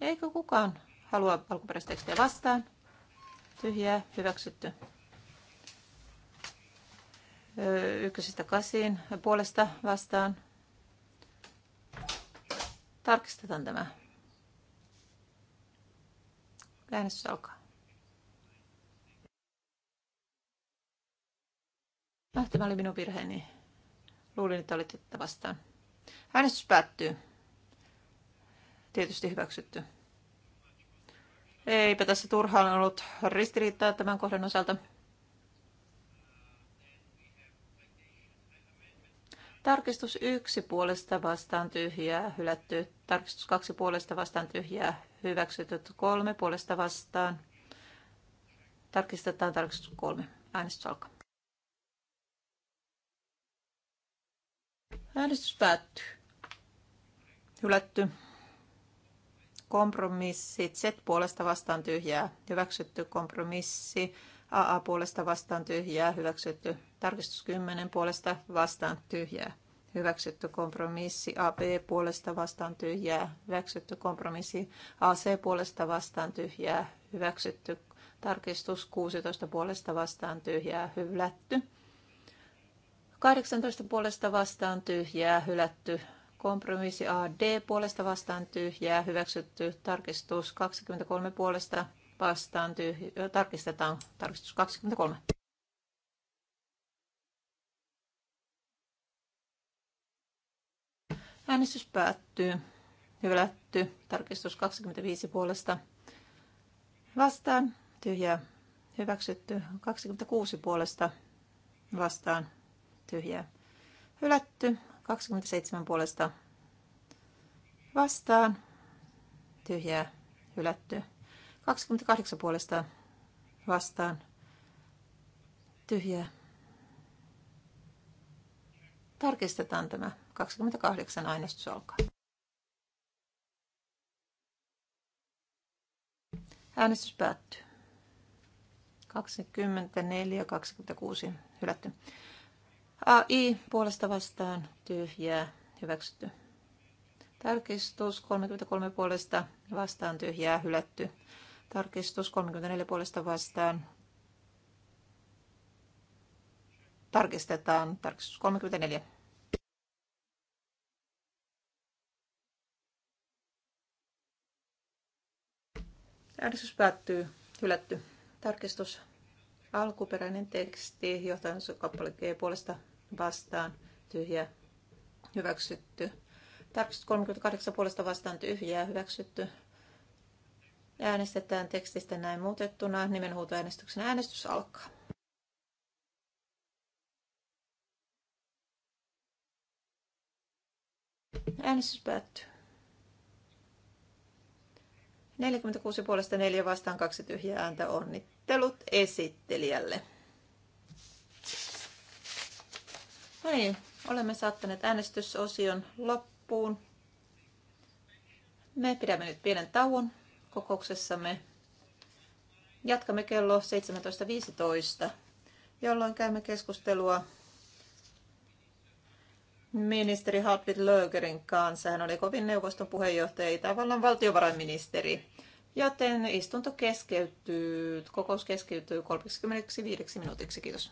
Eikö kukaan halua alkuperäistä tekstiä vastaan? Tyhjää. Hyväksytty. Ykkösestä kasiin. Puolesta vastaan. Tarkistetaan tämä. Äänestys alkaa. No, tämä oli minun virheeni. Luulin, että olit tätä vastaan. Äänestys päättyy. Tietysti hyväksytty. Eipä tässä turhaan ollut ristiriitaa tämän kohdan osalta. Tarkistus yksi puolesta vastaan tyhjää, hylätty. Tarkistus kaksi puolesta vastaan tyhjää, hyväksytty. kolme puolesta vastaan. Tarkistetaan tarkistus kolme Äänestys alkaa. Äänestys päättyy. Hylätty. Kompromissi Z puolesta vastaan tyhjää. Hyväksytty kompromissi. AA puolesta vastaan tyhjää. Hyväksytty. Tarkistus 10 puolesta vastaan tyhjää. Hyväksytty kompromissi AB puolesta vastaan tyhjää. Hyväksytty kompromissi AC puolesta vastaan tyhjää. Hyväksytty tarkistus 16 puolesta vastaan tyhjää. Hylätty. 18 puolesta vastaan tyhjää, hylätty. Kompromissi AD puolesta vastaan tyhjää, hyväksytty. Tarkistus 23 puolesta vastaan tyhjää, tarkistetaan tarkistus 23. Äänestys päättyy. Hylätty. Tarkistus 25 puolesta. Vastaan. Tyhjää. Hyväksytty. 26 puolesta. Vastaan tyhjää hylätty. 27 puolesta vastaan tyhjää hylätty. 28 puolesta vastaan tyhjää. Tarkistetaan tämä 28 aineistus alkaa. Äänestys päättyy. 24, 26 hylätty. AI puolesta vastaan tyhjää hyväksytty. Tarkistus 33 puolesta vastaan tyhjää hylätty. Tarkistus 34 puolesta vastaan. Tarkistetaan tarkistus 34. Äänestys päättyy. Hylätty. Tarkistus. Alkuperäinen teksti. Johtajansa kappale G puolesta vastaan tyhjä hyväksytty. Tarkistus 38 puolesta vastaan tyhjää hyväksytty. Äänestetään tekstistä näin muutettuna. Nimenhuutoäänestyksen äänestys alkaa. Äänestys päättyy. 46 puolesta 4 vastaan kaksi tyhjää ääntä. Onnittelut esittelijälle. No niin, olemme saattaneet äänestysosion loppuun. Me pidämme nyt pienen tauon kokouksessamme. Jatkamme kello 17.15, jolloin käymme keskustelua ministeri Hartwig Lögerin kanssa. Hän oli kovin neuvoston puheenjohtaja Itävallan valtiovarainministeri. Joten istunto keskeytyy, kokous keskeytyy 35 minuutiksi. Kiitos.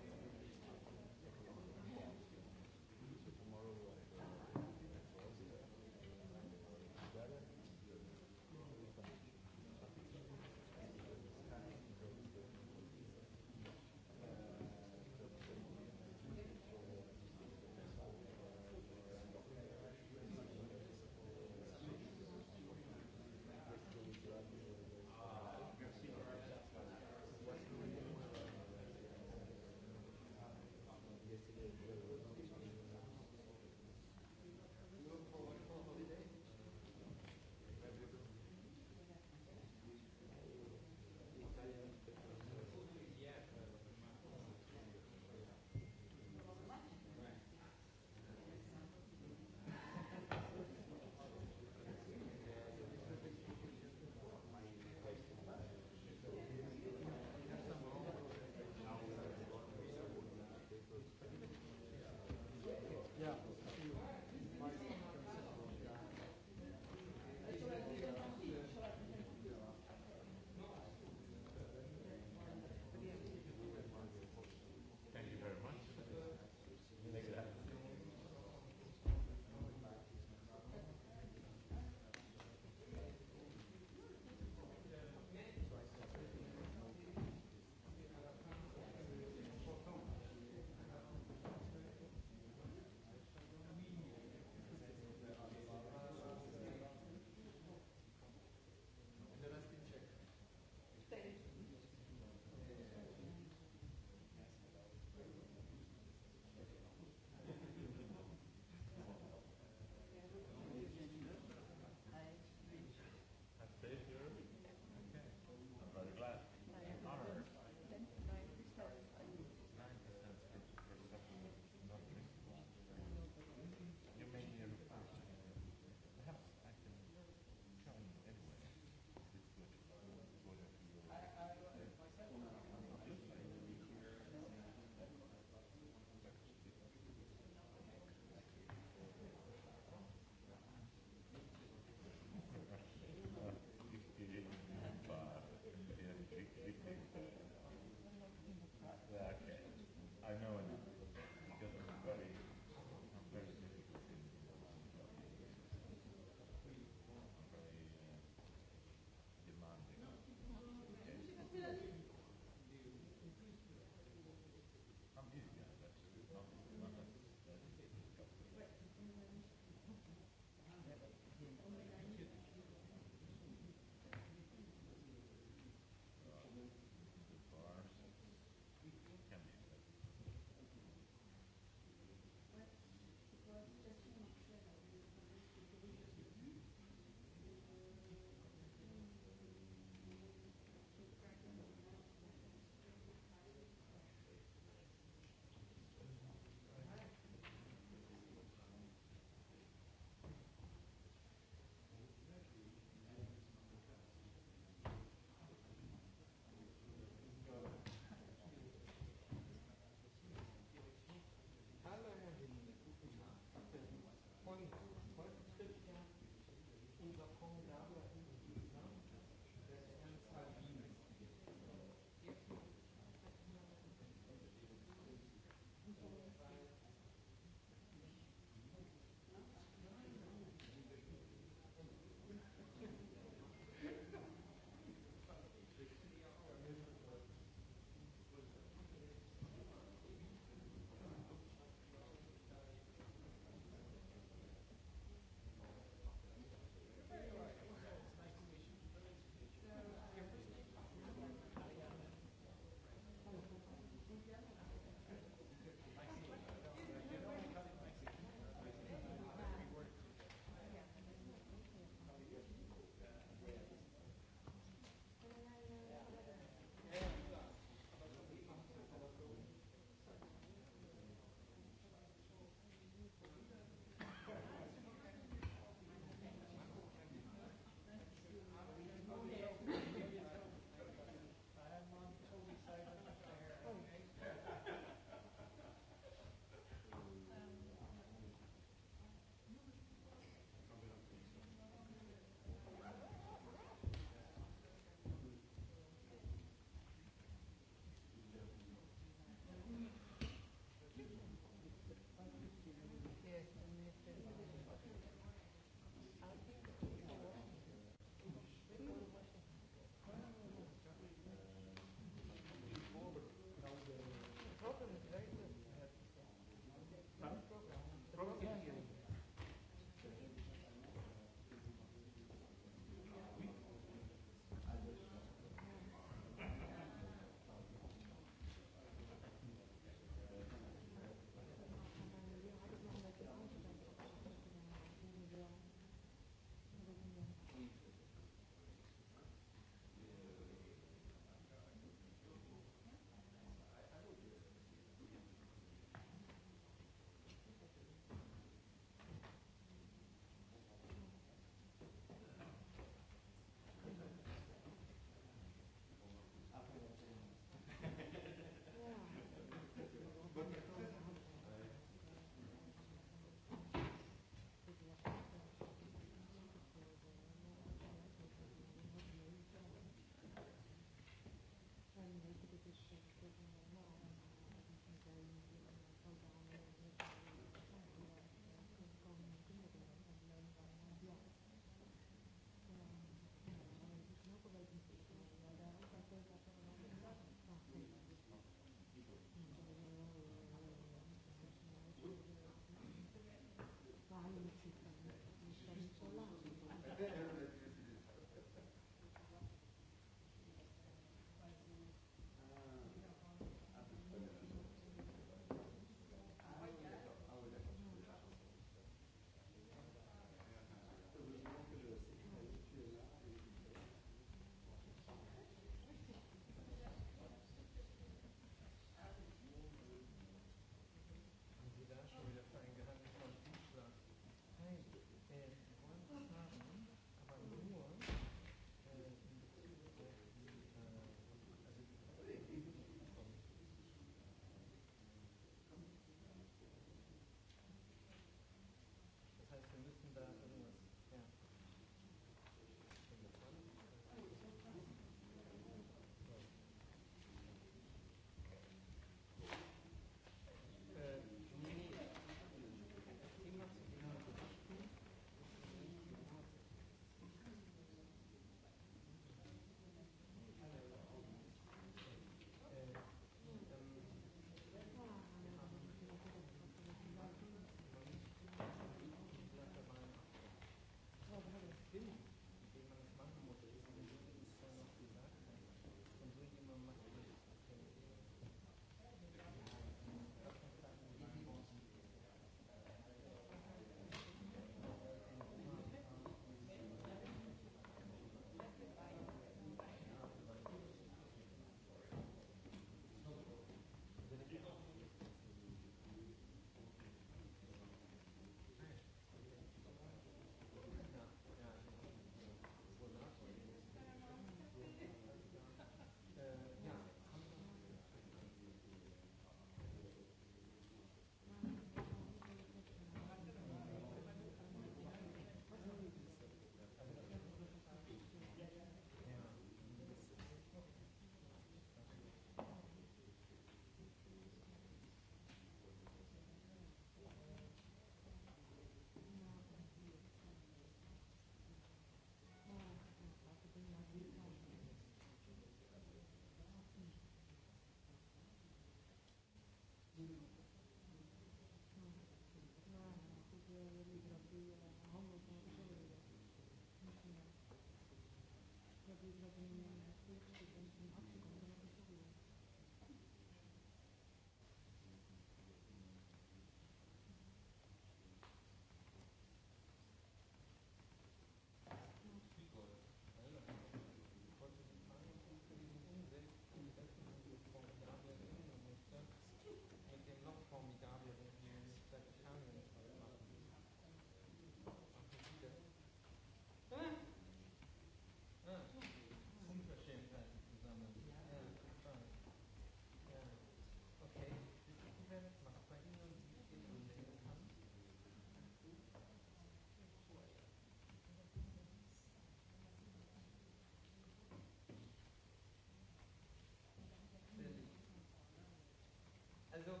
Also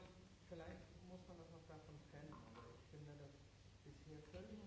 vielleicht muss man das noch davon trennen. Also ich finde, das ist hier völlig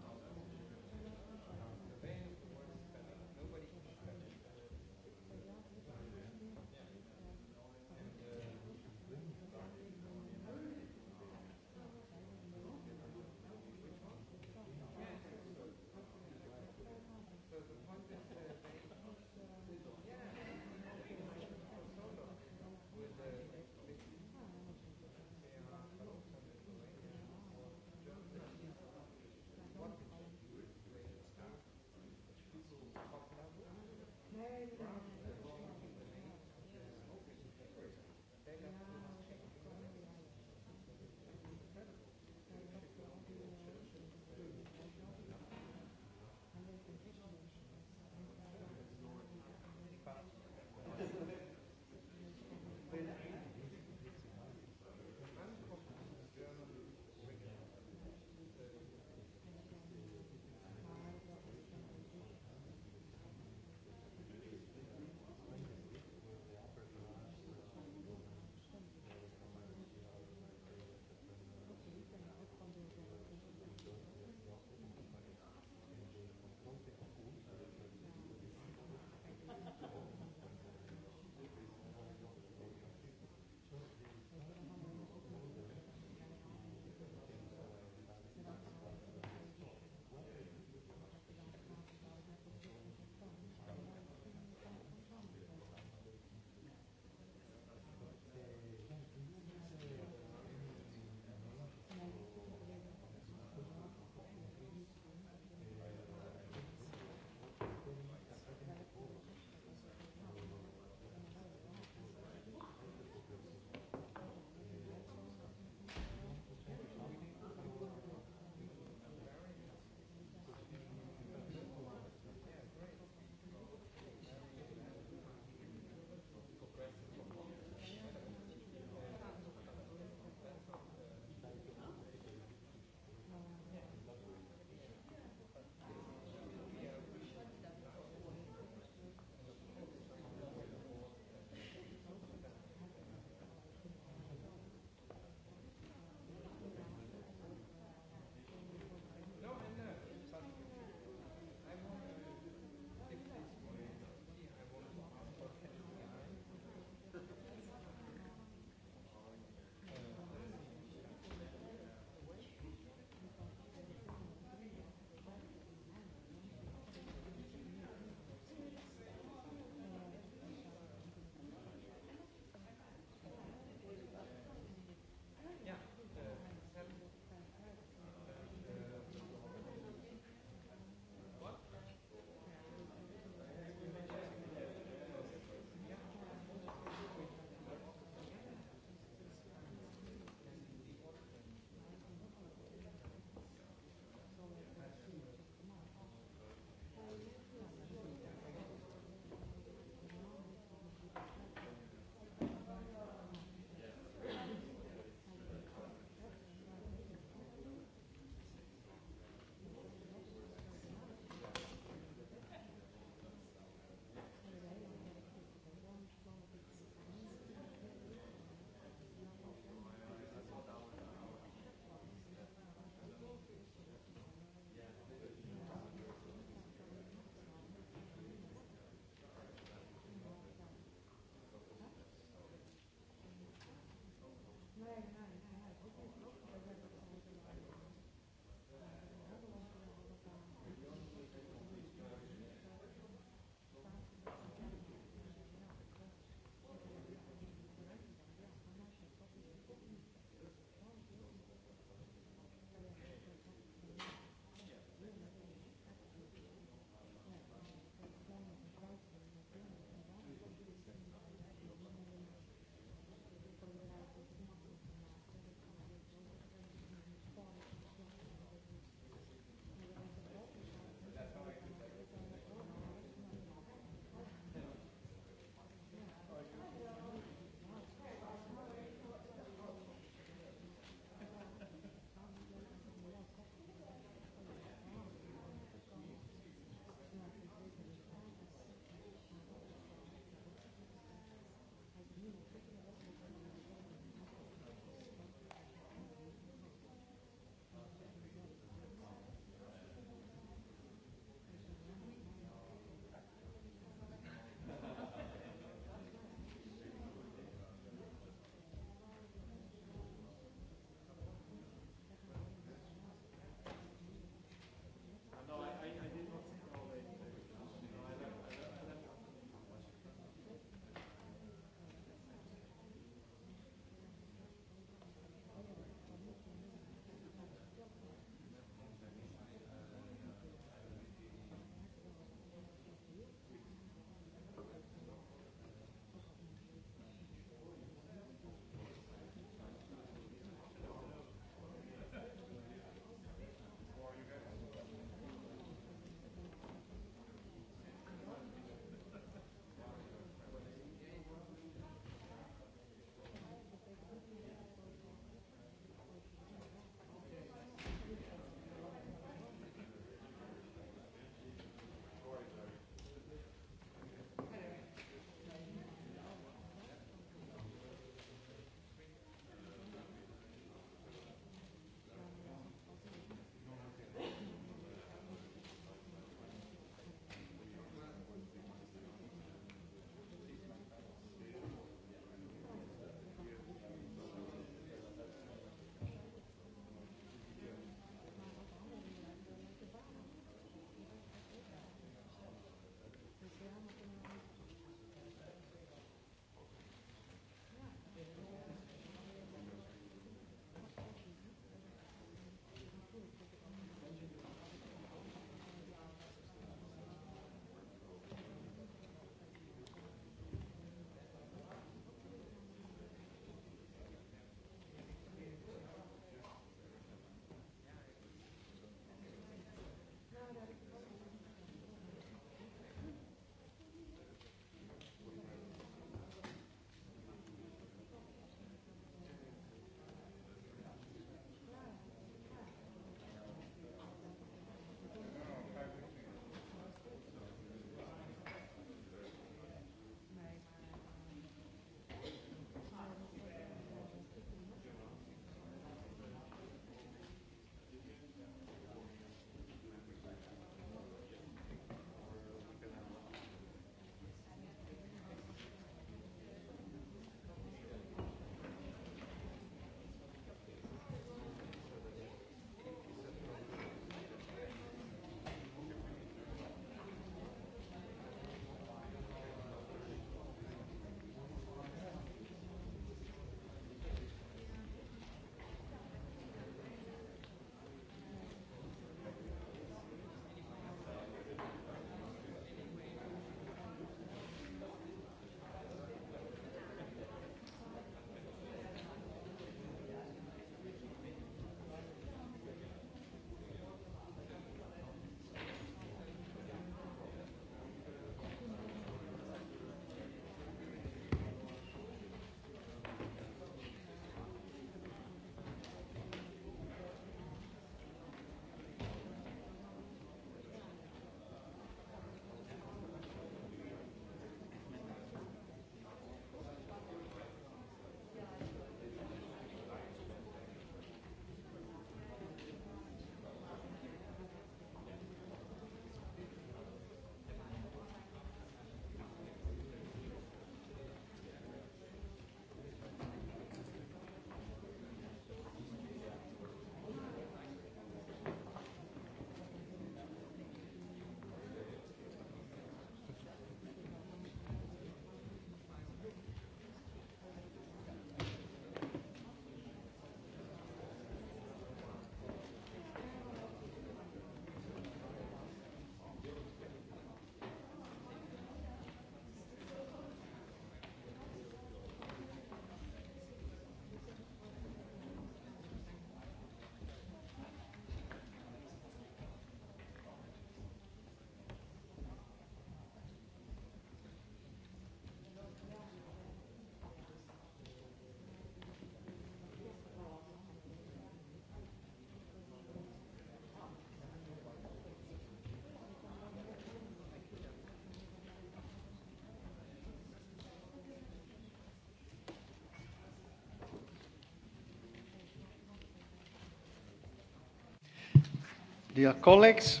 Dear colleagues.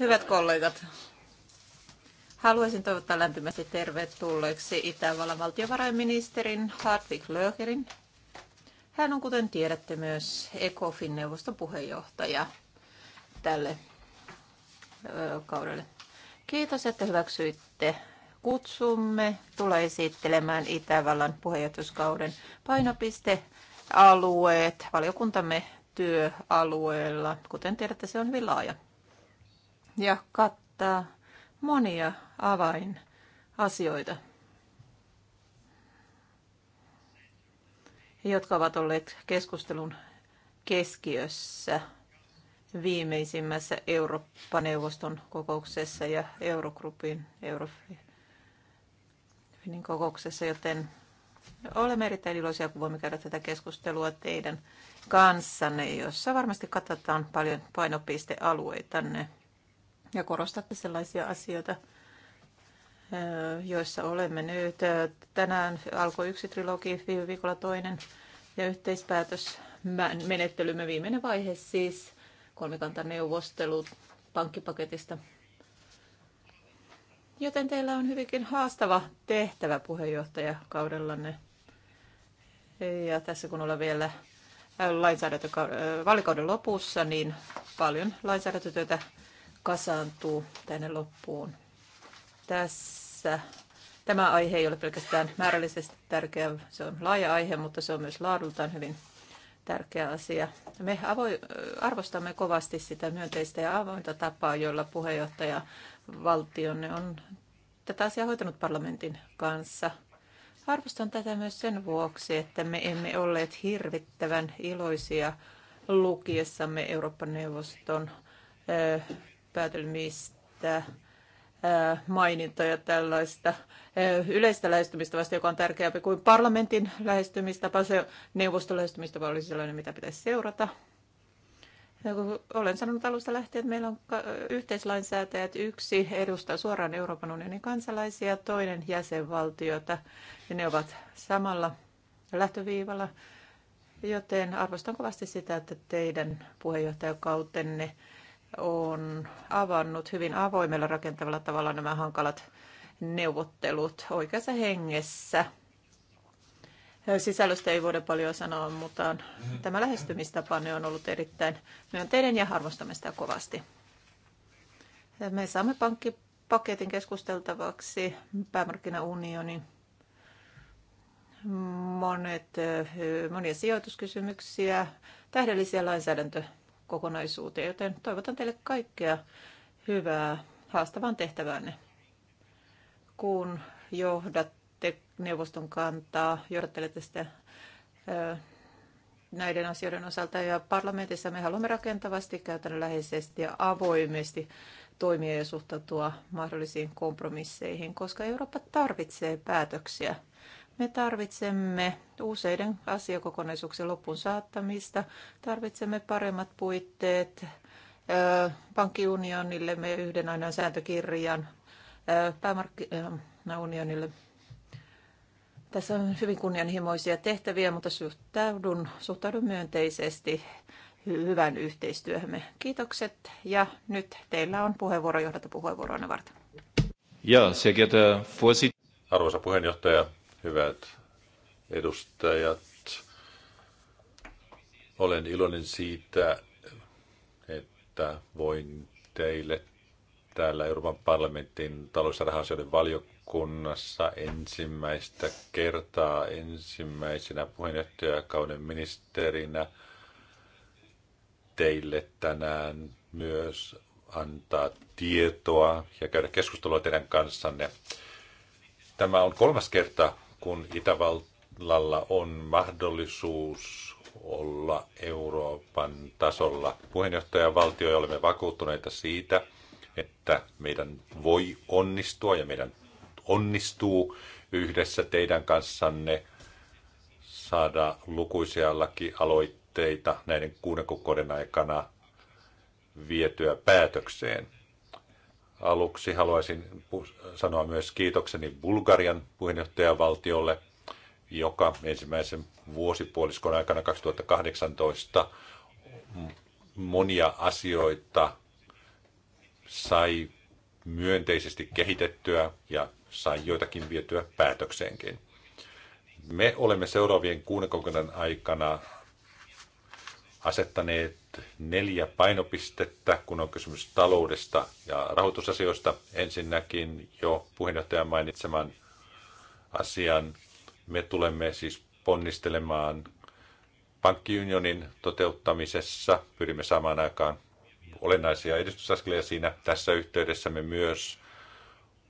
Hyvät kollegat, haluaisin toivottaa lämpimästi tervetulleeksi Itävallan valtiovarainministerin Hartwig Löherin. Hän on, kuten tiedätte, myös ECOFin neuvoston puheenjohtaja tälle kaudelle. Kiitos, että hyväksyitte kutsumme. Tulee esittelemään Itävallan puheenjohtajuuskauden painopistealueet valiokuntamme työalueella. Kuten tiedätte, se on hyvin laaja ja kattaa monia avainasioita, jotka ovat olleet keskustelun keskiössä viimeisimmässä Eurooppa-neuvoston kokouksessa ja Eurogrupin Eurofinin kokouksessa, joten olemme erittäin iloisia, kun voimme käydä tätä keskustelua teidän kanssanne, jossa varmasti katsotaan paljon painopistealueitanne ja korostatte sellaisia asioita, joissa olemme nyt. Tänään alkoi yksi trilogi, viime viikolla toinen ja yhteispäätös menettelymme viimeinen vaihe siis kolmikantaneuvostelut pankkipaketista. Joten teillä on hyvinkin haastava tehtävä puheenjohtajakaudellanne. Ja tässä kun ollaan vielä vaalikauden lopussa, niin paljon lainsäädäntötyötä kasaantuu tänne loppuun. Tässä tämä aihe ei ole pelkästään määrällisesti tärkeä, se on laaja aihe, mutta se on myös laadultaan hyvin tärkeä asia. Me arvostamme kovasti sitä myönteistä ja avointa tapaa, jolla puheenjohtaja valtionne on tätä asiaa hoitanut parlamentin kanssa. Arvostan tätä myös sen vuoksi, että me emme olleet hirvittävän iloisia lukiessamme Euroopan neuvoston päätelmistä mainintoja tällaista yleistä lähestymistä vasta, joka on tärkeämpi kuin parlamentin lähestymistapa. Se neuvoston lähestymistapa olisi sellainen, mitä pitäisi seurata. Olen sanonut alusta lähtien, että meillä on yhteislainsäätäjät. Yksi edustaa suoraan Euroopan unionin kansalaisia, toinen jäsenvaltiota, ja ne ovat samalla lähtöviivalla. Joten arvostan kovasti sitä, että teidän puheenjohtajakautenne on avannut hyvin avoimella rakentavalla tavalla nämä hankalat neuvottelut oikeassa hengessä – Sisällöstä ei voida paljon sanoa, mutta tämä lähestymistapa on ollut erittäin myönteinen ja arvostamme sitä kovasti. Me saamme pankkipaketin keskusteltavaksi päämarkkinaunionin monet, monia sijoituskysymyksiä, tähdellisiä lainsäädäntökokonaisuuteen, joten toivotan teille kaikkea hyvää haastavaan tehtävänne, kun johdat neuvoston kantaa, johdattelette sitä näiden asioiden osalta. Ja parlamentissa me haluamme rakentavasti, käytännönläheisesti ja avoimesti toimia ja suhtautua mahdollisiin kompromisseihin, koska Eurooppa tarvitsee päätöksiä. Me tarvitsemme useiden asiakokonaisuuksien loppuun saattamista, tarvitsemme paremmat puitteet pankkiunionille, me yhden aina sääntökirjan päämarkkinaunionille tässä on hyvin kunnianhimoisia tehtäviä, mutta suhtaudun, suhtaudun myönteisesti hyvän yhteistyöhömme. Kiitokset ja nyt teillä on puheenvuoro puheenvuoroina varten. Ja, sehr geehrter Arvoisa puheenjohtaja, hyvät edustajat, olen iloinen siitä, että voin teille täällä Euroopan parlamentin talous- ja rahasioiden valiokunnassa ensimmäistä kertaa ensimmäisenä puheenjohtajakauden ministerinä teille tänään myös antaa tietoa ja käydä keskustelua teidän kanssanne. Tämä on kolmas kerta, kun Itävallalla on mahdollisuus olla Euroopan tasolla puheenjohtajavaltio ja olemme vakuuttuneita siitä – että meidän voi onnistua ja meidän onnistuu yhdessä teidän kanssanne saada lukuisia lakialoitteita näiden kuuden kuukauden aikana vietyä päätökseen. Aluksi haluaisin sanoa myös kiitokseni Bulgarian puheenjohtajavaltiolle, joka ensimmäisen vuosipuoliskon aikana 2018 monia asioita sai myönteisesti kehitettyä ja sai joitakin vietyä päätökseenkin. Me olemme seuraavien kuuden aikana asettaneet neljä painopistettä, kun on kysymys taloudesta ja rahoitusasioista. Ensinnäkin jo puheenjohtajan mainitseman asian me tulemme siis ponnistelemaan pankkiunionin toteuttamisessa. Pyrimme samaan aikaan olennaisia edistysaskeleja siinä. Tässä yhteydessä me myös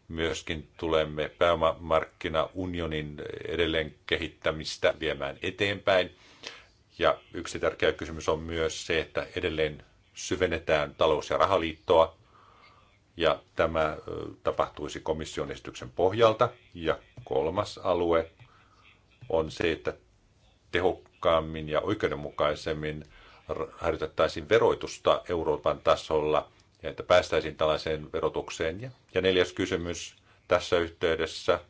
myöskin tulemme pääomamarkkinaunionin edelleen kehittämistä viemään eteenpäin. Ja yksi tärkeä kysymys on myös se, että edelleen syvennetään talous- ja rahaliittoa, ja tämä tapahtuisi komission esityksen pohjalta. Ja kolmas alue on se, että tehokkaammin ja oikeudenmukaisemmin – harjoitettaisiin veroitusta Euroopan tasolla ja että päästäisiin tällaiseen verotukseen. Ja neljäs kysymys tässä yhteydessä,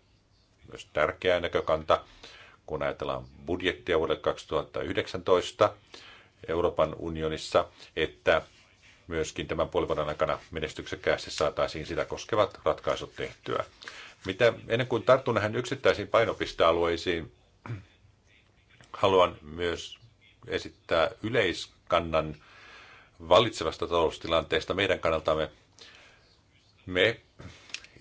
myös tärkeä näkökanta, kun ajatellaan budjettia vuodelle 2019 Euroopan unionissa, että myöskin tämän puolivuoden aikana menestyksekkäästi saataisiin sitä koskevat ratkaisut tehtyä. Mitä, ennen kuin tartun näihin yksittäisiin painopistealueisiin, haluan myös esittää yleiskannan vallitsevasta taloustilanteesta meidän kannaltamme. Me,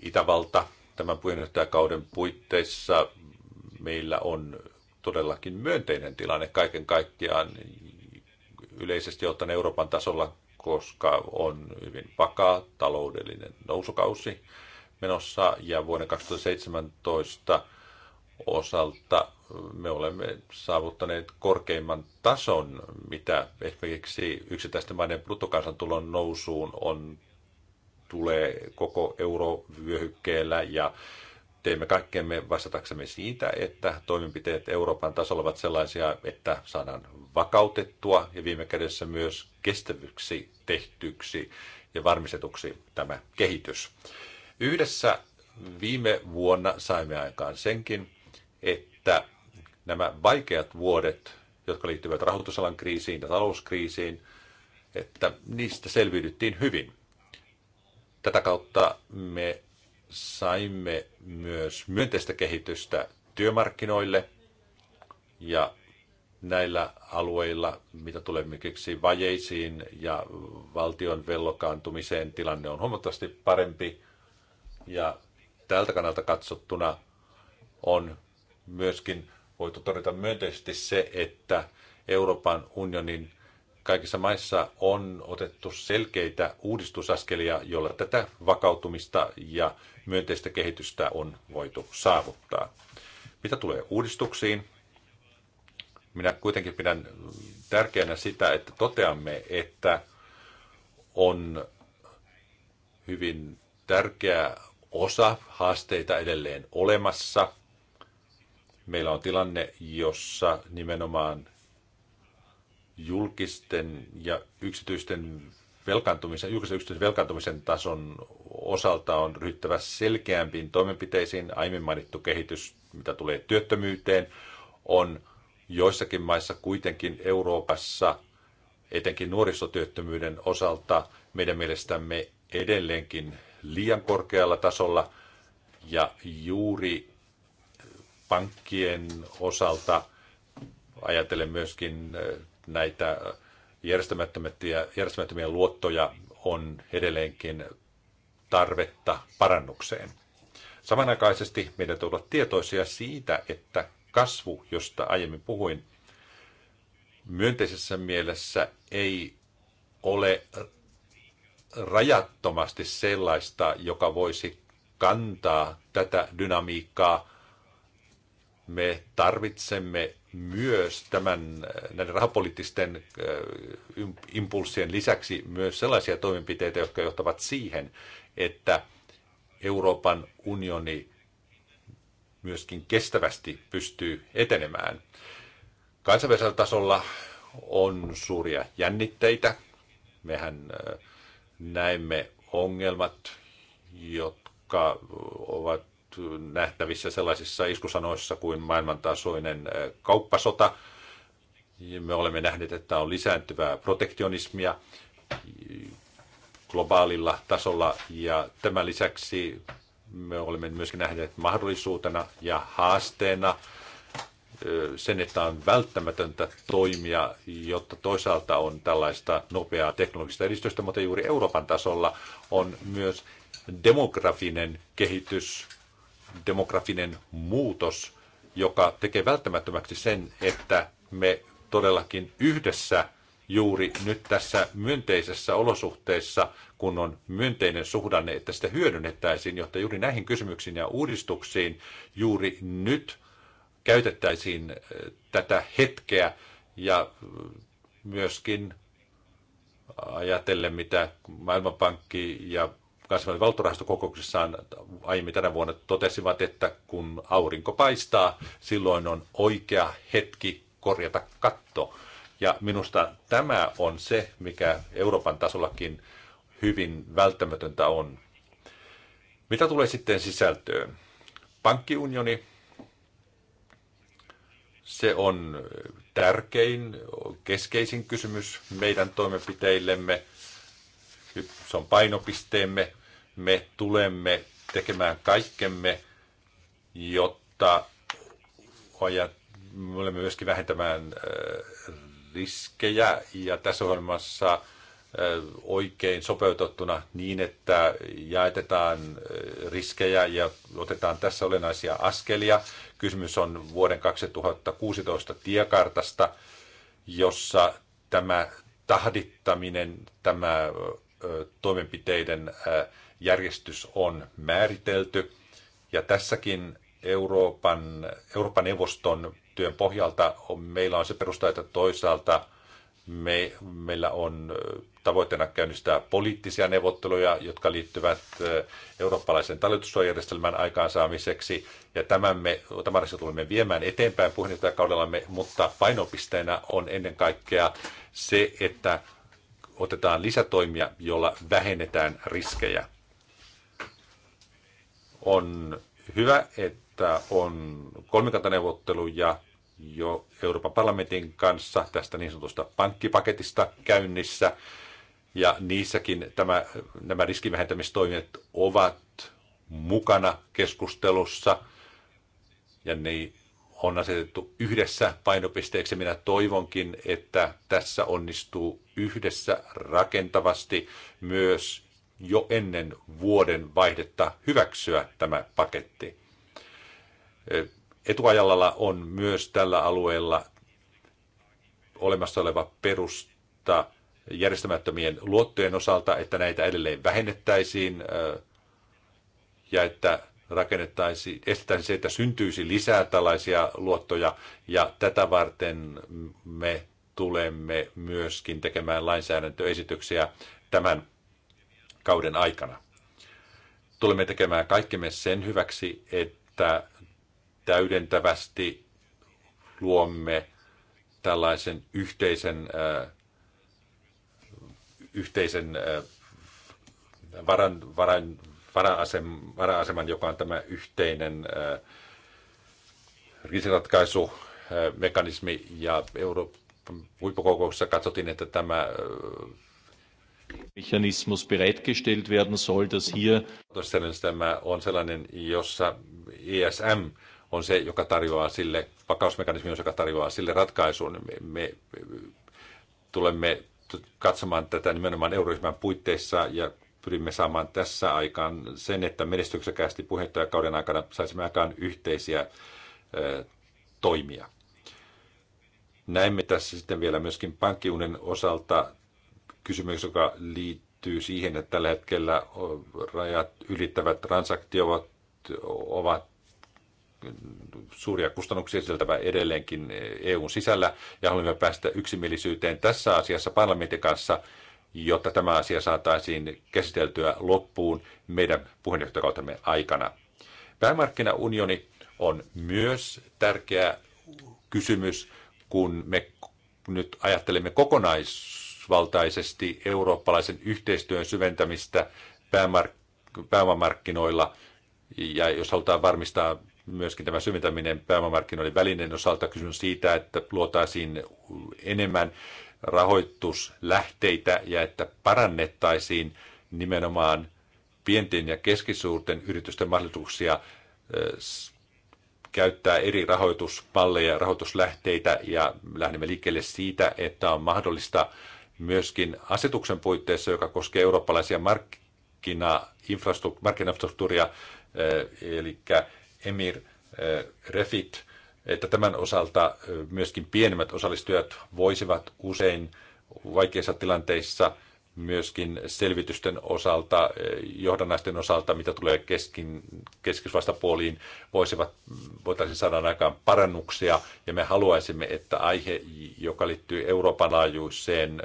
Itävalta, tämän puheenjohtajakauden puitteissa meillä on todellakin myönteinen tilanne kaiken kaikkiaan yleisesti ottaen Euroopan tasolla, koska on hyvin vakaa taloudellinen nousukausi menossa ja vuoden 2017 osalta me olemme saavuttaneet korkeimman tason, mitä esimerkiksi yksittäisten maiden bruttokansantulon nousuun on, tulee koko eurovyöhykkeellä ja teemme kaikkemme vastataksemme siitä, että toimenpiteet Euroopan tasolla ovat sellaisia, että saadaan vakautettua ja viime kädessä myös kestävyksi tehtyksi ja varmistetuksi tämä kehitys. Yhdessä viime vuonna saimme aikaan senkin, että nämä vaikeat vuodet, jotka liittyvät rahoitusalan kriisiin ja talouskriisiin, että niistä selviydyttiin hyvin. Tätä kautta me saimme myös myönteistä kehitystä työmarkkinoille ja näillä alueilla, mitä tulee miksi vajeisiin ja valtion vellokaantumiseen, tilanne on huomattavasti parempi. Ja tältä kannalta katsottuna on myöskin voitu todeta myönteisesti se, että Euroopan unionin kaikissa maissa on otettu selkeitä uudistusaskelia, joilla tätä vakautumista ja myönteistä kehitystä on voitu saavuttaa. Mitä tulee uudistuksiin, minä kuitenkin pidän tärkeänä sitä, että toteamme, että on hyvin tärkeä osa haasteita edelleen olemassa meillä on tilanne, jossa nimenomaan julkisten ja yksityisten velkaantumisen, julkisen yksityisen velkaantumisen tason osalta on ryhtyvä selkeämpiin toimenpiteisiin. Aiemmin mainittu kehitys, mitä tulee työttömyyteen, on joissakin maissa kuitenkin Euroopassa, etenkin nuorisotyöttömyyden osalta, meidän mielestämme edelleenkin liian korkealla tasolla. Ja juuri pankkien osalta. Ajatellen myöskin näitä järjestämättömiä, järjestämättömiä luottoja on edelleenkin tarvetta parannukseen. Samanaikaisesti meidän tulee olla tietoisia siitä, että kasvu, josta aiemmin puhuin, myönteisessä mielessä ei ole rajattomasti sellaista, joka voisi kantaa tätä dynamiikkaa me tarvitsemme myös tämän, näiden rahapoliittisten impulssien lisäksi myös sellaisia toimenpiteitä, jotka johtavat siihen, että Euroopan unioni myöskin kestävästi pystyy etenemään. Kansainvälisellä tasolla on suuria jännitteitä. Mehän näemme ongelmat, jotka ovat nähtävissä sellaisissa iskusanoissa kuin maailmantasoinen kauppasota. Me olemme nähneet, että on lisääntyvää protektionismia globaalilla tasolla ja tämän lisäksi me olemme myöskin nähneet mahdollisuutena ja haasteena sen, että on välttämätöntä toimia, jotta toisaalta on tällaista nopeaa teknologista edistystä, mutta juuri Euroopan tasolla on myös demografinen kehitys, demografinen muutos, joka tekee välttämättömäksi sen, että me todellakin yhdessä juuri nyt tässä myönteisessä olosuhteessa, kun on myönteinen suhdanne, että sitä hyödynnettäisiin, jotta juuri näihin kysymyksiin ja uudistuksiin juuri nyt käytettäisiin eh, tätä hetkeä ja eh, myöskin ajatellen, mitä Maailmanpankki ja kansainvälisen valtorahastokokouksessaan aiemmin tänä vuonna totesivat, että kun aurinko paistaa, silloin on oikea hetki korjata katto. Ja minusta tämä on se, mikä Euroopan tasollakin hyvin välttämätöntä on. Mitä tulee sitten sisältöön? Pankkiunioni, se on tärkein, keskeisin kysymys meidän toimenpiteillemme. Se on painopisteemme me tulemme tekemään kaikkemme, jotta me olemme myöskin vähentämään äh, riskejä ja tässä ohjelmassa äh, oikein sopeutettuna niin, että jaetetaan äh, riskejä ja otetaan tässä olennaisia askelia. Kysymys on vuoden 2016 tiekartasta, jossa tämä tahdittaminen, tämä toimenpiteiden järjestys on määritelty. Ja tässäkin Euroopan, Euroopan neuvoston työn pohjalta on, meillä on se perusta, että toisaalta me, meillä on tavoitteena käynnistää poliittisia neuvotteluja, jotka liittyvät eurooppalaisen talletussuojajärjestelmän aikaansaamiseksi. Ja tämän, me, tämän asia tulemme viemään eteenpäin puheenjohtajakaudellamme, mutta painopisteenä on ennen kaikkea se, että otetaan lisätoimia, jolla vähennetään riskejä. On hyvä, että on kolmikantaneuvotteluja jo Euroopan parlamentin kanssa tästä niin sanotusta pankkipaketista käynnissä. Ja niissäkin tämä, nämä riskivähentämistoimet ovat mukana keskustelussa ja ne on asetettu yhdessä painopisteeksi. Minä toivonkin, että tässä onnistuu yhdessä rakentavasti myös jo ennen vuoden vaihdetta hyväksyä tämä paketti. Etuajalla on myös tällä alueella olemassa oleva perusta järjestämättömien luottojen osalta, että näitä edelleen vähennettäisiin ja että rakennettaisiin, estetään se, että syntyisi lisää tällaisia luottoja ja tätä varten me tulemme myöskin tekemään lainsäädäntöesityksiä tämän kauden aikana. Tulemme tekemään kaikkemme sen hyväksi, että täydentävästi luomme tällaisen yhteisen, äh, yhteisen äh, varan, varan, vara-asem, vara-aseman, joka on tämä yhteinen äh, riisiratkaisumekanismi. Äh, ja Euroopan huippukokouksessa katsottiin, että tämä äh, Mechanismus bereitgestellt werden soll, dass hier... Tämä on sellainen, jossa ESM on se, joka tarjoaa sille, vakausmekanismi on se, joka tarjoaa sille ratkaisun. Me, me tulemme katsomaan tätä nimenomaan euroryhmän puitteissa ja pyrimme saamaan tässä aikaan sen, että menestyksekästi puheenjohtajakauden aikana saisimme aikaan yhteisiä ö, toimia. Näemme tässä sitten vielä myöskin pankkiunen osalta kysymys, joka liittyy siihen, että tällä hetkellä rajat ylittävät transaktiot ovat suuria kustannuksia sisältävä edelleenkin EUn sisällä ja haluamme päästä yksimielisyyteen tässä asiassa parlamentin kanssa, jotta tämä asia saataisiin käsiteltyä loppuun meidän puheenjohtajakautemme aikana. Päämarkkinaunioni on myös tärkeä kysymys, kun me nyt ajattelemme kokonaisuutta yhdysvaltaisesti eurooppalaisen yhteistyön syventämistä päämark- pääomamarkkinoilla. Ja jos halutaan varmistaa myöskin tämä syventäminen pääomamarkkinoiden välinen osalta, kysymys siitä, että luotaisiin enemmän rahoituslähteitä ja että parannettaisiin nimenomaan pienten ja keskisuurten yritysten mahdollisuuksia käyttää eri rahoitusmalleja, rahoituslähteitä ja lähdemme liikkeelle siitä, että on mahdollista myöskin asetuksen puitteissa, joka koskee eurooppalaisia markkinainfrastruktuuria, eh, eli Emir eh, Refit, että tämän osalta eh, myöskin pienemmät osallistujat voisivat usein vaikeissa tilanteissa – myöskin selvitysten osalta, johdannaisten osalta, mitä tulee keskin, keskisvastapuoliin, voisivat, voitaisiin saada aikaan parannuksia. Ja me haluaisimme, että aihe, joka liittyy Euroopan laajuiseen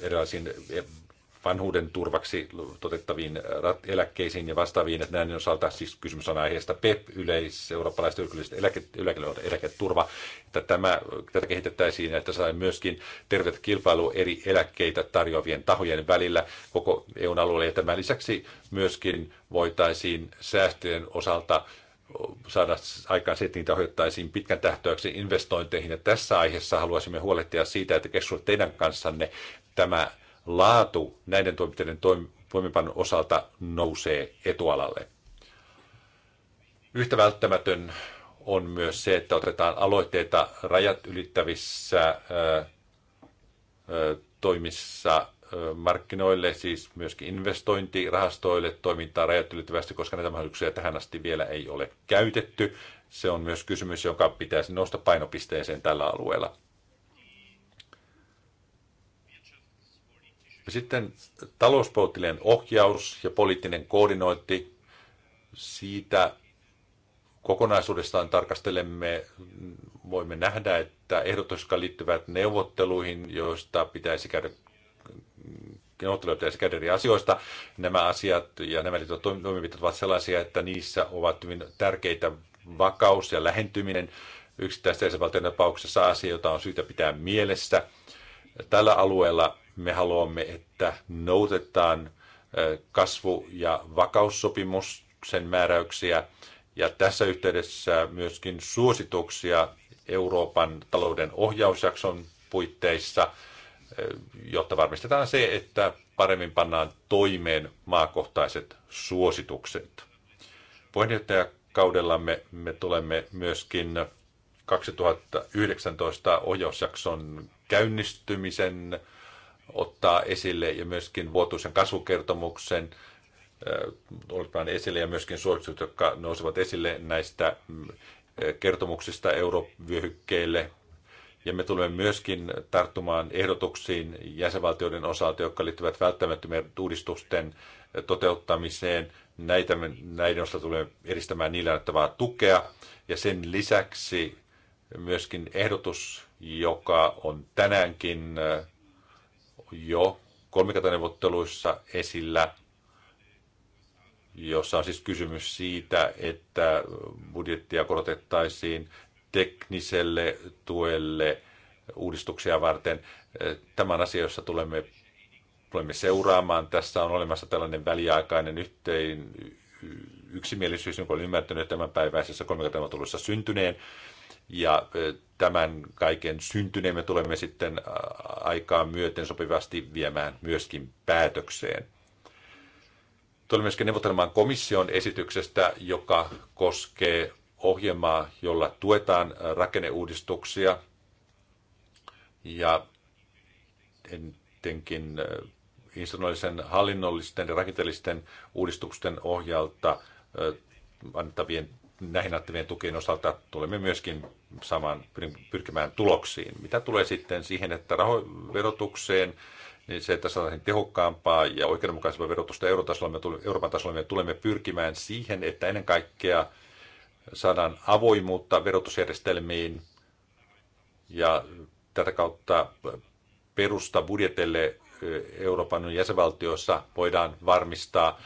erilaisiin vanhuuden turvaksi toteuttaviin äh, eläkkeisiin ja vastaaviin, että näiden osalta siis kysymys on aiheesta PEP, e yleis, eurooppalaiset yrkylliset eläke, eläketurva, että tämä, tätä kehitettäisiin ja että saa myöskin tervet kilpailu eri eläkkeitä tarjoavien tahojen välillä koko EUn alueella ja tämän lisäksi myöskin voitaisiin säästöjen osalta saada aikaan se, että niitä ohjattaisiin pitkän tähtäyksen investointeihin. Ja tässä aiheessa haluaisimme huolehtia siitä, että keskustelu teidän kanssanne tämä laatu näiden toimenpiteiden toimipan osalta nousee etualalle. Yhtä välttämätön on myös se, että otetaan aloitteita rajat ylittävissä toimissa markkinoille, siis myöskin investointirahastoille toimintaa rajat ylittävästi, koska näitä mahdollisuuksia tähän asti vielä ei ole käytetty. Se on myös kysymys, joka pitäisi nousta painopisteeseen tällä alueella. Ja sitten talouspoliittinen ohjaus ja poliittinen koordinointi. Siitä kokonaisuudestaan tarkastelemme, voimme nähdä, että ehdotus, jotka liittyvät neuvotteluihin, joista pitäisi käydä neuvotteluja pitäisi käydä eri asioista. Nämä asiat ja nämä toimenpiteet ovat sellaisia, että niissä ovat hyvin tärkeitä vakaus ja lähentyminen. Yksittäisten jäsenvaltioiden tapauksessa asioita jota on syytä pitää mielessä. Tällä alueella me haluamme, että noutetaan kasvu- ja vakaussopimuksen määräyksiä ja tässä yhteydessä myöskin suosituksia Euroopan talouden ohjausjakson puitteissa, jotta varmistetaan se, että paremmin pannaan toimeen maakohtaiset suositukset. Puheenjohtajakaudellamme me tulemme myöskin 2019 ohjausjakson käynnistymisen ottaa esille ja myöskin vuotuisen kasvukertomuksen äh, olivat esille ja myöskin suositukset, jotka nousevat esille näistä mm, äh, kertomuksista eurovyöhykkeille. Ja me tulemme myöskin tarttumaan ehdotuksiin jäsenvaltioiden osalta, jotka liittyvät välttämättömien uudistusten äh, toteuttamiseen. Näitä me, näiden osalta tulemme edistämään niillä annettavaa tukea. Ja sen lisäksi myöskin ehdotus, joka on tänäänkin jo kolmikantaneuvotteluissa esillä, jossa on siis kysymys siitä, että budjettia korotettaisiin tekniselle tuelle uudistuksia varten. Tämän asia, jossa tulemme, tulemme seuraamaan. Tässä on olemassa tällainen väliaikainen yhteen yksimielisyys, jonka olen ymmärtänyt tämänpäiväisessä kolmikantaneuvottelussa syntyneen ja tämän kaiken syntyneen me tulemme sitten aikaa myöten sopivasti viemään myöskin päätökseen. Tulemme myöskin neuvottelemaan komission esityksestä, joka koskee ohjelmaa, jolla tuetaan rakenneuudistuksia ja etenkin institutionaalisen hallinnollisten ja rakenteellisten uudistusten ohjalta annettavien näihin annettavien tukien osalta tulemme myöskin samaan pyrkimään tuloksiin. Mitä tulee sitten siihen, että raho- verotukseen, niin se, että saataisiin tehokkaampaa ja oikeudenmukaisempaa verotusta eurotasolla, me Euroopan tasolla me tulemme pyrkimään siihen, että ennen kaikkea saadaan avoimuutta verotusjärjestelmiin ja tätä kautta perusta budjetille Euroopan jäsenvaltioissa voidaan varmistaa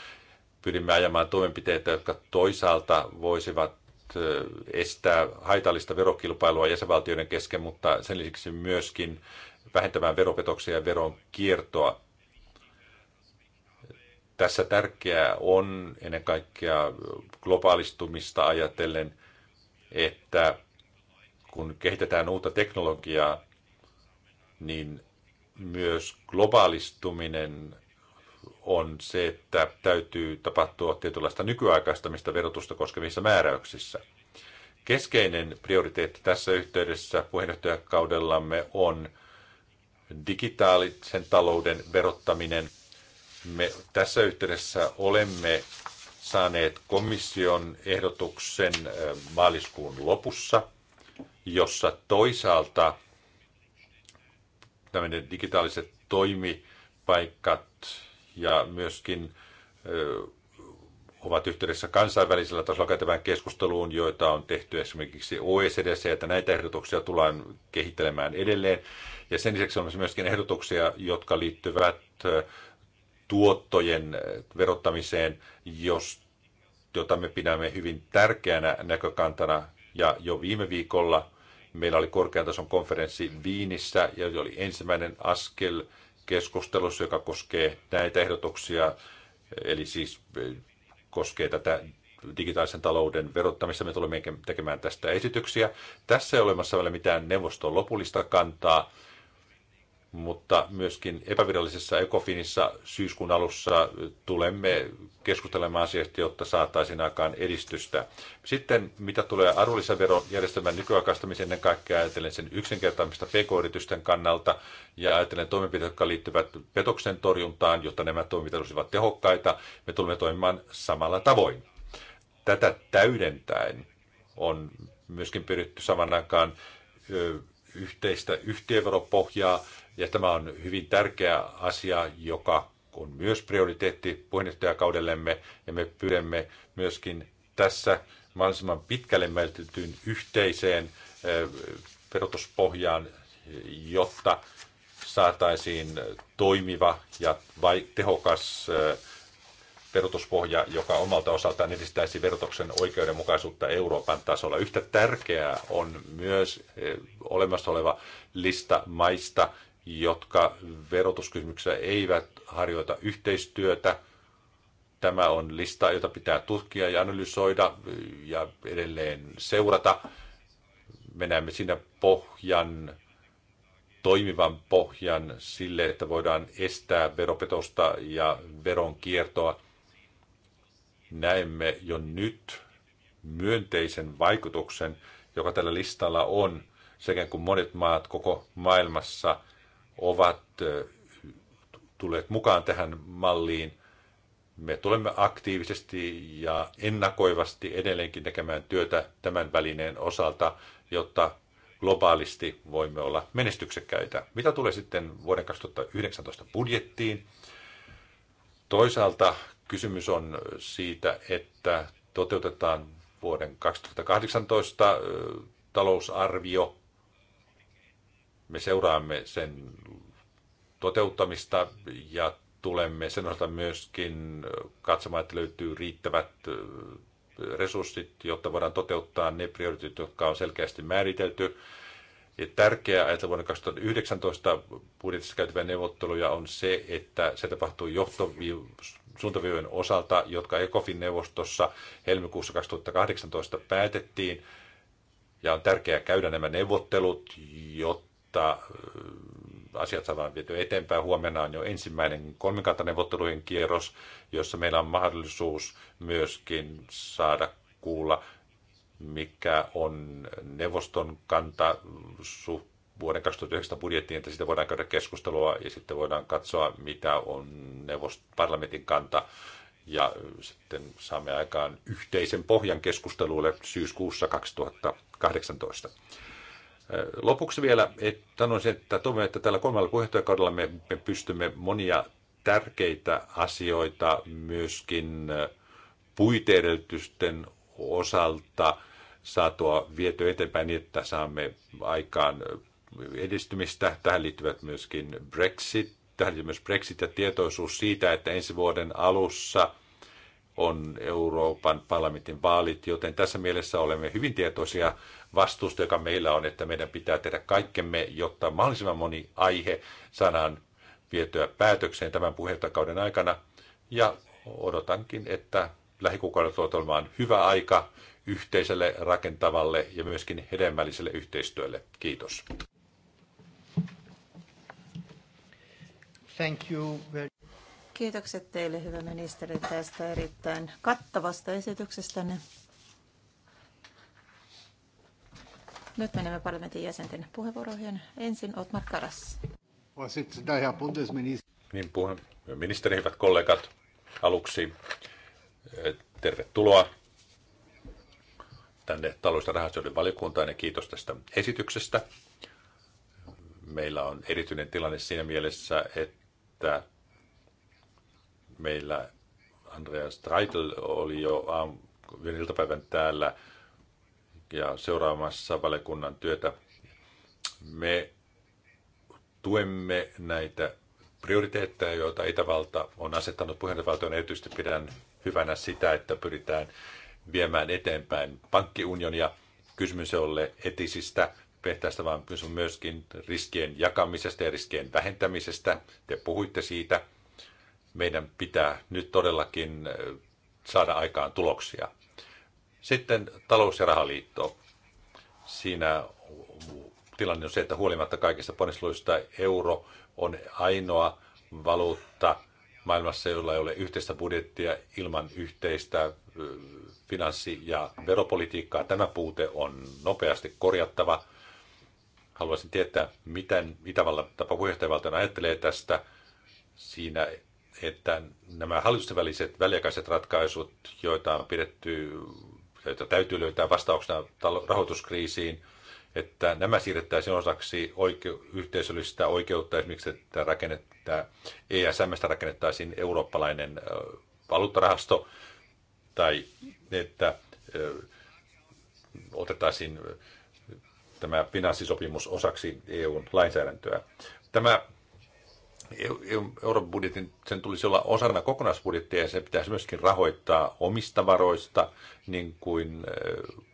pyrimme ajamaan toimenpiteitä, jotka toisaalta voisivat estää haitallista verokilpailua jäsenvaltioiden kesken, mutta sen lisäksi myöskin vähentämään veropetoksia ja veron kiertoa. Tässä tärkeää on ennen kaikkea globaalistumista ajatellen, että kun kehitetään uutta teknologiaa, niin myös globaalistuminen on se, että täytyy tapahtua tietynlaista nykyaikaistamista verotusta koskevissa määräyksissä. Keskeinen prioriteetti tässä yhteydessä puheenjohtajakaudellamme on digitaalisen talouden verottaminen. Me tässä yhteydessä olemme saaneet komission ehdotuksen maaliskuun lopussa, jossa toisaalta tämmöinen digitaaliset toimipaikat ja myöskin ovat yhteydessä kansainvälisellä tasolla käytävään keskusteluun, joita on tehty esimerkiksi OECDssä, että näitä ehdotuksia tullaan kehittelemään edelleen. Ja sen lisäksi on myöskin ehdotuksia, jotka liittyvät tuottojen verottamiseen, jos, jota me pidämme hyvin tärkeänä näkökantana. Ja jo viime viikolla meillä oli korkean tason konferenssi Viinissä ja se oli ensimmäinen askel – keskustelussa, joka koskee näitä ehdotuksia, eli siis koskee tätä digitaalisen talouden verottamista. Me tulemme tekemään tästä esityksiä. Tässä ei ole olemassa vielä mitään neuvoston lopullista kantaa mutta myöskin epävirallisessa Ecofinissa syyskuun alussa tulemme keskustelemaan asiasta, jotta saataisiin aikaan edistystä. Sitten mitä tulee arvonlisäverojärjestelmän nykyaikaistamiseen ennen kaikkea ajatellen sen yksinkertaamista pk-yritysten kannalta ja ajatellen toimenpiteitä, jotka liittyvät petoksen torjuntaan, jotta nämä toimenpiteet olisivat tehokkaita, me tulemme toimimaan samalla tavoin. Tätä täydentäen on myöskin pyritty saman aikaan yhteistä yhtiöveropohjaa, ja tämä on hyvin tärkeä asia, joka on myös prioriteetti puheenjohtajakaudellemme, ja me pyydämme myöskin tässä mahdollisimman pitkälle määriteltyyn yhteiseen verotuspohjaan, jotta saataisiin toimiva ja vai, tehokas verotuspohja, joka omalta osaltaan edistäisi verotuksen oikeudenmukaisuutta Euroopan tasolla. Yhtä tärkeää on myös olemassa oleva lista maista, jotka verotuskysymyksissä eivät harjoita yhteistyötä. Tämä on lista, jota pitää tutkia ja analysoida ja edelleen seurata. Me näemme siinä pohjan, toimivan pohjan sille, että voidaan estää veropetosta ja veronkiertoa. Näemme jo nyt myönteisen vaikutuksen, joka tällä listalla on, sekä kun monet maat koko maailmassa – ovat tulleet mukaan tähän malliin. Me tulemme aktiivisesti ja ennakoivasti edelleenkin tekemään työtä tämän välineen osalta, jotta globaalisti voimme olla menestyksekkäitä. Mitä tulee sitten vuoden 2019 budjettiin? Toisaalta kysymys on siitä, että toteutetaan vuoden 2018 talousarvio me seuraamme sen toteuttamista ja tulemme sen osalta myöskin katsomaan, että löytyy riittävät resurssit, jotta voidaan toteuttaa ne prioriteetit, jotka on selkeästi määritelty. Ja tärkeää, että vuonna 2019 budjetissa käytävä neuvotteluja on se, että se tapahtuu johtosuuntaviivojen osalta, jotka ECOFin neuvostossa helmikuussa 2018 päätettiin. Ja on tärkeää käydä nämä neuvottelut, jotta mutta äh, asiat saadaan viety eteenpäin. Huomenna on jo ensimmäinen kolmikantaneuvottelujen kierros, jossa meillä on mahdollisuus myöskin saada kuulla, mikä on neuvoston kanta vuoden 2019 budjettiin, että siitä voidaan käydä keskustelua ja sitten voidaan katsoa, mitä on neuvost- parlamentin kanta. Ja äh, sitten saamme aikaan yhteisen pohjan keskustelulle syyskuussa 2018. Lopuksi vielä että sanoisin, että toivon, että tällä kolmella puheenjohtajakaudella me, me pystymme monia tärkeitä asioita myöskin puiteedellytysten osalta saatua viety eteenpäin niin, että saamme aikaan edistymistä. Tähän liittyvät myöskin Brexit, tähän liittyvät myös Brexit ja tietoisuus siitä, että ensi vuoden alussa – on Euroopan parlamentin vaalit, joten tässä mielessä olemme hyvin tietoisia vastuusta, joka meillä on, että meidän pitää tehdä kaikkemme, jotta mahdollisimman moni aihe saadaan vietyä päätökseen tämän puheenjohtajakauden aikana. Ja odotankin, että lähikuukaudet tulee olemaan hyvä aika yhteiselle, rakentavalle ja myöskin hedelmälliselle yhteistyölle. Kiitos. Thank you very Kiitokset teille, hyvä ministeri, tästä erittäin kattavasta esityksestänne. Nyt menemme parlamentin jäsenten puheenvuoroihin. Ensin Otmar Karas. Niin, puhe, ministeri, hyvät kollegat, aluksi eh, tervetuloa tänne talous- ja rahastoiden valiokuntaan ja kiitos tästä esityksestä. Meillä on erityinen tilanne siinä mielessä, että Meillä Andreas Treitel oli jo aam, iltapäivän täällä ja seuraamassa valiokunnan työtä. Me tuemme näitä prioriteetteja, joita Itävalta on asettanut puheenjohtajavaltioon. Erityisesti pidän hyvänä sitä, että pyritään viemään eteenpäin pankkiunionia. Kysymys ei ole etisistä pehtäistä, vaan kysymys on myöskin riskien jakamisesta ja riskien vähentämisestä. Te puhuitte siitä meidän pitää nyt todellakin saada aikaan tuloksia. Sitten talous- ja rahaliitto. Siinä tilanne on se, että huolimatta kaikista ponnisteluista euro on ainoa valuutta maailmassa, jolla ei ole yhteistä budjettia ilman yhteistä finanssi- ja veropolitiikkaa. Tämä puute on nopeasti korjattava. Haluaisin tietää, miten tapa puheenjohtajavaltio ajattelee tästä. Siinä että nämä hallitusten väliset väliaikaiset ratkaisut, joita on pidetty, joita täytyy löytää vastauksena rahoituskriisiin, että nämä siirrettäisiin osaksi oikeu- yhteisöllistä oikeutta, esimerkiksi että rakennetta, ESMstä rakennettaisiin eurooppalainen valuuttarahasto, tai että otettaisiin tämä finanssisopimus osaksi EUn lainsäädäntöä. Tämä Euroopan budjetin sen tulisi olla osana kokonaisbudjettia ja se pitäisi myöskin rahoittaa omista varoista, niin kuin eh,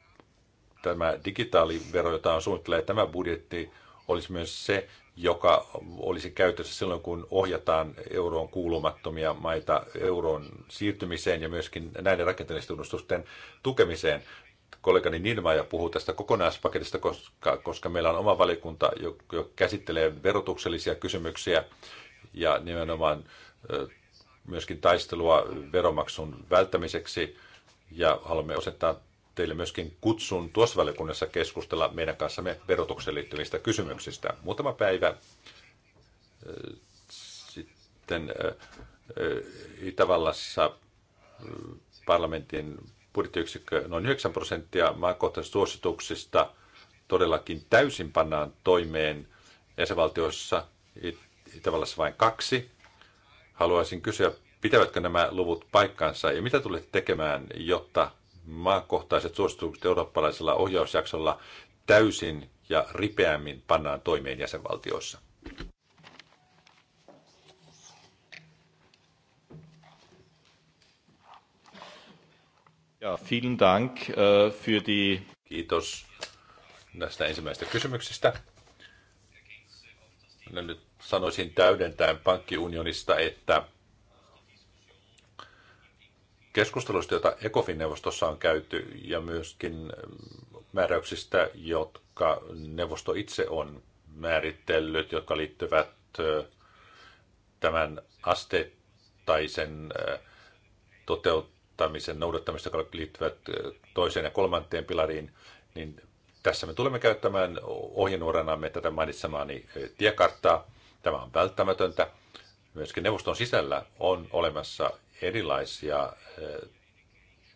tämä digitaalivero, jota on suunnittelee tämä budjetti, olisi myös se, joka olisi käytössä silloin, kun ohjataan euroon kuulumattomia maita euroon siirtymiseen ja myöskin näiden rakenteellisten tunnustusten tukemiseen. Kollegani Nilmaja puhuu tästä kokonaispaketista, koska, koska meillä on oma valiokunta, joka käsittelee verotuksellisia kysymyksiä ja nimenomaan myöskin taistelua veromaksun välttämiseksi. Ja haluamme osettaa teille myöskin kutsun tuossa valiokunnassa keskustella meidän kanssamme verotukseen liittyvistä kysymyksistä. Muutama päivä sitten Itävallassa parlamentin budjettiyksikkö noin 9 prosenttia maakohtaisista suosituksista todellakin täysin pannaan toimeen jäsenvaltioissa Itävallassa vain kaksi. Haluaisin kysyä, pitävätkö nämä luvut paikkansa ja mitä tulette tekemään, jotta maakohtaiset suositukset eurooppalaisella ohjausjaksolla täysin ja ripeämmin pannaan toimeen jäsenvaltioissa? Ja, vielen Dank äh, für die... Kiitos näistä ensimmäisistä kysymyksistä. Mennään nyt sanoisin täydentäen pankkiunionista, että keskustelusta, jota ECOFIN-neuvostossa on käyty, ja myöskin mm, määräyksistä, jotka neuvosto itse on määritellyt, jotka liittyvät tämän asteittaisen toteuttamisen noudattamista, jotka liittyvät toiseen ja kolmanteen pilariin, niin tässä me tulemme käyttämään ohjenuoranamme tätä mainitsemaani tiekarttaa. Tämä on välttämätöntä. Myöskin neuvoston sisällä on olemassa erilaisia eh,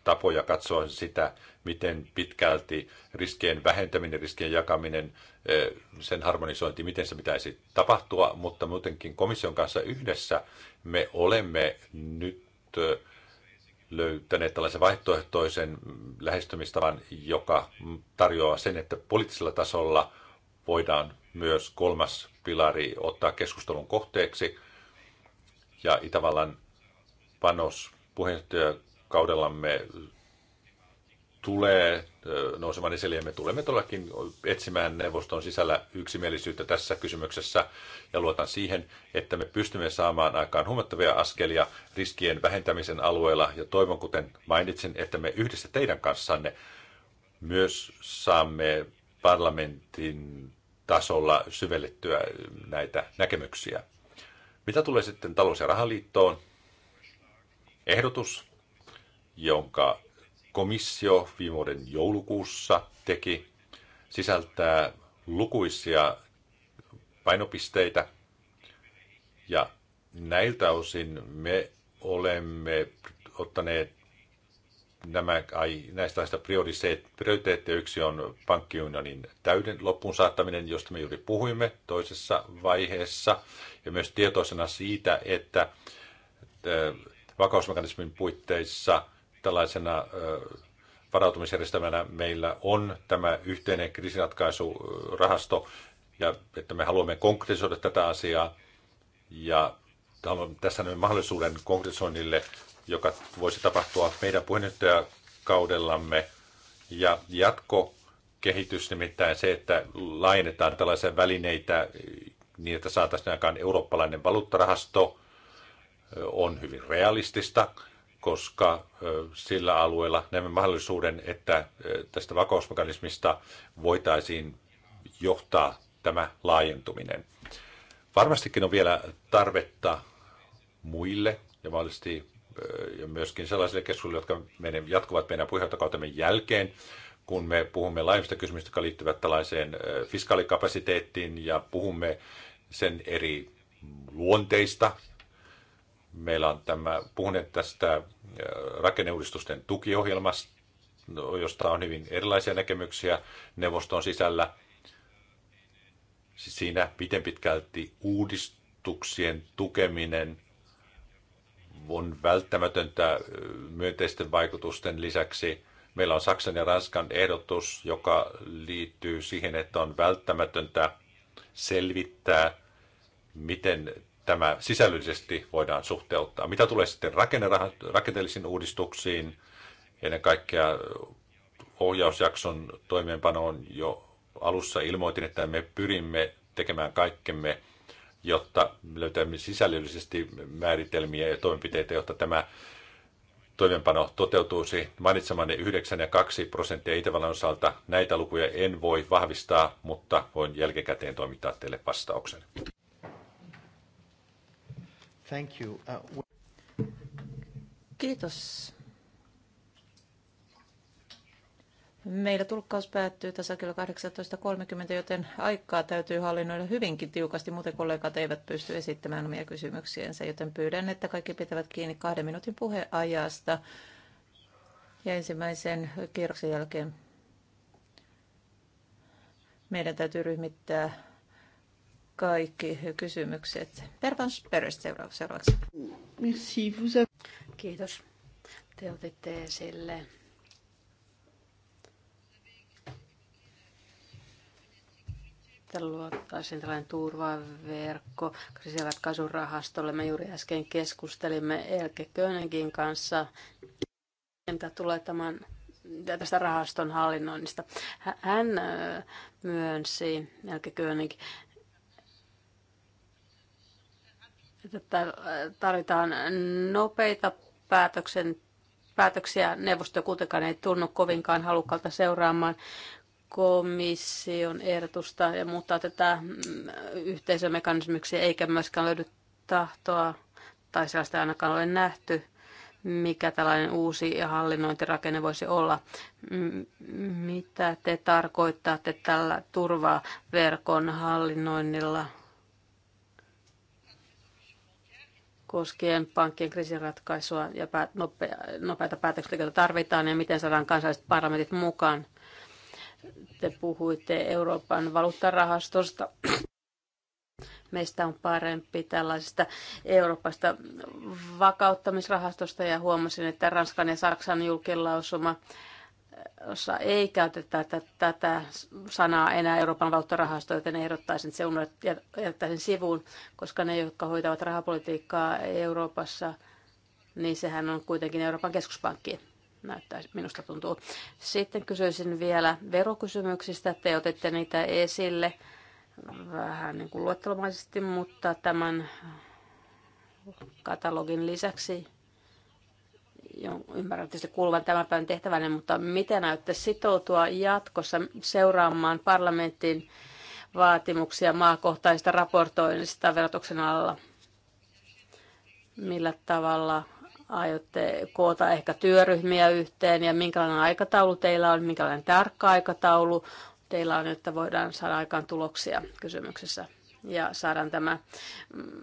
tapoja katsoa sitä, miten pitkälti riskien vähentäminen, riskien jakaminen, eh, sen harmonisointi, miten se pitäisi tapahtua, mutta muutenkin komission kanssa yhdessä me olemme nyt eh, löytäneet tällaisen vaihtoehtoisen lähestymistavan, joka tarjoaa sen, että poliittisella tasolla voidaan myös kolmas pilari ottaa keskustelun kohteeksi. Ja Itävallan panos puheenjohtajakaudellamme tulee nousemaan esille ja me tulemme todellakin etsimään neuvoston sisällä yksimielisyyttä tässä kysymyksessä ja luotan siihen, että me pystymme saamaan aikaan huomattavia askelia riskien vähentämisen alueella ja toivon, kuten mainitsin, että me yhdessä teidän kanssanne myös saamme parlamentin tasolla syvellettyä näitä näkemyksiä. Mitä tulee sitten talous- ja rahaliittoon? Ehdotus, jonka komissio viime vuoden joulukuussa teki, sisältää lukuisia painopisteitä. Ja näiltä osin me olemme ottaneet nämä, ai, näistä näistä prioriteetteja yksi on pankkiunionin täyden loppuun saattaminen, josta me juuri puhuimme toisessa vaiheessa, ja myös tietoisena siitä, että vakausmekanismin puitteissa tällaisena varautumisjärjestelmänä meillä on tämä yhteinen kriisiratkaisurahasto, ja että me haluamme konkretisoida tätä asiaa, ja tässä on mahdollisuuden konkretisoinnille joka voisi tapahtua meidän puheenjohtajakaudellamme ja jatko kehitys, nimittäin se, että laajennetaan tällaisia välineitä eh, niin, että saataisiin aikaan eurooppalainen valuuttarahasto, eh, on hyvin realistista, koska eh, sillä alueella näemme mahdollisuuden, että tästä vakausmekanismista voitaisiin johtaa tämä laajentuminen. Varmastikin on vielä tarvetta muille ja mahdollisesti ja myöskin sellaisille keskusteluille, jotka meidän, jatkuvat meidän puheenjohtajakautemme jälkeen, kun me puhumme laajemmista kysymyksistä, jotka liittyvät tällaiseen fiskaalikapasiteettiin ja puhumme sen eri luonteista. Meillä on tämä, puhuneet tästä rakenneuudistusten tukiohjelmasta, josta on hyvin erilaisia näkemyksiä neuvoston sisällä. Siis siinä, miten pitkälti uudistuksien tukeminen – on välttämätöntä myönteisten vaikutusten lisäksi. Meillä on Saksan ja Ranskan ehdotus, joka liittyy siihen, että on välttämätöntä selvittää, miten tämä sisällöllisesti voidaan suhteuttaa. Mitä tulee sitten rakenteellisiin uudistuksiin, ennen kaikkea ohjausjakson toimeenpanoon jo alussa ilmoitin, että me pyrimme tekemään kaikkemme, jotta löytämme sisällöllisesti määritelmiä ja toimenpiteitä, jotta tämä toimenpano toteutuisi. Mainitsemanne 9 ja 2 prosenttia Itävallan osalta näitä lukuja en voi vahvistaa, mutta voin jälkikäteen toimittaa teille vastauksen. Thank you. Uh, Kiitos. Meillä tulkkaus päättyy tässä kello 18.30, joten aikaa täytyy hallinnoida hyvinkin tiukasti, muuten kollegat eivät pysty esittämään omia kysymyksiänsä, joten pyydän, että kaikki pitävät kiinni kahden minuutin puheajasta. Ja ensimmäisen kierroksen jälkeen meidän täytyy ryhmittää kaikki kysymykset. Pervans Peres seuraavaksi. Merci, vous Kiitos. Te otitte esille sitten luottaisin tällainen turvaverkko kriisiratkaisurahastolle. Me juuri äsken keskustelimme Elke Könenkin kanssa, mitä tulee tämän tästä rahaston hallinnoinnista. Hän myönsi, Elke König, että tarvitaan nopeita päätöksen, päätöksiä. Neuvosto kuitenkaan ei tunnu kovinkaan halukalta seuraamaan komission ehdotusta ja muuttaa tätä mm, yhteisömekanismiksi, eikä myöskään löydy tahtoa tai sellaista ainakaan ole nähty, mikä tällainen uusi hallinnointirakenne voisi olla. Mitä te tarkoittatte tällä turvaverkon hallinnoinnilla koskien pankkien kriisiratkaisua ja nopeita päätöksiä, joita tarvitaan ja miten saadaan kansalliset parlamentit mukaan? Te puhuitte Euroopan valuuttarahastosta. Meistä on parempi tällaisesta Euroopasta vakauttamisrahastosta ja huomasin, että Ranskan ja Saksan julkilausuma jossa ei käytetä tätä sanaa enää Euroopan valuuttarahasto, joten ehdottaisin, että se jättäisin sivuun, koska ne, jotka hoitavat rahapolitiikkaa Euroopassa, niin sehän on kuitenkin Euroopan keskuspankki näyttää, minusta tuntuu. Sitten kysyisin vielä verokysymyksistä. Te otette niitä esille vähän niin kuin luettelomaisesti, mutta tämän katalogin lisäksi ymmärrän tietysti kuuluvan tämän päivän tehtävänne, mutta miten näyttää sitoutua jatkossa seuraamaan parlamentin vaatimuksia maakohtaisista raportoinnista verotuksen alla? Millä tavalla aiotte koota ehkä työryhmiä yhteen ja minkälainen aikataulu teillä on, minkälainen tarkka aikataulu teillä on, jotta voidaan saada aikaan tuloksia kysymyksessä ja saadaan tämä mm,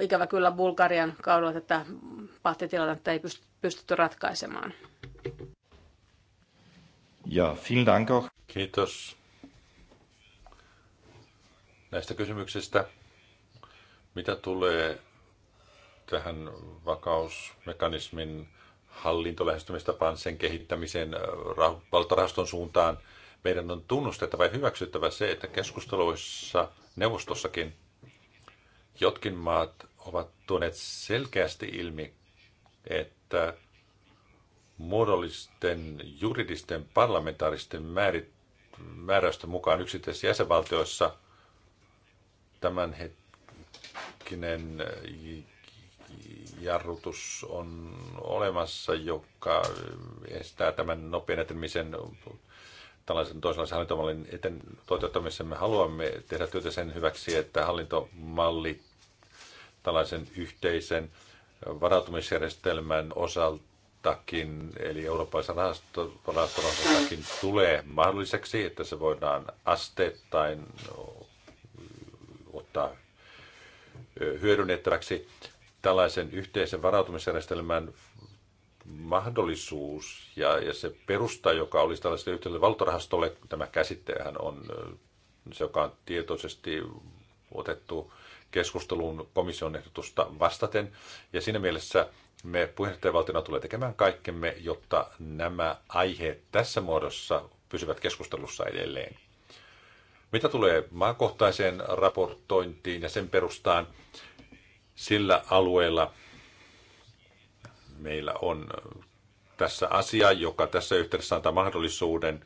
ikävä kyllä Bulgarian kaudella tätä pahtitilannetta ei pystytty ratkaisemaan. Ja, vielen dank auch. Kiitos näistä kysymyksistä. Mitä tulee tähän vakausmekanismin hallintolähestymistapaan, sen kehittämiseen äh, valtarahaston suuntaan, meidän on tunnustettava ja hyväksyttävä se, että keskusteluissa neuvostossakin jotkin maat ovat tuoneet selkeästi ilmi, että muodollisten juridisten parlamentaaristen määrit, määräysten mukaan yksittäisissä jäsenvaltioissa tämänhetkinen äh, jarrutus on olemassa, joka estää tämän nopean etenemisen tällaisen toisenlaisen hallintomallin eten toteuttamisen. Me haluamme tehdä työtä sen hyväksi, että hallintomalli tällaisen yhteisen varautumisjärjestelmän osaltakin, eli eurooppalaisen rahaston osaltakin tulee mahdolliseksi, että se voidaan asteittain ottaa hyödynnettäväksi tällaisen yhteisen varautumisjärjestelmän mahdollisuus ja, ja se perusta, joka olisi tällaiselle yhteiselle valtorahastolle, tämä käsitteähän on se, joka on tietoisesti otettu keskusteluun komission ehdotusta vastaten. Ja siinä mielessä me puheenjohtajavaltiona tulee tekemään kaikkemme, jotta nämä aiheet tässä muodossa pysyvät keskustelussa edelleen. Mitä tulee maakohtaiseen raportointiin ja sen perustaan, sillä alueella meillä on tässä asia, joka tässä yhteydessä antaa mahdollisuuden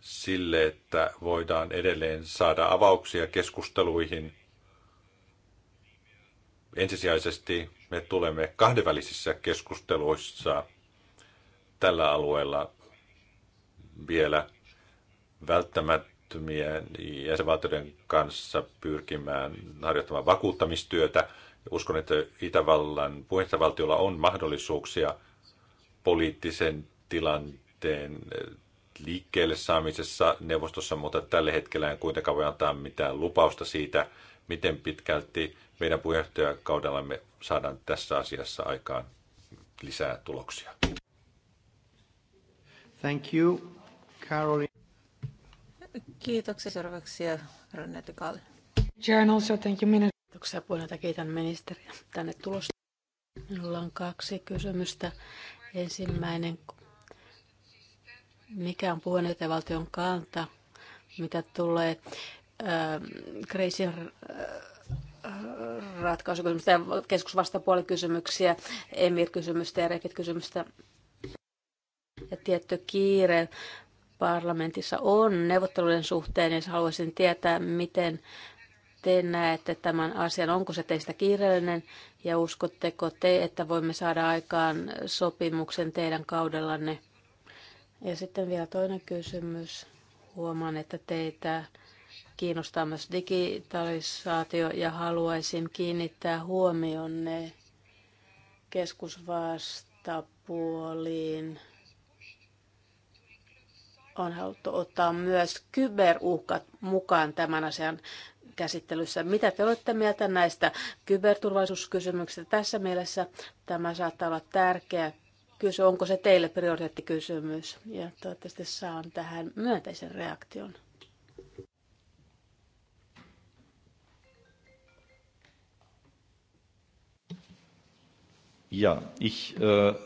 sille, että voidaan edelleen saada avauksia keskusteluihin. Ensisijaisesti me tulemme kahdenvälisissä keskusteluissa tällä alueella vielä välttämättä liittymien jäsenvaltioiden kanssa pyrkimään harjoittamaan vakuuttamistyötä. Uskon, että Itävallan puheenjohtajavaltiolla on mahdollisuuksia poliittisen tilanteen eh, liikkeelle saamisessa neuvostossa, mutta tällä hetkellä en kuitenkaan voi antaa mitään lupausta siitä, miten pitkälti meidän puheenjohtajakaudellamme saadaan tässä asiassa aikaan lisää tuloksia. Thank you, Caroline. Kiitoksia seuraavaksi ja Renate Kalle. Journal, thank you, minute. Kiitoksia puolelta. Kiitän ministeriä tänne tulosta. Minulla on kaksi kysymystä. Ensimmäinen, mikä on puheenjohtajavaltion kanta, mitä tulee äh, kriisin äh, ratkaisukysymystä ja keskusvastapuolikysymyksiä, EMIR-kysymystä ja REKIT-kysymystä ja tietty kiire parlamentissa on neuvottelujen suhteen, ja niin haluaisin tietää, miten te näette tämän asian. Onko se teistä kiireellinen ja uskotteko te, että voimme saada aikaan sopimuksen teidän kaudellanne? Ja sitten vielä toinen kysymys. Huomaan, että teitä kiinnostaa myös digitalisaatio ja haluaisin kiinnittää huomionne keskusvastapuoliin on haluttu ottaa myös kyberuhkat mukaan tämän asian käsittelyssä. Mitä te olette mieltä näistä kyberturvallisuuskysymyksistä? Tässä mielessä tämä saattaa olla tärkeä kysy, onko se teille prioriteettikysymys? Ja toivottavasti saan tähän myönteisen reaktion. Ja, ich äh,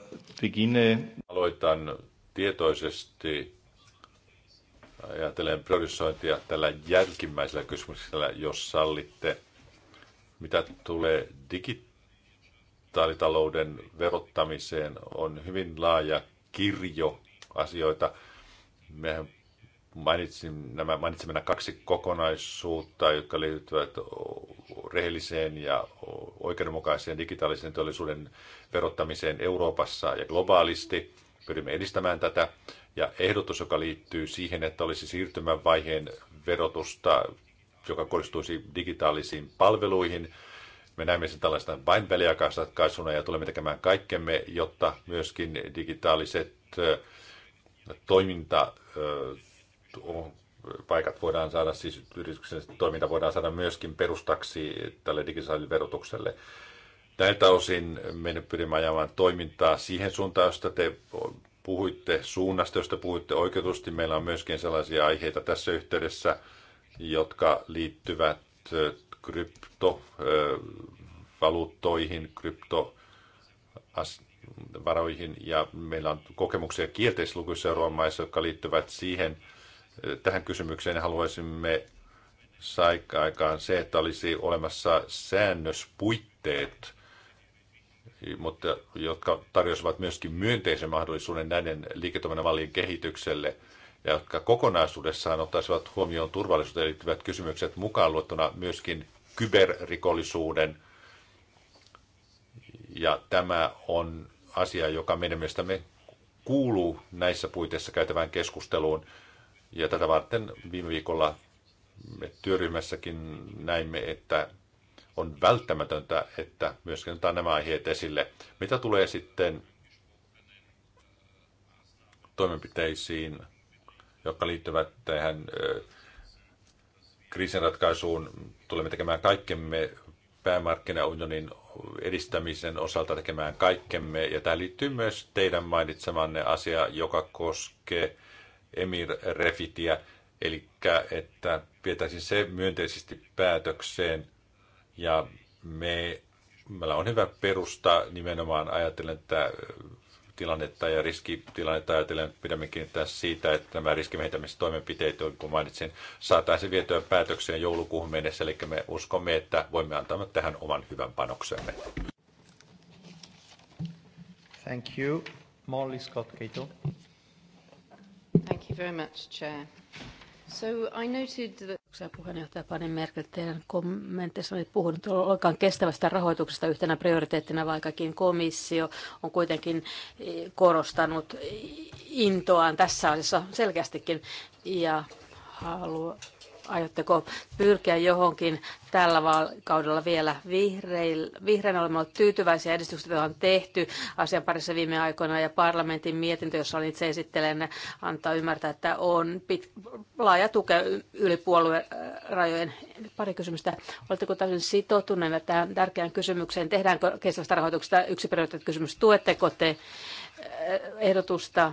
beginne. Aloitan tietoisesti ajatellen priorisointia tällä jälkimmäisellä kysymyksellä, jos sallitte, mitä tulee digitaalitalouden verottamiseen, on hyvin laaja kirjo asioita. Mehän mainitsin nämä, mainitsimme nämä kaksi kokonaisuutta, jotka liittyvät rehelliseen ja oikeudenmukaiseen digitaalisen teollisuuden verottamiseen Euroopassa ja globaalisti. Pyrimme edistämään tätä. Ja ehdotus, joka liittyy siihen, että olisi vaiheen verotusta, joka kohdistuisi digitaalisiin palveluihin, me näemme sen tällaista vain väliaikaisratkaisuna ja tulemme tekemään kaikkemme, jotta myöskin digitaaliset toiminta paikat voidaan saada, siis yrityksen toiminta voidaan saada myöskin perustaksi tälle digitaaliselle verotukselle. Näiltä osin me pyrimme ajamaan toimintaa siihen suuntaan, josta te puhuitte suunnasta, josta puhuitte oikeutusti. Meillä on myöskin sellaisia aiheita tässä yhteydessä, jotka liittyvät kryptovaluuttoihin, kryptovaroihin ja meillä on kokemuksia kielteislukuissa Euroopan maissa, jotka liittyvät siihen. Tähän kysymykseen haluaisimme saada aikaan se, että olisi olemassa säännöspuitteet mutta jotka tarjosivat myöskin myönteisen mahdollisuuden näiden liiketoimintamallien kehitykselle ja jotka kokonaisuudessaan ottaisivat huomioon turvallisuuteen liittyvät kysymykset mukaan luettuna myöskin kyberrikollisuuden. Ja tämä on asia, joka meidän mielestämme kuuluu näissä puitteissa käytävään keskusteluun. Ja tätä varten viime viikolla me työryhmässäkin näimme, että on välttämätöntä, että myöskin otetaan nämä aiheet esille. Mitä tulee sitten toimenpiteisiin, jotka liittyvät tähän kriisinratkaisuun, tulemme tekemään kaikkemme päämarkkinaunionin edistämisen osalta tekemään kaikkemme. Ja tämä liittyy myös teidän mainitsemanne asia, joka koskee Emir Refitiä, eli että vietäisiin se myönteisesti päätökseen – ja me, meillä on hyvä perusta nimenomaan ajatellen että äh, tilannetta ja riskitilannetta ajatellen pidämme kiinnittää siitä, että nämä riskimehittämistoimenpiteet, kun mainitsin, saataisiin vietyä päätökseen joulukuuhun mennessä. Eli me uskomme, että voimme antaa tähän oman hyvän panoksemme. Thank you. Molly Scott Cato. Thank you very much, Chair. So I noted that Kiitoksia puheenjohtaja Pani Merkel. Teidän kommentissanne puhunut olkaan kestävästä rahoituksesta yhtenä prioriteettina, vaikkakin komissio on kuitenkin eh, korostanut intoaan tässä asiassa selkeästikin ja haluaa aiotteko pyrkiä johonkin tällä kaudella vielä vihreillä? olemme olleet tyytyväisiä edistyksistä, joita on tehty asian parissa viime aikoina ja parlamentin mietintö, jossa olin itse esittelen, antaa ymmärtää, että on pit, laaja tuke yli puoluerajojen. Pari kysymystä. Oletteko täysin sitoutuneena tähän tärkeään kysymykseen? Tehdäänkö kestävästä rahoituksesta yksi periaatteet kysymys? Tuetteko te eh, ehdotusta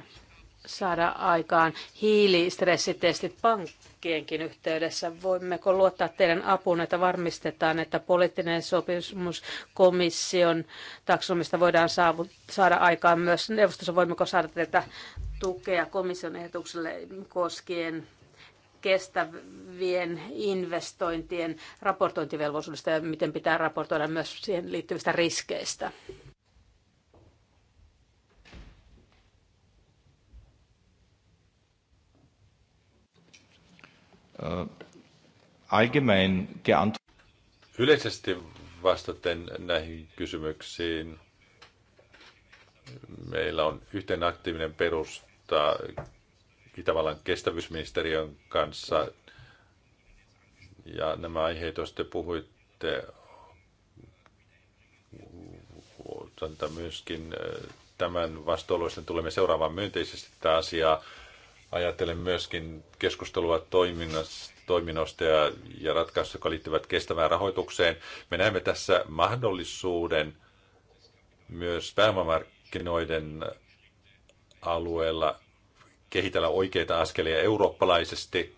saada aikaan hiilistressitestit pankkienkin yhteydessä. Voimmeko luottaa teidän apuun, että varmistetaan, että poliittinen sopimus komission taksonomista voidaan saada aikaan myös neuvostossa? Voimmeko saada teiltä tukea komission ehdotukselle koskien kestävien investointien raportointivelvollisuudesta ja miten pitää raportoida myös siihen liittyvistä riskeistä? allgemein geantwortet. Yleisesti vastaten näihin kysymyksiin, meillä on yhteen aktiivinen perusta Itävallan kestävyysministeriön kanssa. Ja nämä aiheet, joista te puhuitte, myöskin tämän vastuulloisten tulemme seuraavaan myönteisesti tätä asiaa ajatellen myöskin keskustelua toiminnoista ja, ja ratkaisuista, jotka liittyvät kestävään rahoitukseen. Me näemme tässä mahdollisuuden myös pääomamarkkinoiden alueella kehitellä oikeita askelia eurooppalaisesti.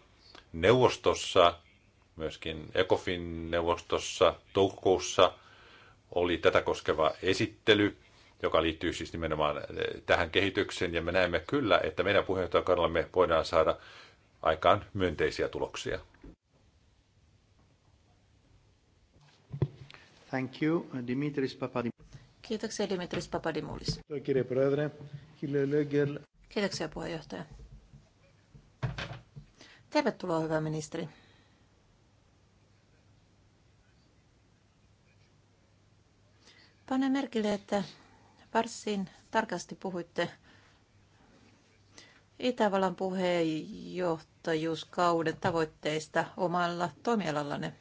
Neuvostossa, myöskin ECOFIN neuvostossa toukokuussa oli tätä koskeva esittely – joka liittyy siis nimenomaan eh, tähän kehitykseen, ja me näemme kyllä, että meidän puheenjohtajakaudellamme voidaan saada aikaan myönteisiä tuloksia. Thank you, Dimitris Papadimoulis. Kiitoksia, Dimitris Papadimoulis. Kiitoksia, puheenjohtaja. Tervetuloa, hyvä ministeri. Pane merkille, että Varsin tarkasti puhuitte Itävallan puheenjohtajuuskauden tavoitteista omalla toimialallanne.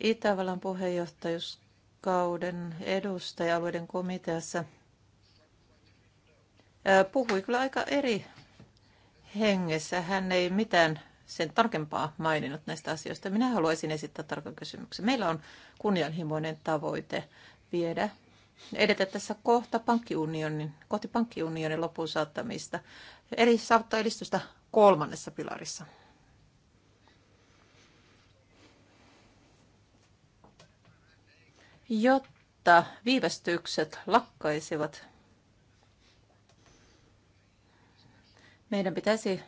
Itävallan puheenjohtajuuskauden edustaja-alueiden komiteassa puhui kyllä aika eri hengessä. Hän ei mitään sen tarkempaa maininnut näistä asioista. Minä haluaisin esittää tarkan kysymyksen. Meillä on kunnianhimoinen tavoite viedä edetä tässä kohta pankkiunionin, kohti pankkiunionin lopun saattamista, eli saavuttaa edistystä kolmannessa pilarissa. Jotta viivästykset lakkaisivat, meidän pitäisi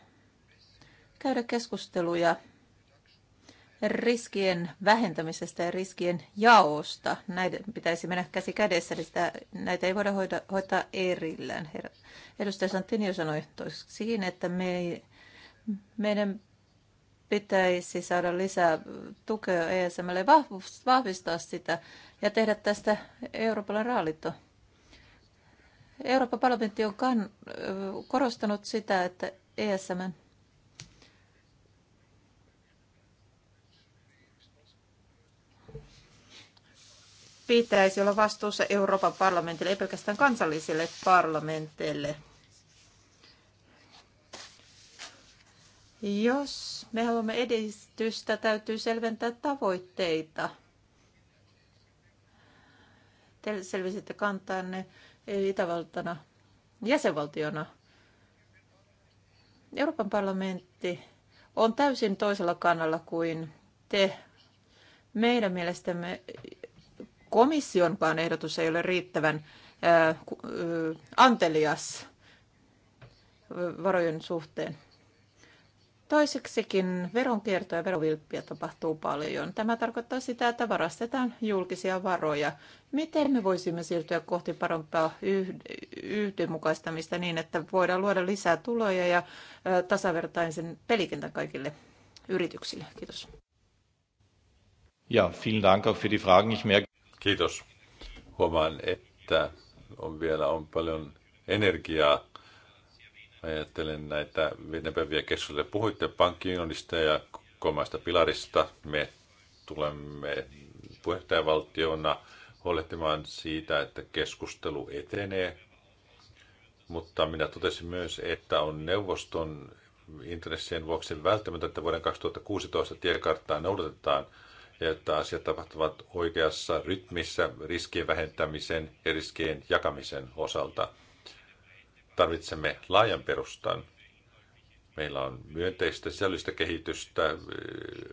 käydä keskusteluja riskien vähentämisestä ja riskien jaosta. Näiden pitäisi mennä käsi kädessä, eli sitä, näitä ei voida hoida, hoitaa erillään. Herra, edustaja Santini jo sanoi siinä, että me ei, meidän pitäisi saada lisää tukea ESMlle, vahvistaa sitä ja tehdä tästä Euroopan raalitto. Euroopan parlamentti on kan, korostanut sitä, että ESMn pitäisi olla vastuussa Euroopan parlamentille, ei pelkästään kansallisille parlamenteille. Jos me haluamme edistystä, täytyy selventää tavoitteita. Te selvisitte kantanne Itävaltana jäsenvaltiona. Euroopan parlamentti on täysin toisella kannalla kuin te. Meidän mielestämme komissionkaan ehdotus ei ole riittävän antelias varojen suhteen. Toiseksikin veronkierto ja verovilppiä tapahtuu paljon. Tämä tarkoittaa sitä, että varastetaan julkisia varoja. Miten me voisimme siirtyä kohti parempaa yhdenmukaistamista niin, että voidaan luoda lisää tuloja ja tasavertaisen pelikentän kaikille yrityksille? Kiitos. Ja, vielen Dank auch für die Fragen. Ich merke... Kiitos. Huomaan, että on vielä on paljon energiaa. Ajattelen näitä viidenpäiviä keskusteluja. Puhuitte pankkiunionista ja kolmasta pilarista. Me tulemme puheenjohtajavaltiona huolehtimaan siitä, että keskustelu etenee. Mutta minä totesin myös, että on neuvoston intressien vuoksi välttämättä, että vuoden 2016 tiekarttaa noudatetaan – ja että asiat tapahtuvat oikeassa rytmissä riskien vähentämisen ja riskien jakamisen osalta. Tarvitsemme laajan perustan. Meillä on myönteistä sisällöllistä kehitystä eh,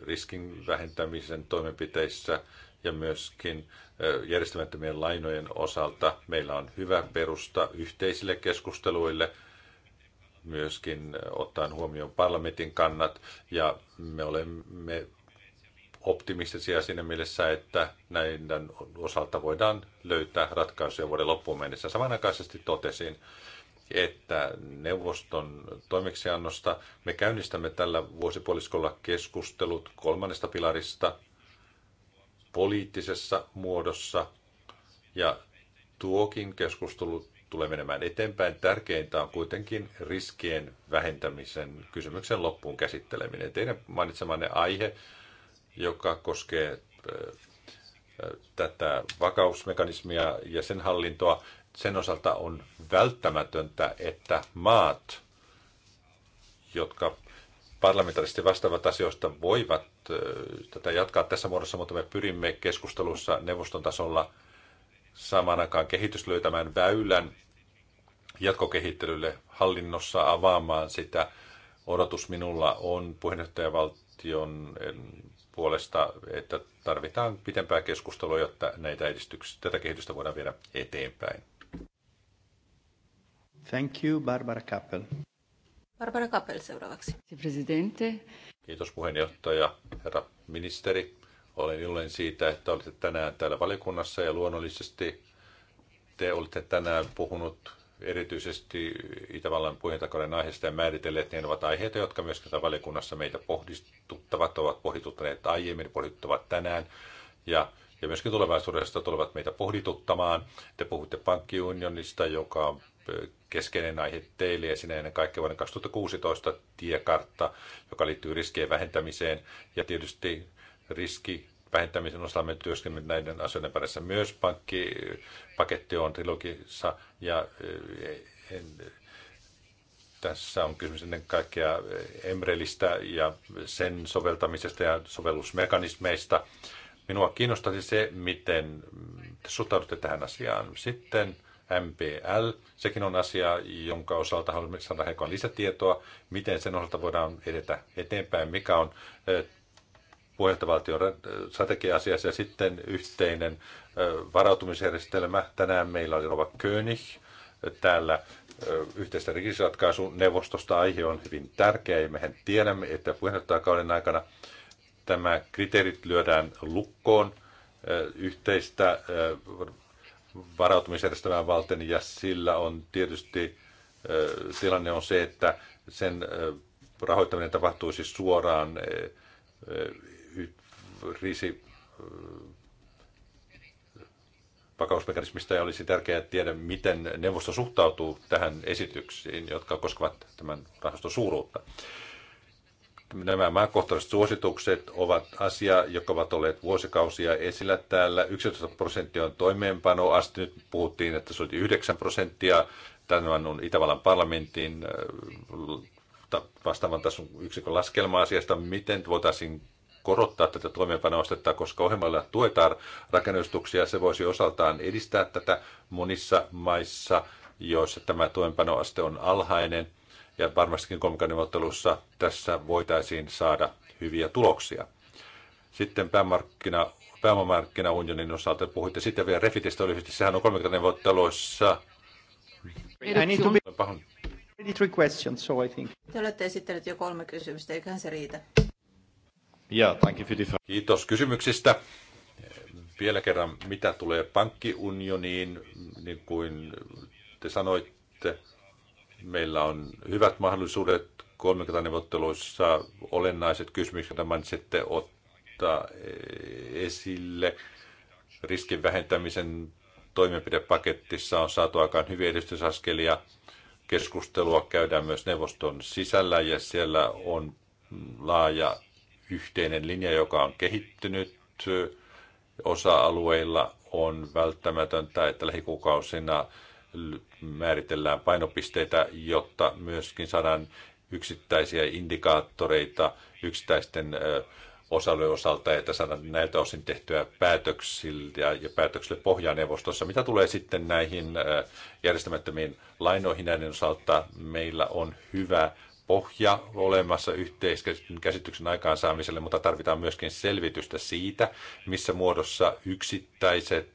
riskin vähentämisen toimenpiteissä ja myöskin eh, järjestämättömien lainojen osalta. Meillä on hyvä perusta yhteisille keskusteluille, myöskin eh, ottaen huomioon parlamentin kannat, ja me olemme optimistisia siinä mielessä, että näiden osalta voidaan löytää ratkaisuja vuoden loppuun mennessä. Samanaikaisesti totesin, että neuvoston toimeksiannosta me käynnistämme tällä vuosipuoliskolla keskustelut kolmannesta pilarista poliittisessa muodossa. Ja tuokin keskustelu tulee menemään eteenpäin. Tärkeintä on kuitenkin riskien vähentämisen kysymyksen loppuun käsitteleminen. Teidän mainitsemanne aihe joka koskee äh, äh, tätä vakausmekanismia ja sen hallintoa. Sen osalta on välttämätöntä, että maat, jotka parlamentaarisesti vastaavat asioista, voivat äh, tätä jatkaa tässä muodossa, mutta me pyrimme keskustelussa neuvoston tasolla samaan aikaan kehitys löytämään väylän jatkokehittelylle hallinnossa avaamaan sitä. Odotus minulla on puheenjohtajavaltion puolesta, että tarvitaan pitempää keskustelua, jotta näitä tätä kehitystä voidaan viedä eteenpäin. Thank you, Barbara Kappel. Barbara Kappel seuraavaksi. Presidente. Kiitos puheenjohtaja, herra ministeri. Olen iloinen siitä, että olette tänään täällä valiokunnassa ja luonnollisesti te olette tänään puhunut erityisesti Itävallan puheenjohtajakauden aiheesta ja määritelleet, niin ne ovat aiheita, jotka myös tässä valiokunnassa meitä pohdistuttavat, ovat pohdituttaneet aiemmin, pohdituttavat tänään ja, ja myöskin tulevaisuudesta tulevat meitä pohdituttamaan. Te puhutte pankkiunionista, joka on keskeinen aihe teille ja sinä ennen kaikkea vuoden 2016 tiekartta, joka liittyy riskien vähentämiseen ja tietysti riski vähentämisen osalta me työskentelemme näiden asioiden parissa myös. Pankki, paketti on trilogissa ja eh, en, tässä on kysymys ennen kaikkea eh, Emrelistä ja sen soveltamisesta ja sovellusmekanismeista. Minua kiinnostaisi se, miten te suhtaudutte tähän asiaan. Sitten MPL, sekin on asia, jonka osalta haluamme saada hiukan lisätietoa, miten sen osalta voidaan edetä eteenpäin, mikä on eh, puheenjohtavaltion strategia-asiassa ja sitten yhteinen varautumisjärjestelmä. Tänään meillä oli Rova König täällä yhteistä rikisratkaisun neuvostosta. Aihe on hyvin tärkeä ja mehän tiedämme, että puheenjohtajakauden aikana tämä kriteerit lyödään lukkoon yhteistä varautumisjärjestelmää valten ja sillä on tietysti tilanne on se, että sen rahoittaminen tapahtuisi suoraan riisi vakausmekanismista ja olisi tärkeää tiedä, miten neuvosto suhtautuu tähän esityksiin, jotka koskevat tämän rahaston suuruutta. Nämä maakohtaiset suositukset ovat asia, joka ovat olleet vuosikausia esillä täällä. 11 prosenttia on Asti Nyt puhuttiin, että se oli 9 prosenttia. Tämän on Itävallan parlamentin vastaavan tason yksikön laskelma asiasta, miten voitaisiin korottaa tätä toimeenpanoastetta, koska ohjelmalla tuetaan rakennustuksia. Se voisi osaltaan edistää tätä monissa maissa, joissa tämä toimeenpanoaste on alhainen. Ja varmastikin kolmikanneuvottelussa tässä voitaisiin saada hyviä tuloksia. Sitten päämarkkina, pääomamarkkinaunionin osalta puhuitte sitten vielä Refitistä lyhyesti. Sehän on kolmikanneuvotteluissa. be... Niin, three questions, so I think. Te olette esittäneet jo kolme kysymystä, eiköhän se riitä. Ja, Kiitos kysymyksistä. Vielä kerran, mitä tulee pankkiunioniin, niin kuin te sanoitte, meillä on hyvät mahdollisuudet 30 neuvotteluissa olennaiset kysymykset, joita mainitsitte ottaa esille. Riskin vähentämisen toimenpidepaketissa on saatu aikaan hyviä edistysaskelia. Keskustelua käydään myös neuvoston sisällä ja siellä on laaja yhteinen linja, joka on kehittynyt osa-alueilla, on välttämätöntä, että lähikuukausina määritellään painopisteitä, jotta myöskin saadaan yksittäisiä indikaattoreita yksittäisten osa osalta, että saadaan näiltä osin tehtyä päätöksillä ja päätöksille pohjaneuvostossa. Mitä tulee sitten näihin järjestämättömiin lainoihin näiden osalta, meillä on hyvä pohja olemassa yhteiskäsityksen aikaansaamiselle, mutta tarvitaan myöskin selvitystä siitä, missä muodossa yksittäiset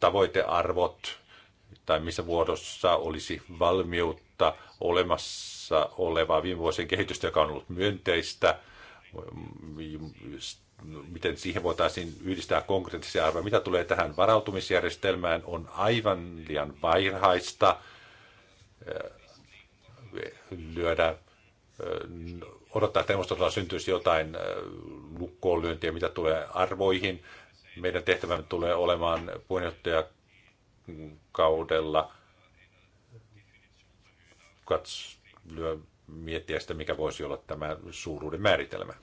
tavoitearvot tai missä muodossa olisi valmiutta olemassa olevaa viime vuosien kehitystä, joka on ollut myönteistä, miten siihen voitaisiin yhdistää konkreettisia arvoja. Mitä tulee tähän varautumisjärjestelmään, on aivan liian vaihaista lyödä, odottaa, että neuvostolla syntyisi jotain lukkoonlyöntiä, mitä tulee arvoihin. Meidän tehtävämme tulee olemaan puheenjohtajakaudella kats, lyö, miettiä sitä, mikä voisi olla tämä suuruuden määritelmä.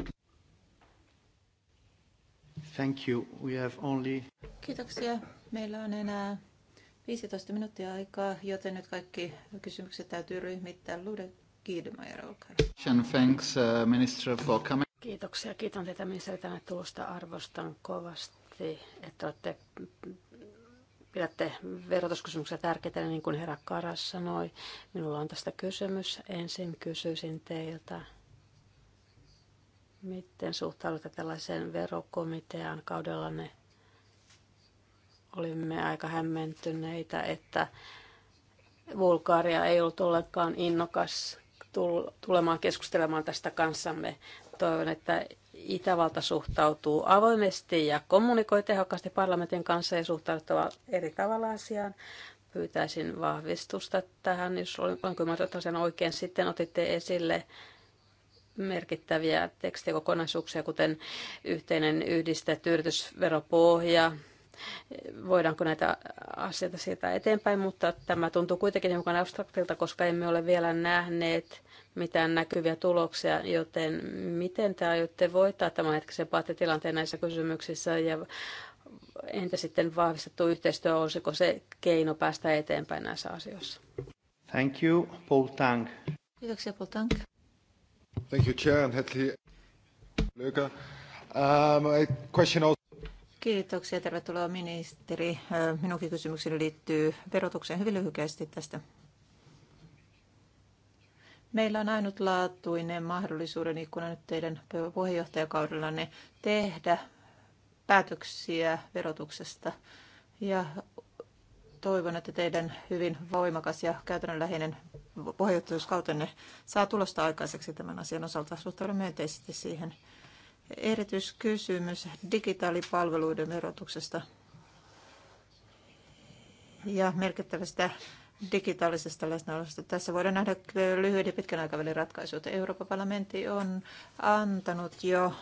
Thank you. We have only... Kiitoksia. Meillä on enää 15 minuuttia aikaa, joten nyt kaikki kysymykset täytyy ryhmittää. Lude Kiidemeyer, olkaa Thanks, uh, minister, for coming. Kiitoksia. Kiitän teitä ministeri tänne tulosta. Arvostan kovasti, että olette pidätte verotuskysymyksiä tärkeitä, niin kuin herra Karas sanoi. Minulla on tästä kysymys. Ensin kysyisin teiltä, miten suhtaudutte tällaiseen verokomitean kaudellanne olimme aika hämmentyneitä, että Bulgaria ei ollut ollenkaan innokas tulemaan keskustelemaan tästä kanssamme. Toivon, että Itävalta suhtautuu avoimesti ja kommunikoi tehokkaasti parlamentin kanssa ja suhtautuu eri tavalla asiaan. Pyytäisin vahvistusta tähän, jos olenko ymmärtänyt sen oikein. Sitten otitte esille merkittäviä tekstikokonaisuuksia, kuten yhteinen yhdistetty yritysveropohja, voidaanko näitä asioita siitä eteenpäin, mutta tämä tuntuu kuitenkin hiukan abstraktilta, koska emme ole vielä nähneet mitään näkyviä tuloksia, joten miten te aiotte voittaa hetkisen paattitilanteen näissä kysymyksissä ja entä sitten vahvistettu yhteistyö, olisiko se keino päästä eteenpäin näissä asioissa? Thank you, Paul Tang. Kiitoksia, Paul Tang. Thank you, Chair, and Hetli Löker. Um, a question also Kiitoksia. Tervetuloa ministeri. Minunkin kysymykseni liittyy verotukseen hyvin lyhykäisesti tästä. Meillä on ainutlaatuinen mahdollisuuden ikkuna nyt teidän puheenjohtajakaudellanne tehdä päätöksiä verotuksesta. Ja toivon, että teidän hyvin voimakas ja käytännönläheinen puheenjohtajuuskautenne saa tulosta aikaiseksi tämän asian osalta. Suhtaudun myönteisesti siihen erityiskysymys digitaalipalveluiden verotuksesta ja merkittävästä digitaalisesta läsnäolosta. Tässä voidaan nähdä lyhyen ja pitkän aikavälin ratkaisut. Euroopan parlamentti on antanut jo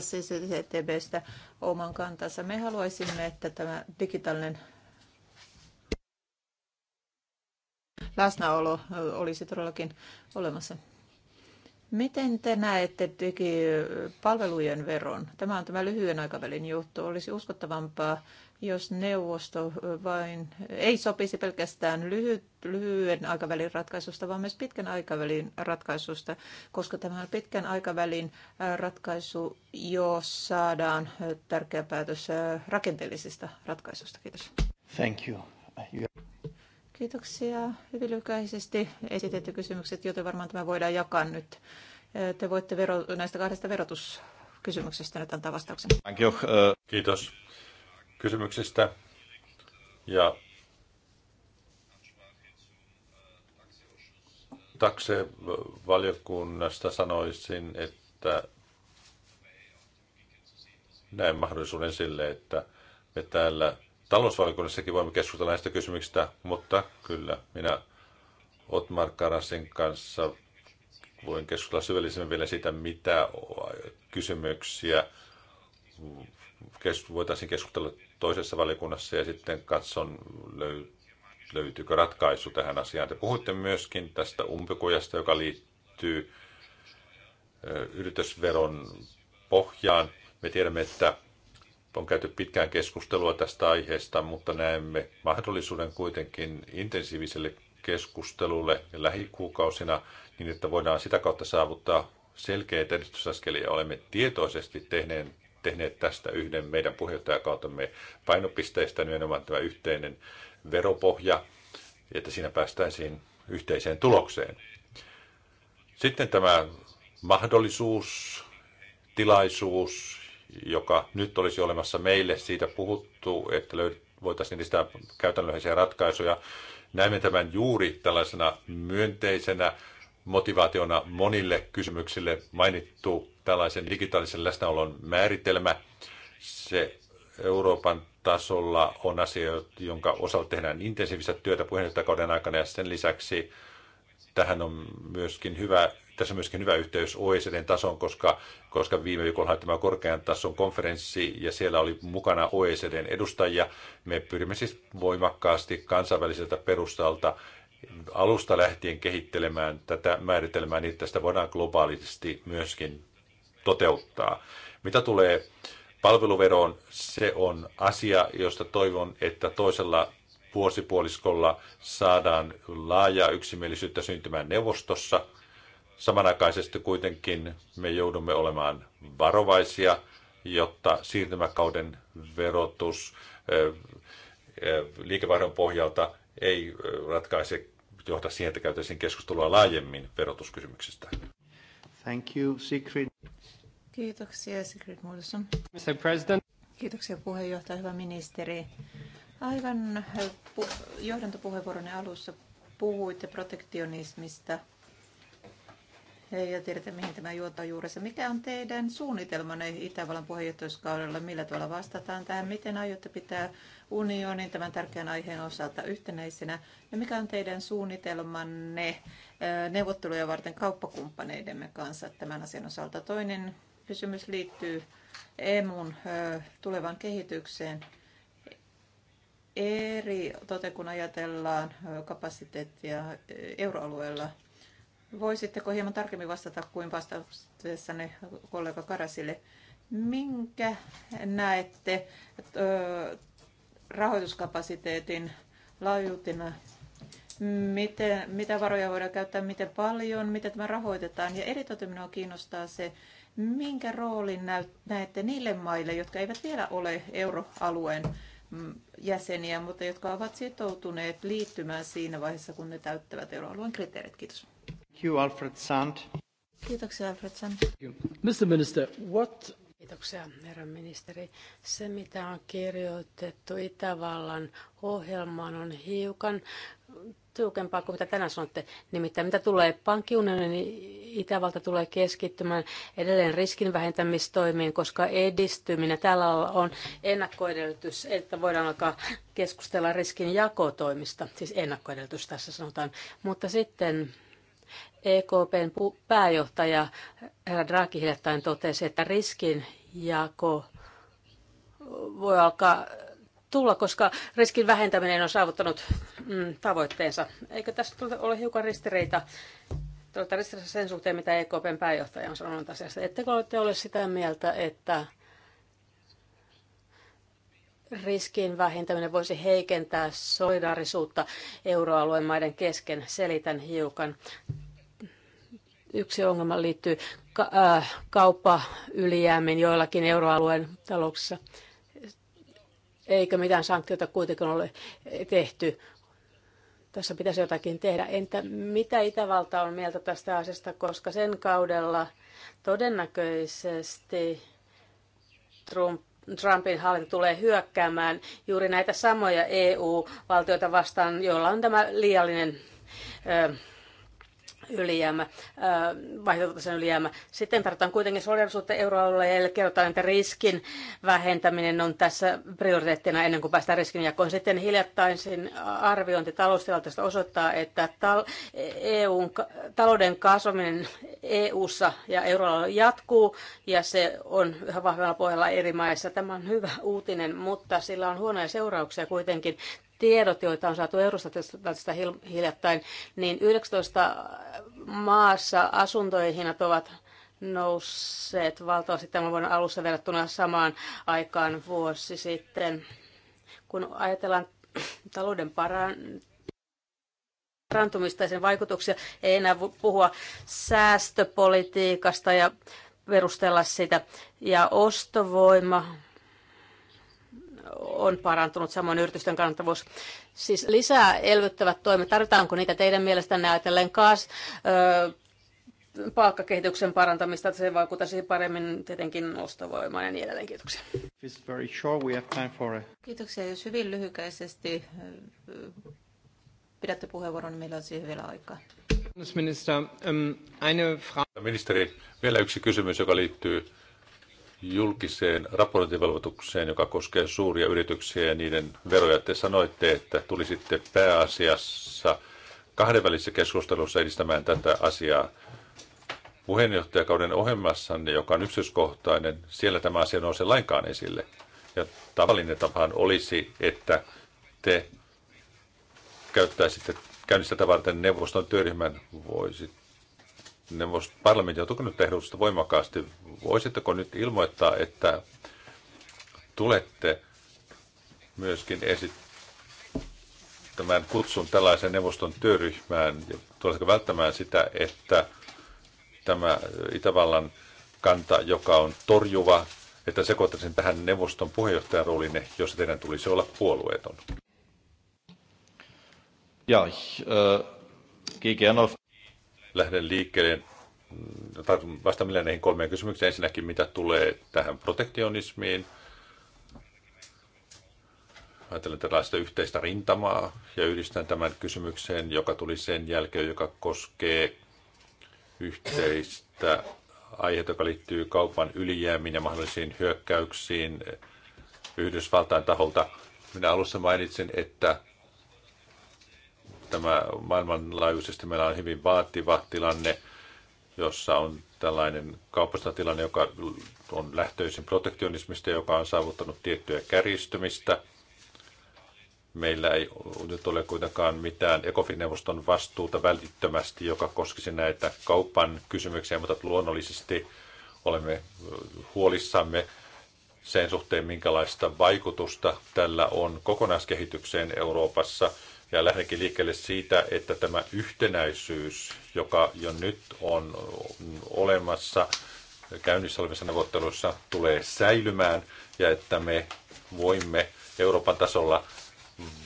CCTBstä oman kantansa. Me haluaisimme, että tämä digitaalinen läsnäolo olisi todellakin olemassa. Miten te näette palvelujen veron? Tämä on tämä lyhyen aikavälin juttu. Olisi uskottavampaa, jos neuvosto vain ei sopisi pelkästään lyhy, lyhyen aikavälin ratkaisusta, vaan myös pitkän aikavälin ratkaisusta, koska tämä on pitkän aikavälin äh, ratkaisu, jos saadaan äh, tärkeä päätös äh, rakenteellisista ratkaisusta. Kiitos. Thank you. Kiitoksia hyvin lyhykäisesti esitetty kysymykset, joten varmaan tämä voidaan jakaa nyt. Te voitte vero, näistä kahdesta verotuskysymyksestä nyt antaa vastauksen. Uh, Kiitos kysymyksistä. Ja taksevaliokunnasta sanoisin, että näen mahdollisuuden sille, että me täällä talousvaliokunnassakin voimme keskustella näistä kysymyksistä, mutta kyllä minä Otmar Karasin kanssa voin keskustella syvällisemmin vielä siitä, mitä kysymyksiä voitaisiin keskustella toisessa valiokunnassa ja sitten katson, löytyykö ratkaisu tähän asiaan. Te puhuitte myöskin tästä umpikujasta, joka liittyy yritysveron pohjaan. Me tiedämme, että on käyty pitkään keskustelua tästä aiheesta, mutta näemme mahdollisuuden kuitenkin intensiiviselle keskustelulle lähikuukausina niin, että voidaan sitä kautta saavuttaa selkeitä edistysaskelia. Olemme tietoisesti tehneet, tehneet tästä yhden meidän puheenjohtajakautemme painopisteistä, nimenomaan tämä yhteinen veropohja, että siinä päästäisiin yhteiseen tulokseen. Sitten tämä mahdollisuus, tilaisuus joka nyt olisi olemassa meille. Siitä puhuttu, että voitaisiin niistä käytännöllisiä ratkaisuja. Näemme tämän juuri tällaisena myönteisenä motivaationa monille kysymyksille mainittu tällaisen digitaalisen läsnäolon määritelmä. Se Euroopan tasolla on asia, jonka osalta tehdään intensiivistä työtä puheenjohtajakauden aikana ja sen lisäksi tähän on myöskin hyvä tässä on myöskin hyvä yhteys OECDn tasoon, koska, koska viime viikolla oli tämä korkean tason konferenssi ja siellä oli mukana OECDn edustajia. Me pyrimme siis voimakkaasti kansainväliseltä perustalta alusta lähtien kehittelemään tätä määritelmää, niin tästä voidaan globaalisti myöskin toteuttaa. Mitä tulee palveluveroon, se on asia, josta toivon, että toisella vuosipuoliskolla saadaan laaja yksimielisyyttä syntymään neuvostossa – Samanaikaisesti kuitenkin me joudumme olemaan varovaisia, jotta siirtymäkauden verotus liikevaihdon pohjalta ei ratkaise johda siihen, että käytäisiin keskustelua laajemmin verotuskysymyksistä. Thank you, Sigrid. Kiitoksia, Sigrid Mulsson. Mr. President. Kiitoksia puheenjohtaja, hyvä ministeri. Aivan johdantopuheenvuoronne alussa puhuitte protektionismista – ja tiedätte, mihin tämä juontaa juuressa. Mikä on teidän suunnitelmanne Itävallan puheenjohtajuuskaudella? Millä tavalla vastataan tähän? Miten aiotte pitää unionin tämän tärkeän aiheen osalta yhtenäisenä? Ja mikä on teidän suunnitelmanne äh, neuvotteluja varten kauppakumppaneidemme kanssa tämän asian osalta? Toinen kysymys liittyy EMUn äh, tulevan kehitykseen eri, tote kun ajatellaan äh, kapasiteettia euroalueella Voisitteko hieman tarkemmin vastata kuin vastauksessanne kollega Karasille? Minkä näette rahoituskapasiteetin laajuutina? Miten, mitä varoja voidaan käyttää, miten paljon, miten tämä rahoitetaan? Ja erityisesti minua kiinnostaa se, minkä roolin näette niille maille, jotka eivät vielä ole euroalueen mm, jäseniä, mutta jotka ovat sitoutuneet liittymään siinä vaiheessa, kun ne täyttävät euroalueen kriteerit. Kiitos. Alfred Sand. Kiitoksia, Alfred Sand. Mr. Minister, what Kiitoksia, herra ministeri. Se, mitä on kirjoitettu Itävallan ohjelmaan, on hiukan tiukempaa kuin mitä tänään sanotte. Nimittäin mitä tulee pankkiunionin, niin Itävalta tulee keskittymään edelleen riskin vähentämistoimiin, koska edistyminen täällä on ennakkoedellytys, että voidaan alkaa keskustella riskin jakotoimista, siis ennakkoedellytys tässä sanotaan. Mutta sitten EKPn pääjohtaja herra Draghi hiljattain totesi, että jako voi alkaa tulla, koska riskin vähentäminen on saavuttanut mm, tavoitteensa. Eikö tässä tuota ole hiukan ristireitä tuota, ristiriita sen suhteen, mitä EKPn pääjohtaja on sanonut asiasta? Ettekö olette ole sitä mieltä, että riskin vähentäminen voisi heikentää solidaarisuutta euroalueen maiden kesken? Selitän hiukan. Yksi ongelma liittyy ka- äh, kauppaylijäämiin joillakin euroalueen talouksissa, eikä mitään sanktiota kuitenkaan ole tehty. Tässä pitäisi jotakin tehdä. Entä mitä Itävalta on mieltä tästä asiasta, koska sen kaudella todennäköisesti Trump Trumpin hallinto tulee hyökkäämään juuri näitä samoja EU-valtioita vastaan, joilla on tämä liiallinen ylijäämä, vaihtoehtoisen ylijäämä. Sitten tarvitaan kuitenkin solidarisuutta euroalueelle eli kerrotaan, että riskin vähentäminen on tässä prioriteettina ennen kuin päästään riskin jakoon. Sitten hiljattaisin arviointi taloustilanteesta osoittaa, että tal- EUn, talouden kasvaminen EUssa ja euroalueella jatkuu ja se on yhä vahvemmalla pohjalla eri maissa. Tämä on hyvä uutinen, mutta sillä on huonoja seurauksia kuitenkin tiedot, joita on saatu Eurostatista hiljattain, niin 19 maassa asuntojen hinnat ovat nousseet valtavasti tämän vuoden alussa verrattuna samaan aikaan vuosi sitten. Kun ajatellaan talouden parantumista ja sen vaikutuksia, ei enää puhua säästöpolitiikasta ja perustella sitä. Ja ostovoima on parantunut, samoin yritysten kannattavuus. Siis lisää elvyttävät toimet, tarvitaanko niitä teidän mielestänne ajatellen kaas palkkakehityksen parantamista, että se vaikuttaisi paremmin tietenkin ostovoimaan ja niin edelleen. Kiitoksia. Kiitoksia. Jos hyvin lyhykäisesti pidätte puheenvuoron, niin meillä on siihen vielä aikaa. Um, Ministeri, vielä yksi kysymys, joka liittyy julkiseen raportointivelvoitukseen, joka koskee suuria yrityksiä ja niiden veroja. Te sanoitte, että tulisitte pääasiassa kahdenvälisessä keskustelussa edistämään tätä asiaa. Puheenjohtajakauden ohjelmassanne, joka on yksityiskohtainen, siellä tämä asia nousee lainkaan esille. Ja tavallinen tapahan olisi, että te käyttäisitte käynnistä varten neuvoston työryhmän voisit neuvost, parlamentti on tukenut ehdotusta voimakkaasti. Voisitteko nyt ilmoittaa, että tulette myöskin esittämään kutsun tällaisen neuvoston työryhmään ja tuletteko välttämään sitä, että tämä Itävallan kanta, joka on torjuva, että sekoittaisin tähän neuvoston puheenjohtajan roolinne, jossa teidän tulisi olla puolueeton? Ja, ich, äh, auf lähden liikkeelle mm, vastaamilla näihin kolmeen kysymykseen. Ensinnäkin, mitä tulee tähän protektionismiin. Ajattelen tällaista yhteistä rintamaa ja yhdistän tämän kysymykseen, joka tuli sen jälkeen, joka koskee yhteistä aihetta, joka liittyy kaupan ylijäämiin ja mahdollisiin hyökkäyksiin Yhdysvaltain taholta. Minä alussa mainitsin, että tämä maailmanlaajuisesti meillä on hyvin vaativa tilanne, jossa on tällainen tilanne, joka on lähtöisin protektionismista, joka on saavuttanut tiettyä kärjistymistä. Meillä ei nyt ole kuitenkaan mitään ECOFIN-neuvoston vastuuta välittömästi, joka koskisi näitä kaupan kysymyksiä, mutta luonnollisesti olemme huolissamme sen suhteen, minkälaista vaikutusta tällä on kokonaiskehitykseen Euroopassa – ja lähdenkin liikkeelle siitä, että tämä yhtenäisyys, joka jo nyt on olemassa käynnissä olevissa neuvotteluissa, tulee säilymään ja että me voimme Euroopan tasolla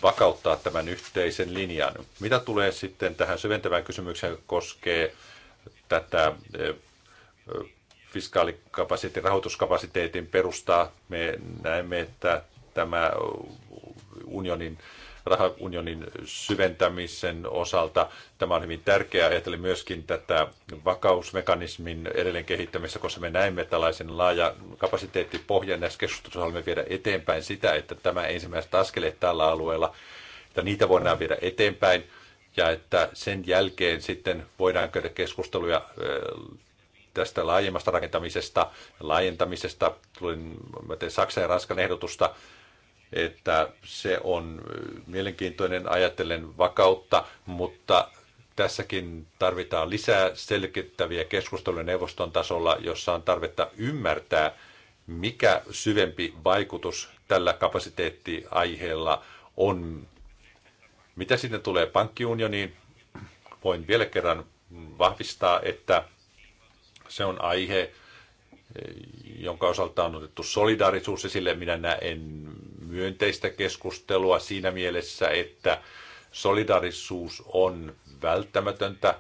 vakauttaa tämän yhteisen linjan. Mitä tulee sitten tähän syventävään kysymykseen, joka koskee tätä e, fiskaalikapasiteetin, rahoituskapasiteetin perustaa, me näemme, että tämä unionin rahaunionin syventämisen osalta. Tämä on hyvin tärkeää. Ajattelin myöskin tätä vakausmekanismin edelleen kehittämistä, koska me näemme tällaisen laaja kapasiteettipohjan. Näissä keskustelussa haluamme viedä eteenpäin sitä, että tämä ensimmäiset askeleet tällä alueella, että niitä voidaan viedä eteenpäin ja että sen jälkeen sitten voidaan käydä keskusteluja tästä laajemmasta rakentamisesta, laajentamisesta, tulin Saksan ja Ranskan ehdotusta, että se on mielenkiintoinen ajatellen vakautta, mutta tässäkin tarvitaan lisää selkittäviä keskusteluja neuvoston tasolla, jossa on tarvetta ymmärtää, mikä syvempi vaikutus tällä kapasiteettiaiheella on. Mitä sitten tulee pankkiunioniin, voin vielä kerran vahvistaa, että se on aihe, jonka osalta on otettu solidaarisuus esille. Minä näen myönteistä keskustelua siinä mielessä, että solidarisuus on välttämätöntä.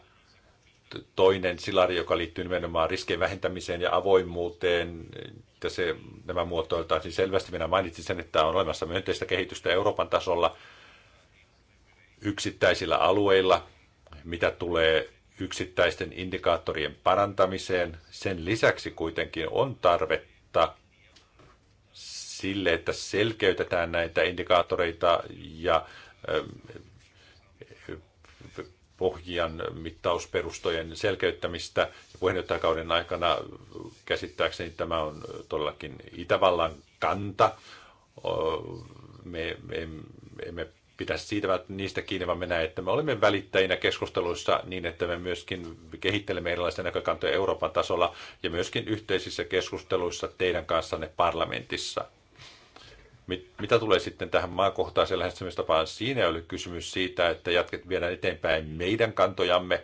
Toinen silari, joka liittyy nimenomaan riskien vähentämiseen ja avoimuuteen, että se, nämä muotoiltaan siis selvästi. Minä mainitsin sen, että on olemassa myönteistä kehitystä Euroopan tasolla yksittäisillä alueilla, mitä tulee yksittäisten indikaattorien parantamiseen. Sen lisäksi kuitenkin on tarvetta sille, että selkeytetään näitä indikaattoreita ja pohjien mittausperustojen selkeyttämistä. Puheenjohtajakauden aikana käsittääkseni tämä on todellakin Itävallan kanta. Me, emme pitäisi siitä niistä kiinni, vaan me näemme, että me olemme välittäjinä keskusteluissa niin, että me myöskin kehittelemme erilaisia näkökantoja Euroopan tasolla ja myöskin yhteisissä keskusteluissa teidän kanssanne parlamentissa. Mit, mitä tulee sitten tähän maakohtaiseen lähestymistapaan, siinä ei ole kysymys siitä, että jatket viedään eteenpäin meidän kantojamme,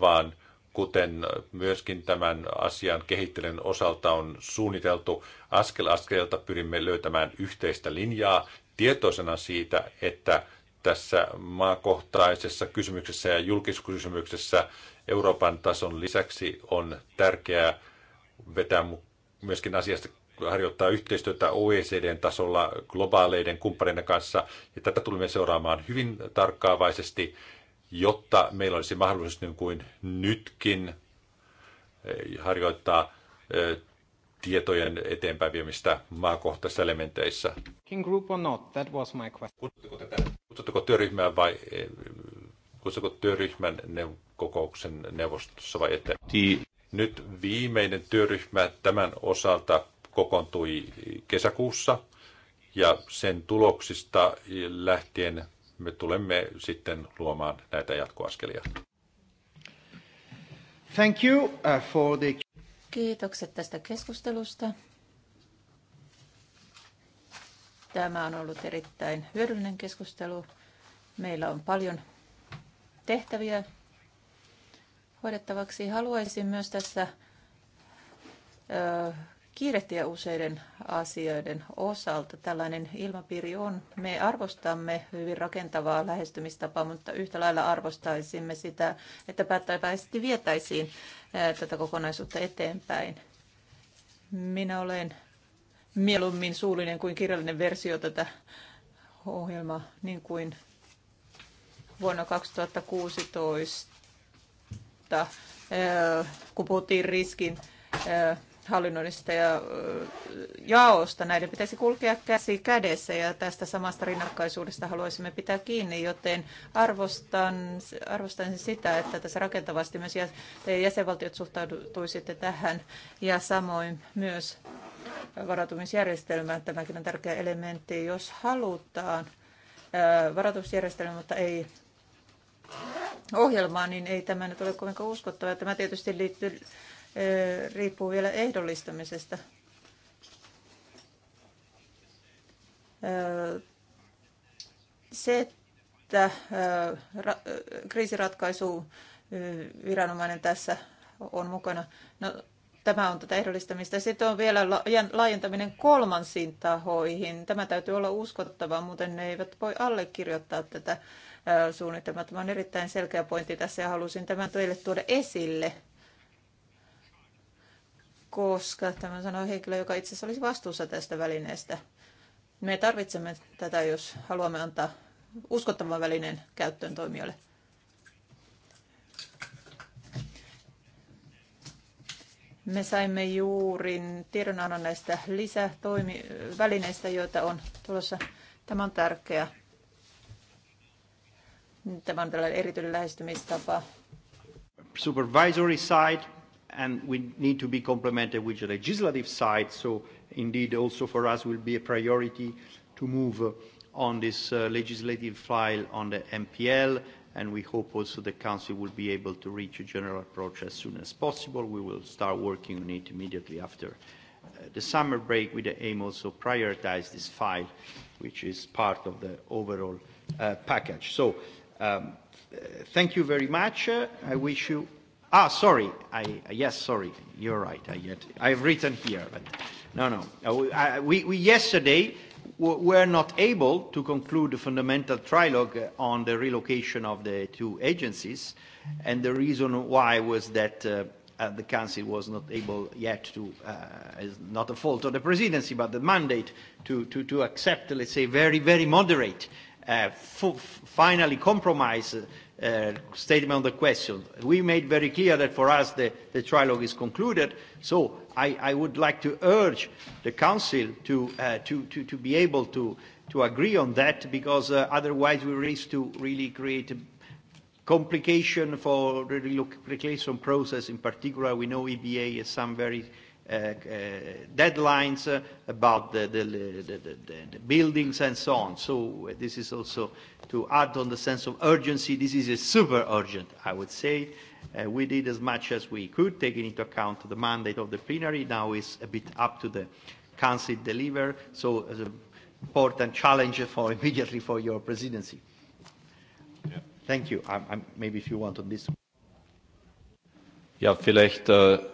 vaan kuten myöskin tämän asian kehittelyn osalta on suunniteltu, askel askelta pyrimme löytämään yhteistä linjaa tietoisena siitä, että tässä maakohtaisessa kysymyksessä ja julkiskysymyksessä Euroopan tason lisäksi on tärkeää vetää myöskin asiasta harjoittaa yhteistyötä OECDn tasolla globaaleiden kumppaneiden kanssa, ja tätä tulemme seuraamaan hyvin tarkkaavaisesti, jotta meillä olisi mahdollisuus niin kuin nytkin eh, harjoittaa eh, tietojen eteenpäin viemistä maakohtaisissa elementeissä. Group or not, that was my question. Kutsutteko, tätä, kutsutteko työryhmää vai eh, kutsutteko työryhmän neuv- kokouksen neuvostossa vai eteen? Nyt viimeinen työryhmä tämän osalta kokoontui kesäkuussa ja sen tuloksista lähtien me tulemme sitten luomaan näitä jatkoaskelia. Thank you uh, for the... Kiitokset tästä keskustelusta. Tämä on ollut erittäin hyödyllinen keskustelu. Meillä on paljon tehtäviä hoidettavaksi. Haluaisin myös tässä kiirehtiä useiden asioiden osalta. Tällainen ilmapiiri on. Me arvostamme hyvin rakentavaa lähestymistapaa, mutta yhtä lailla arvostaisimme sitä, että päättäväisesti vietäisiin tätä kokonaisuutta eteenpäin. Minä olen mieluummin suullinen kuin kirjallinen versio tätä ohjelmaa, niin kuin vuonna 2016, kun puhuttiin riskin hallinnoinnista ja jaosta. Näiden pitäisi kulkea käsi kädessä ja tästä samasta rinnakkaisuudesta haluaisimme pitää kiinni, joten arvostan, arvostan sitä, että tässä rakentavasti myös jäsenvaltiot suhtautuisitte tähän ja samoin myös varautumisjärjestelmään. Tämäkin on tärkeä elementti, jos halutaan varautumisjärjestelmä, mutta ei ohjelmaa, niin ei tämä nyt ole kovinkaan uskottava. Tämä tietysti liittyy riippuu vielä ehdollistamisesta. Se, että kriisiratkaisu viranomainen tässä on mukana. No, tämä on tätä ehdollistamista. Sitten on vielä laajentaminen kolmansiin tahoihin. Tämä täytyy olla uskottavaa, muuten ne eivät voi allekirjoittaa tätä suunnitelmaa. Tämä on erittäin selkeä pointti tässä ja halusin tämän teille tuoda esille koska tämä sanoi henkilö, joka itse asiassa olisi vastuussa tästä välineestä. Me tarvitsemme tätä, jos haluamme antaa uskottavan välineen käyttöön toimijoille. Me saimme juuri tiedonannon näistä lisävälineistä, joita on tulossa. Tämä on tärkeä. Tämä on tällainen erityinen lähestymistapa. Supervisory side, and we need to be complemented with the legislative side. So indeed, also for us will be a priority to move uh, on this uh, legislative file on the MPL, and we hope also the Council will be able to reach a general approach as soon as possible. We will start working on it immediately after uh, the summer break with the aim also prioritize this file, which is part of the overall uh, package. So um, uh, thank you very much. uh, I wish you Ah, sorry. I, uh, yes, sorry. You're right. I yet, I've written here, but no, no. Uh, I, we, we yesterday were not able to conclude the fundamental trilogue uh, on the relocation of the two agencies, and the reason why was that uh, uh, the Council was not able yet to, uh, is not a fault of the presidency, but the mandate to, to, to accept, let's say, very, very moderate, uh, f finally compromise uh, Uh, statement on the question. We made very clear that for us the, trilogue is concluded, so I, would like to urge the Council to, uh, be able to, agree on that because uh, otherwise we risk to really create a complication for the relocation process. In particular, we know EBA has some very Uh, uh, deadlines uh, about the, the, the, the buildings and so on. So this is also to add on the sense of urgency. This is a super urgent, I would say. Uh, we did as much as we could, taking into account the mandate of the plenary. Now it's a bit up to the council deliver. So it's an important challenge for immediately for your presidency. Yeah. Thank you. I'm, I'm, maybe if you want on this. Ja, vielleicht äh, uh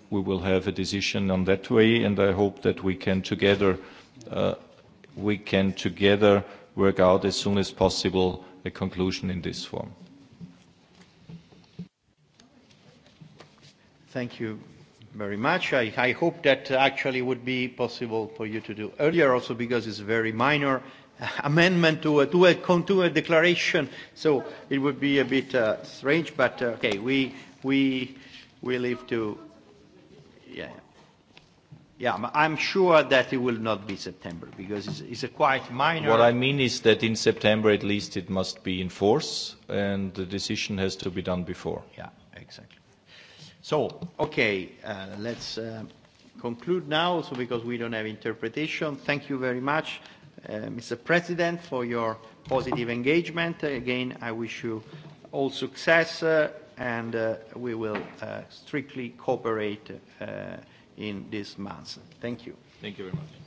we will have a decision on that way, and I hope that we can together, uh, we can together work out as soon as possible a conclusion in this form. Thank you very much. I, I hope that actually would be possible for you to do earlier also because it's very minor amendment to a, to a, to a declaration, so it would be a bit uh, strange, but uh, okay, we, we, we leave to yeah. Yeah, I'm sure that it will not be September because it's, it's a quite minor. What I mean is that in September at least it must be in force and the decision has to be done before. Yeah, exactly. So, okay, uh, let's uh, conclude now so because we don't have interpretation. Thank you very much, uh, Mr. President, for your positive engagement. Again, I wish you all success. Uh, and uh, we will uh, strictly cooperate uh, in these month. Thank you. Thank you very much.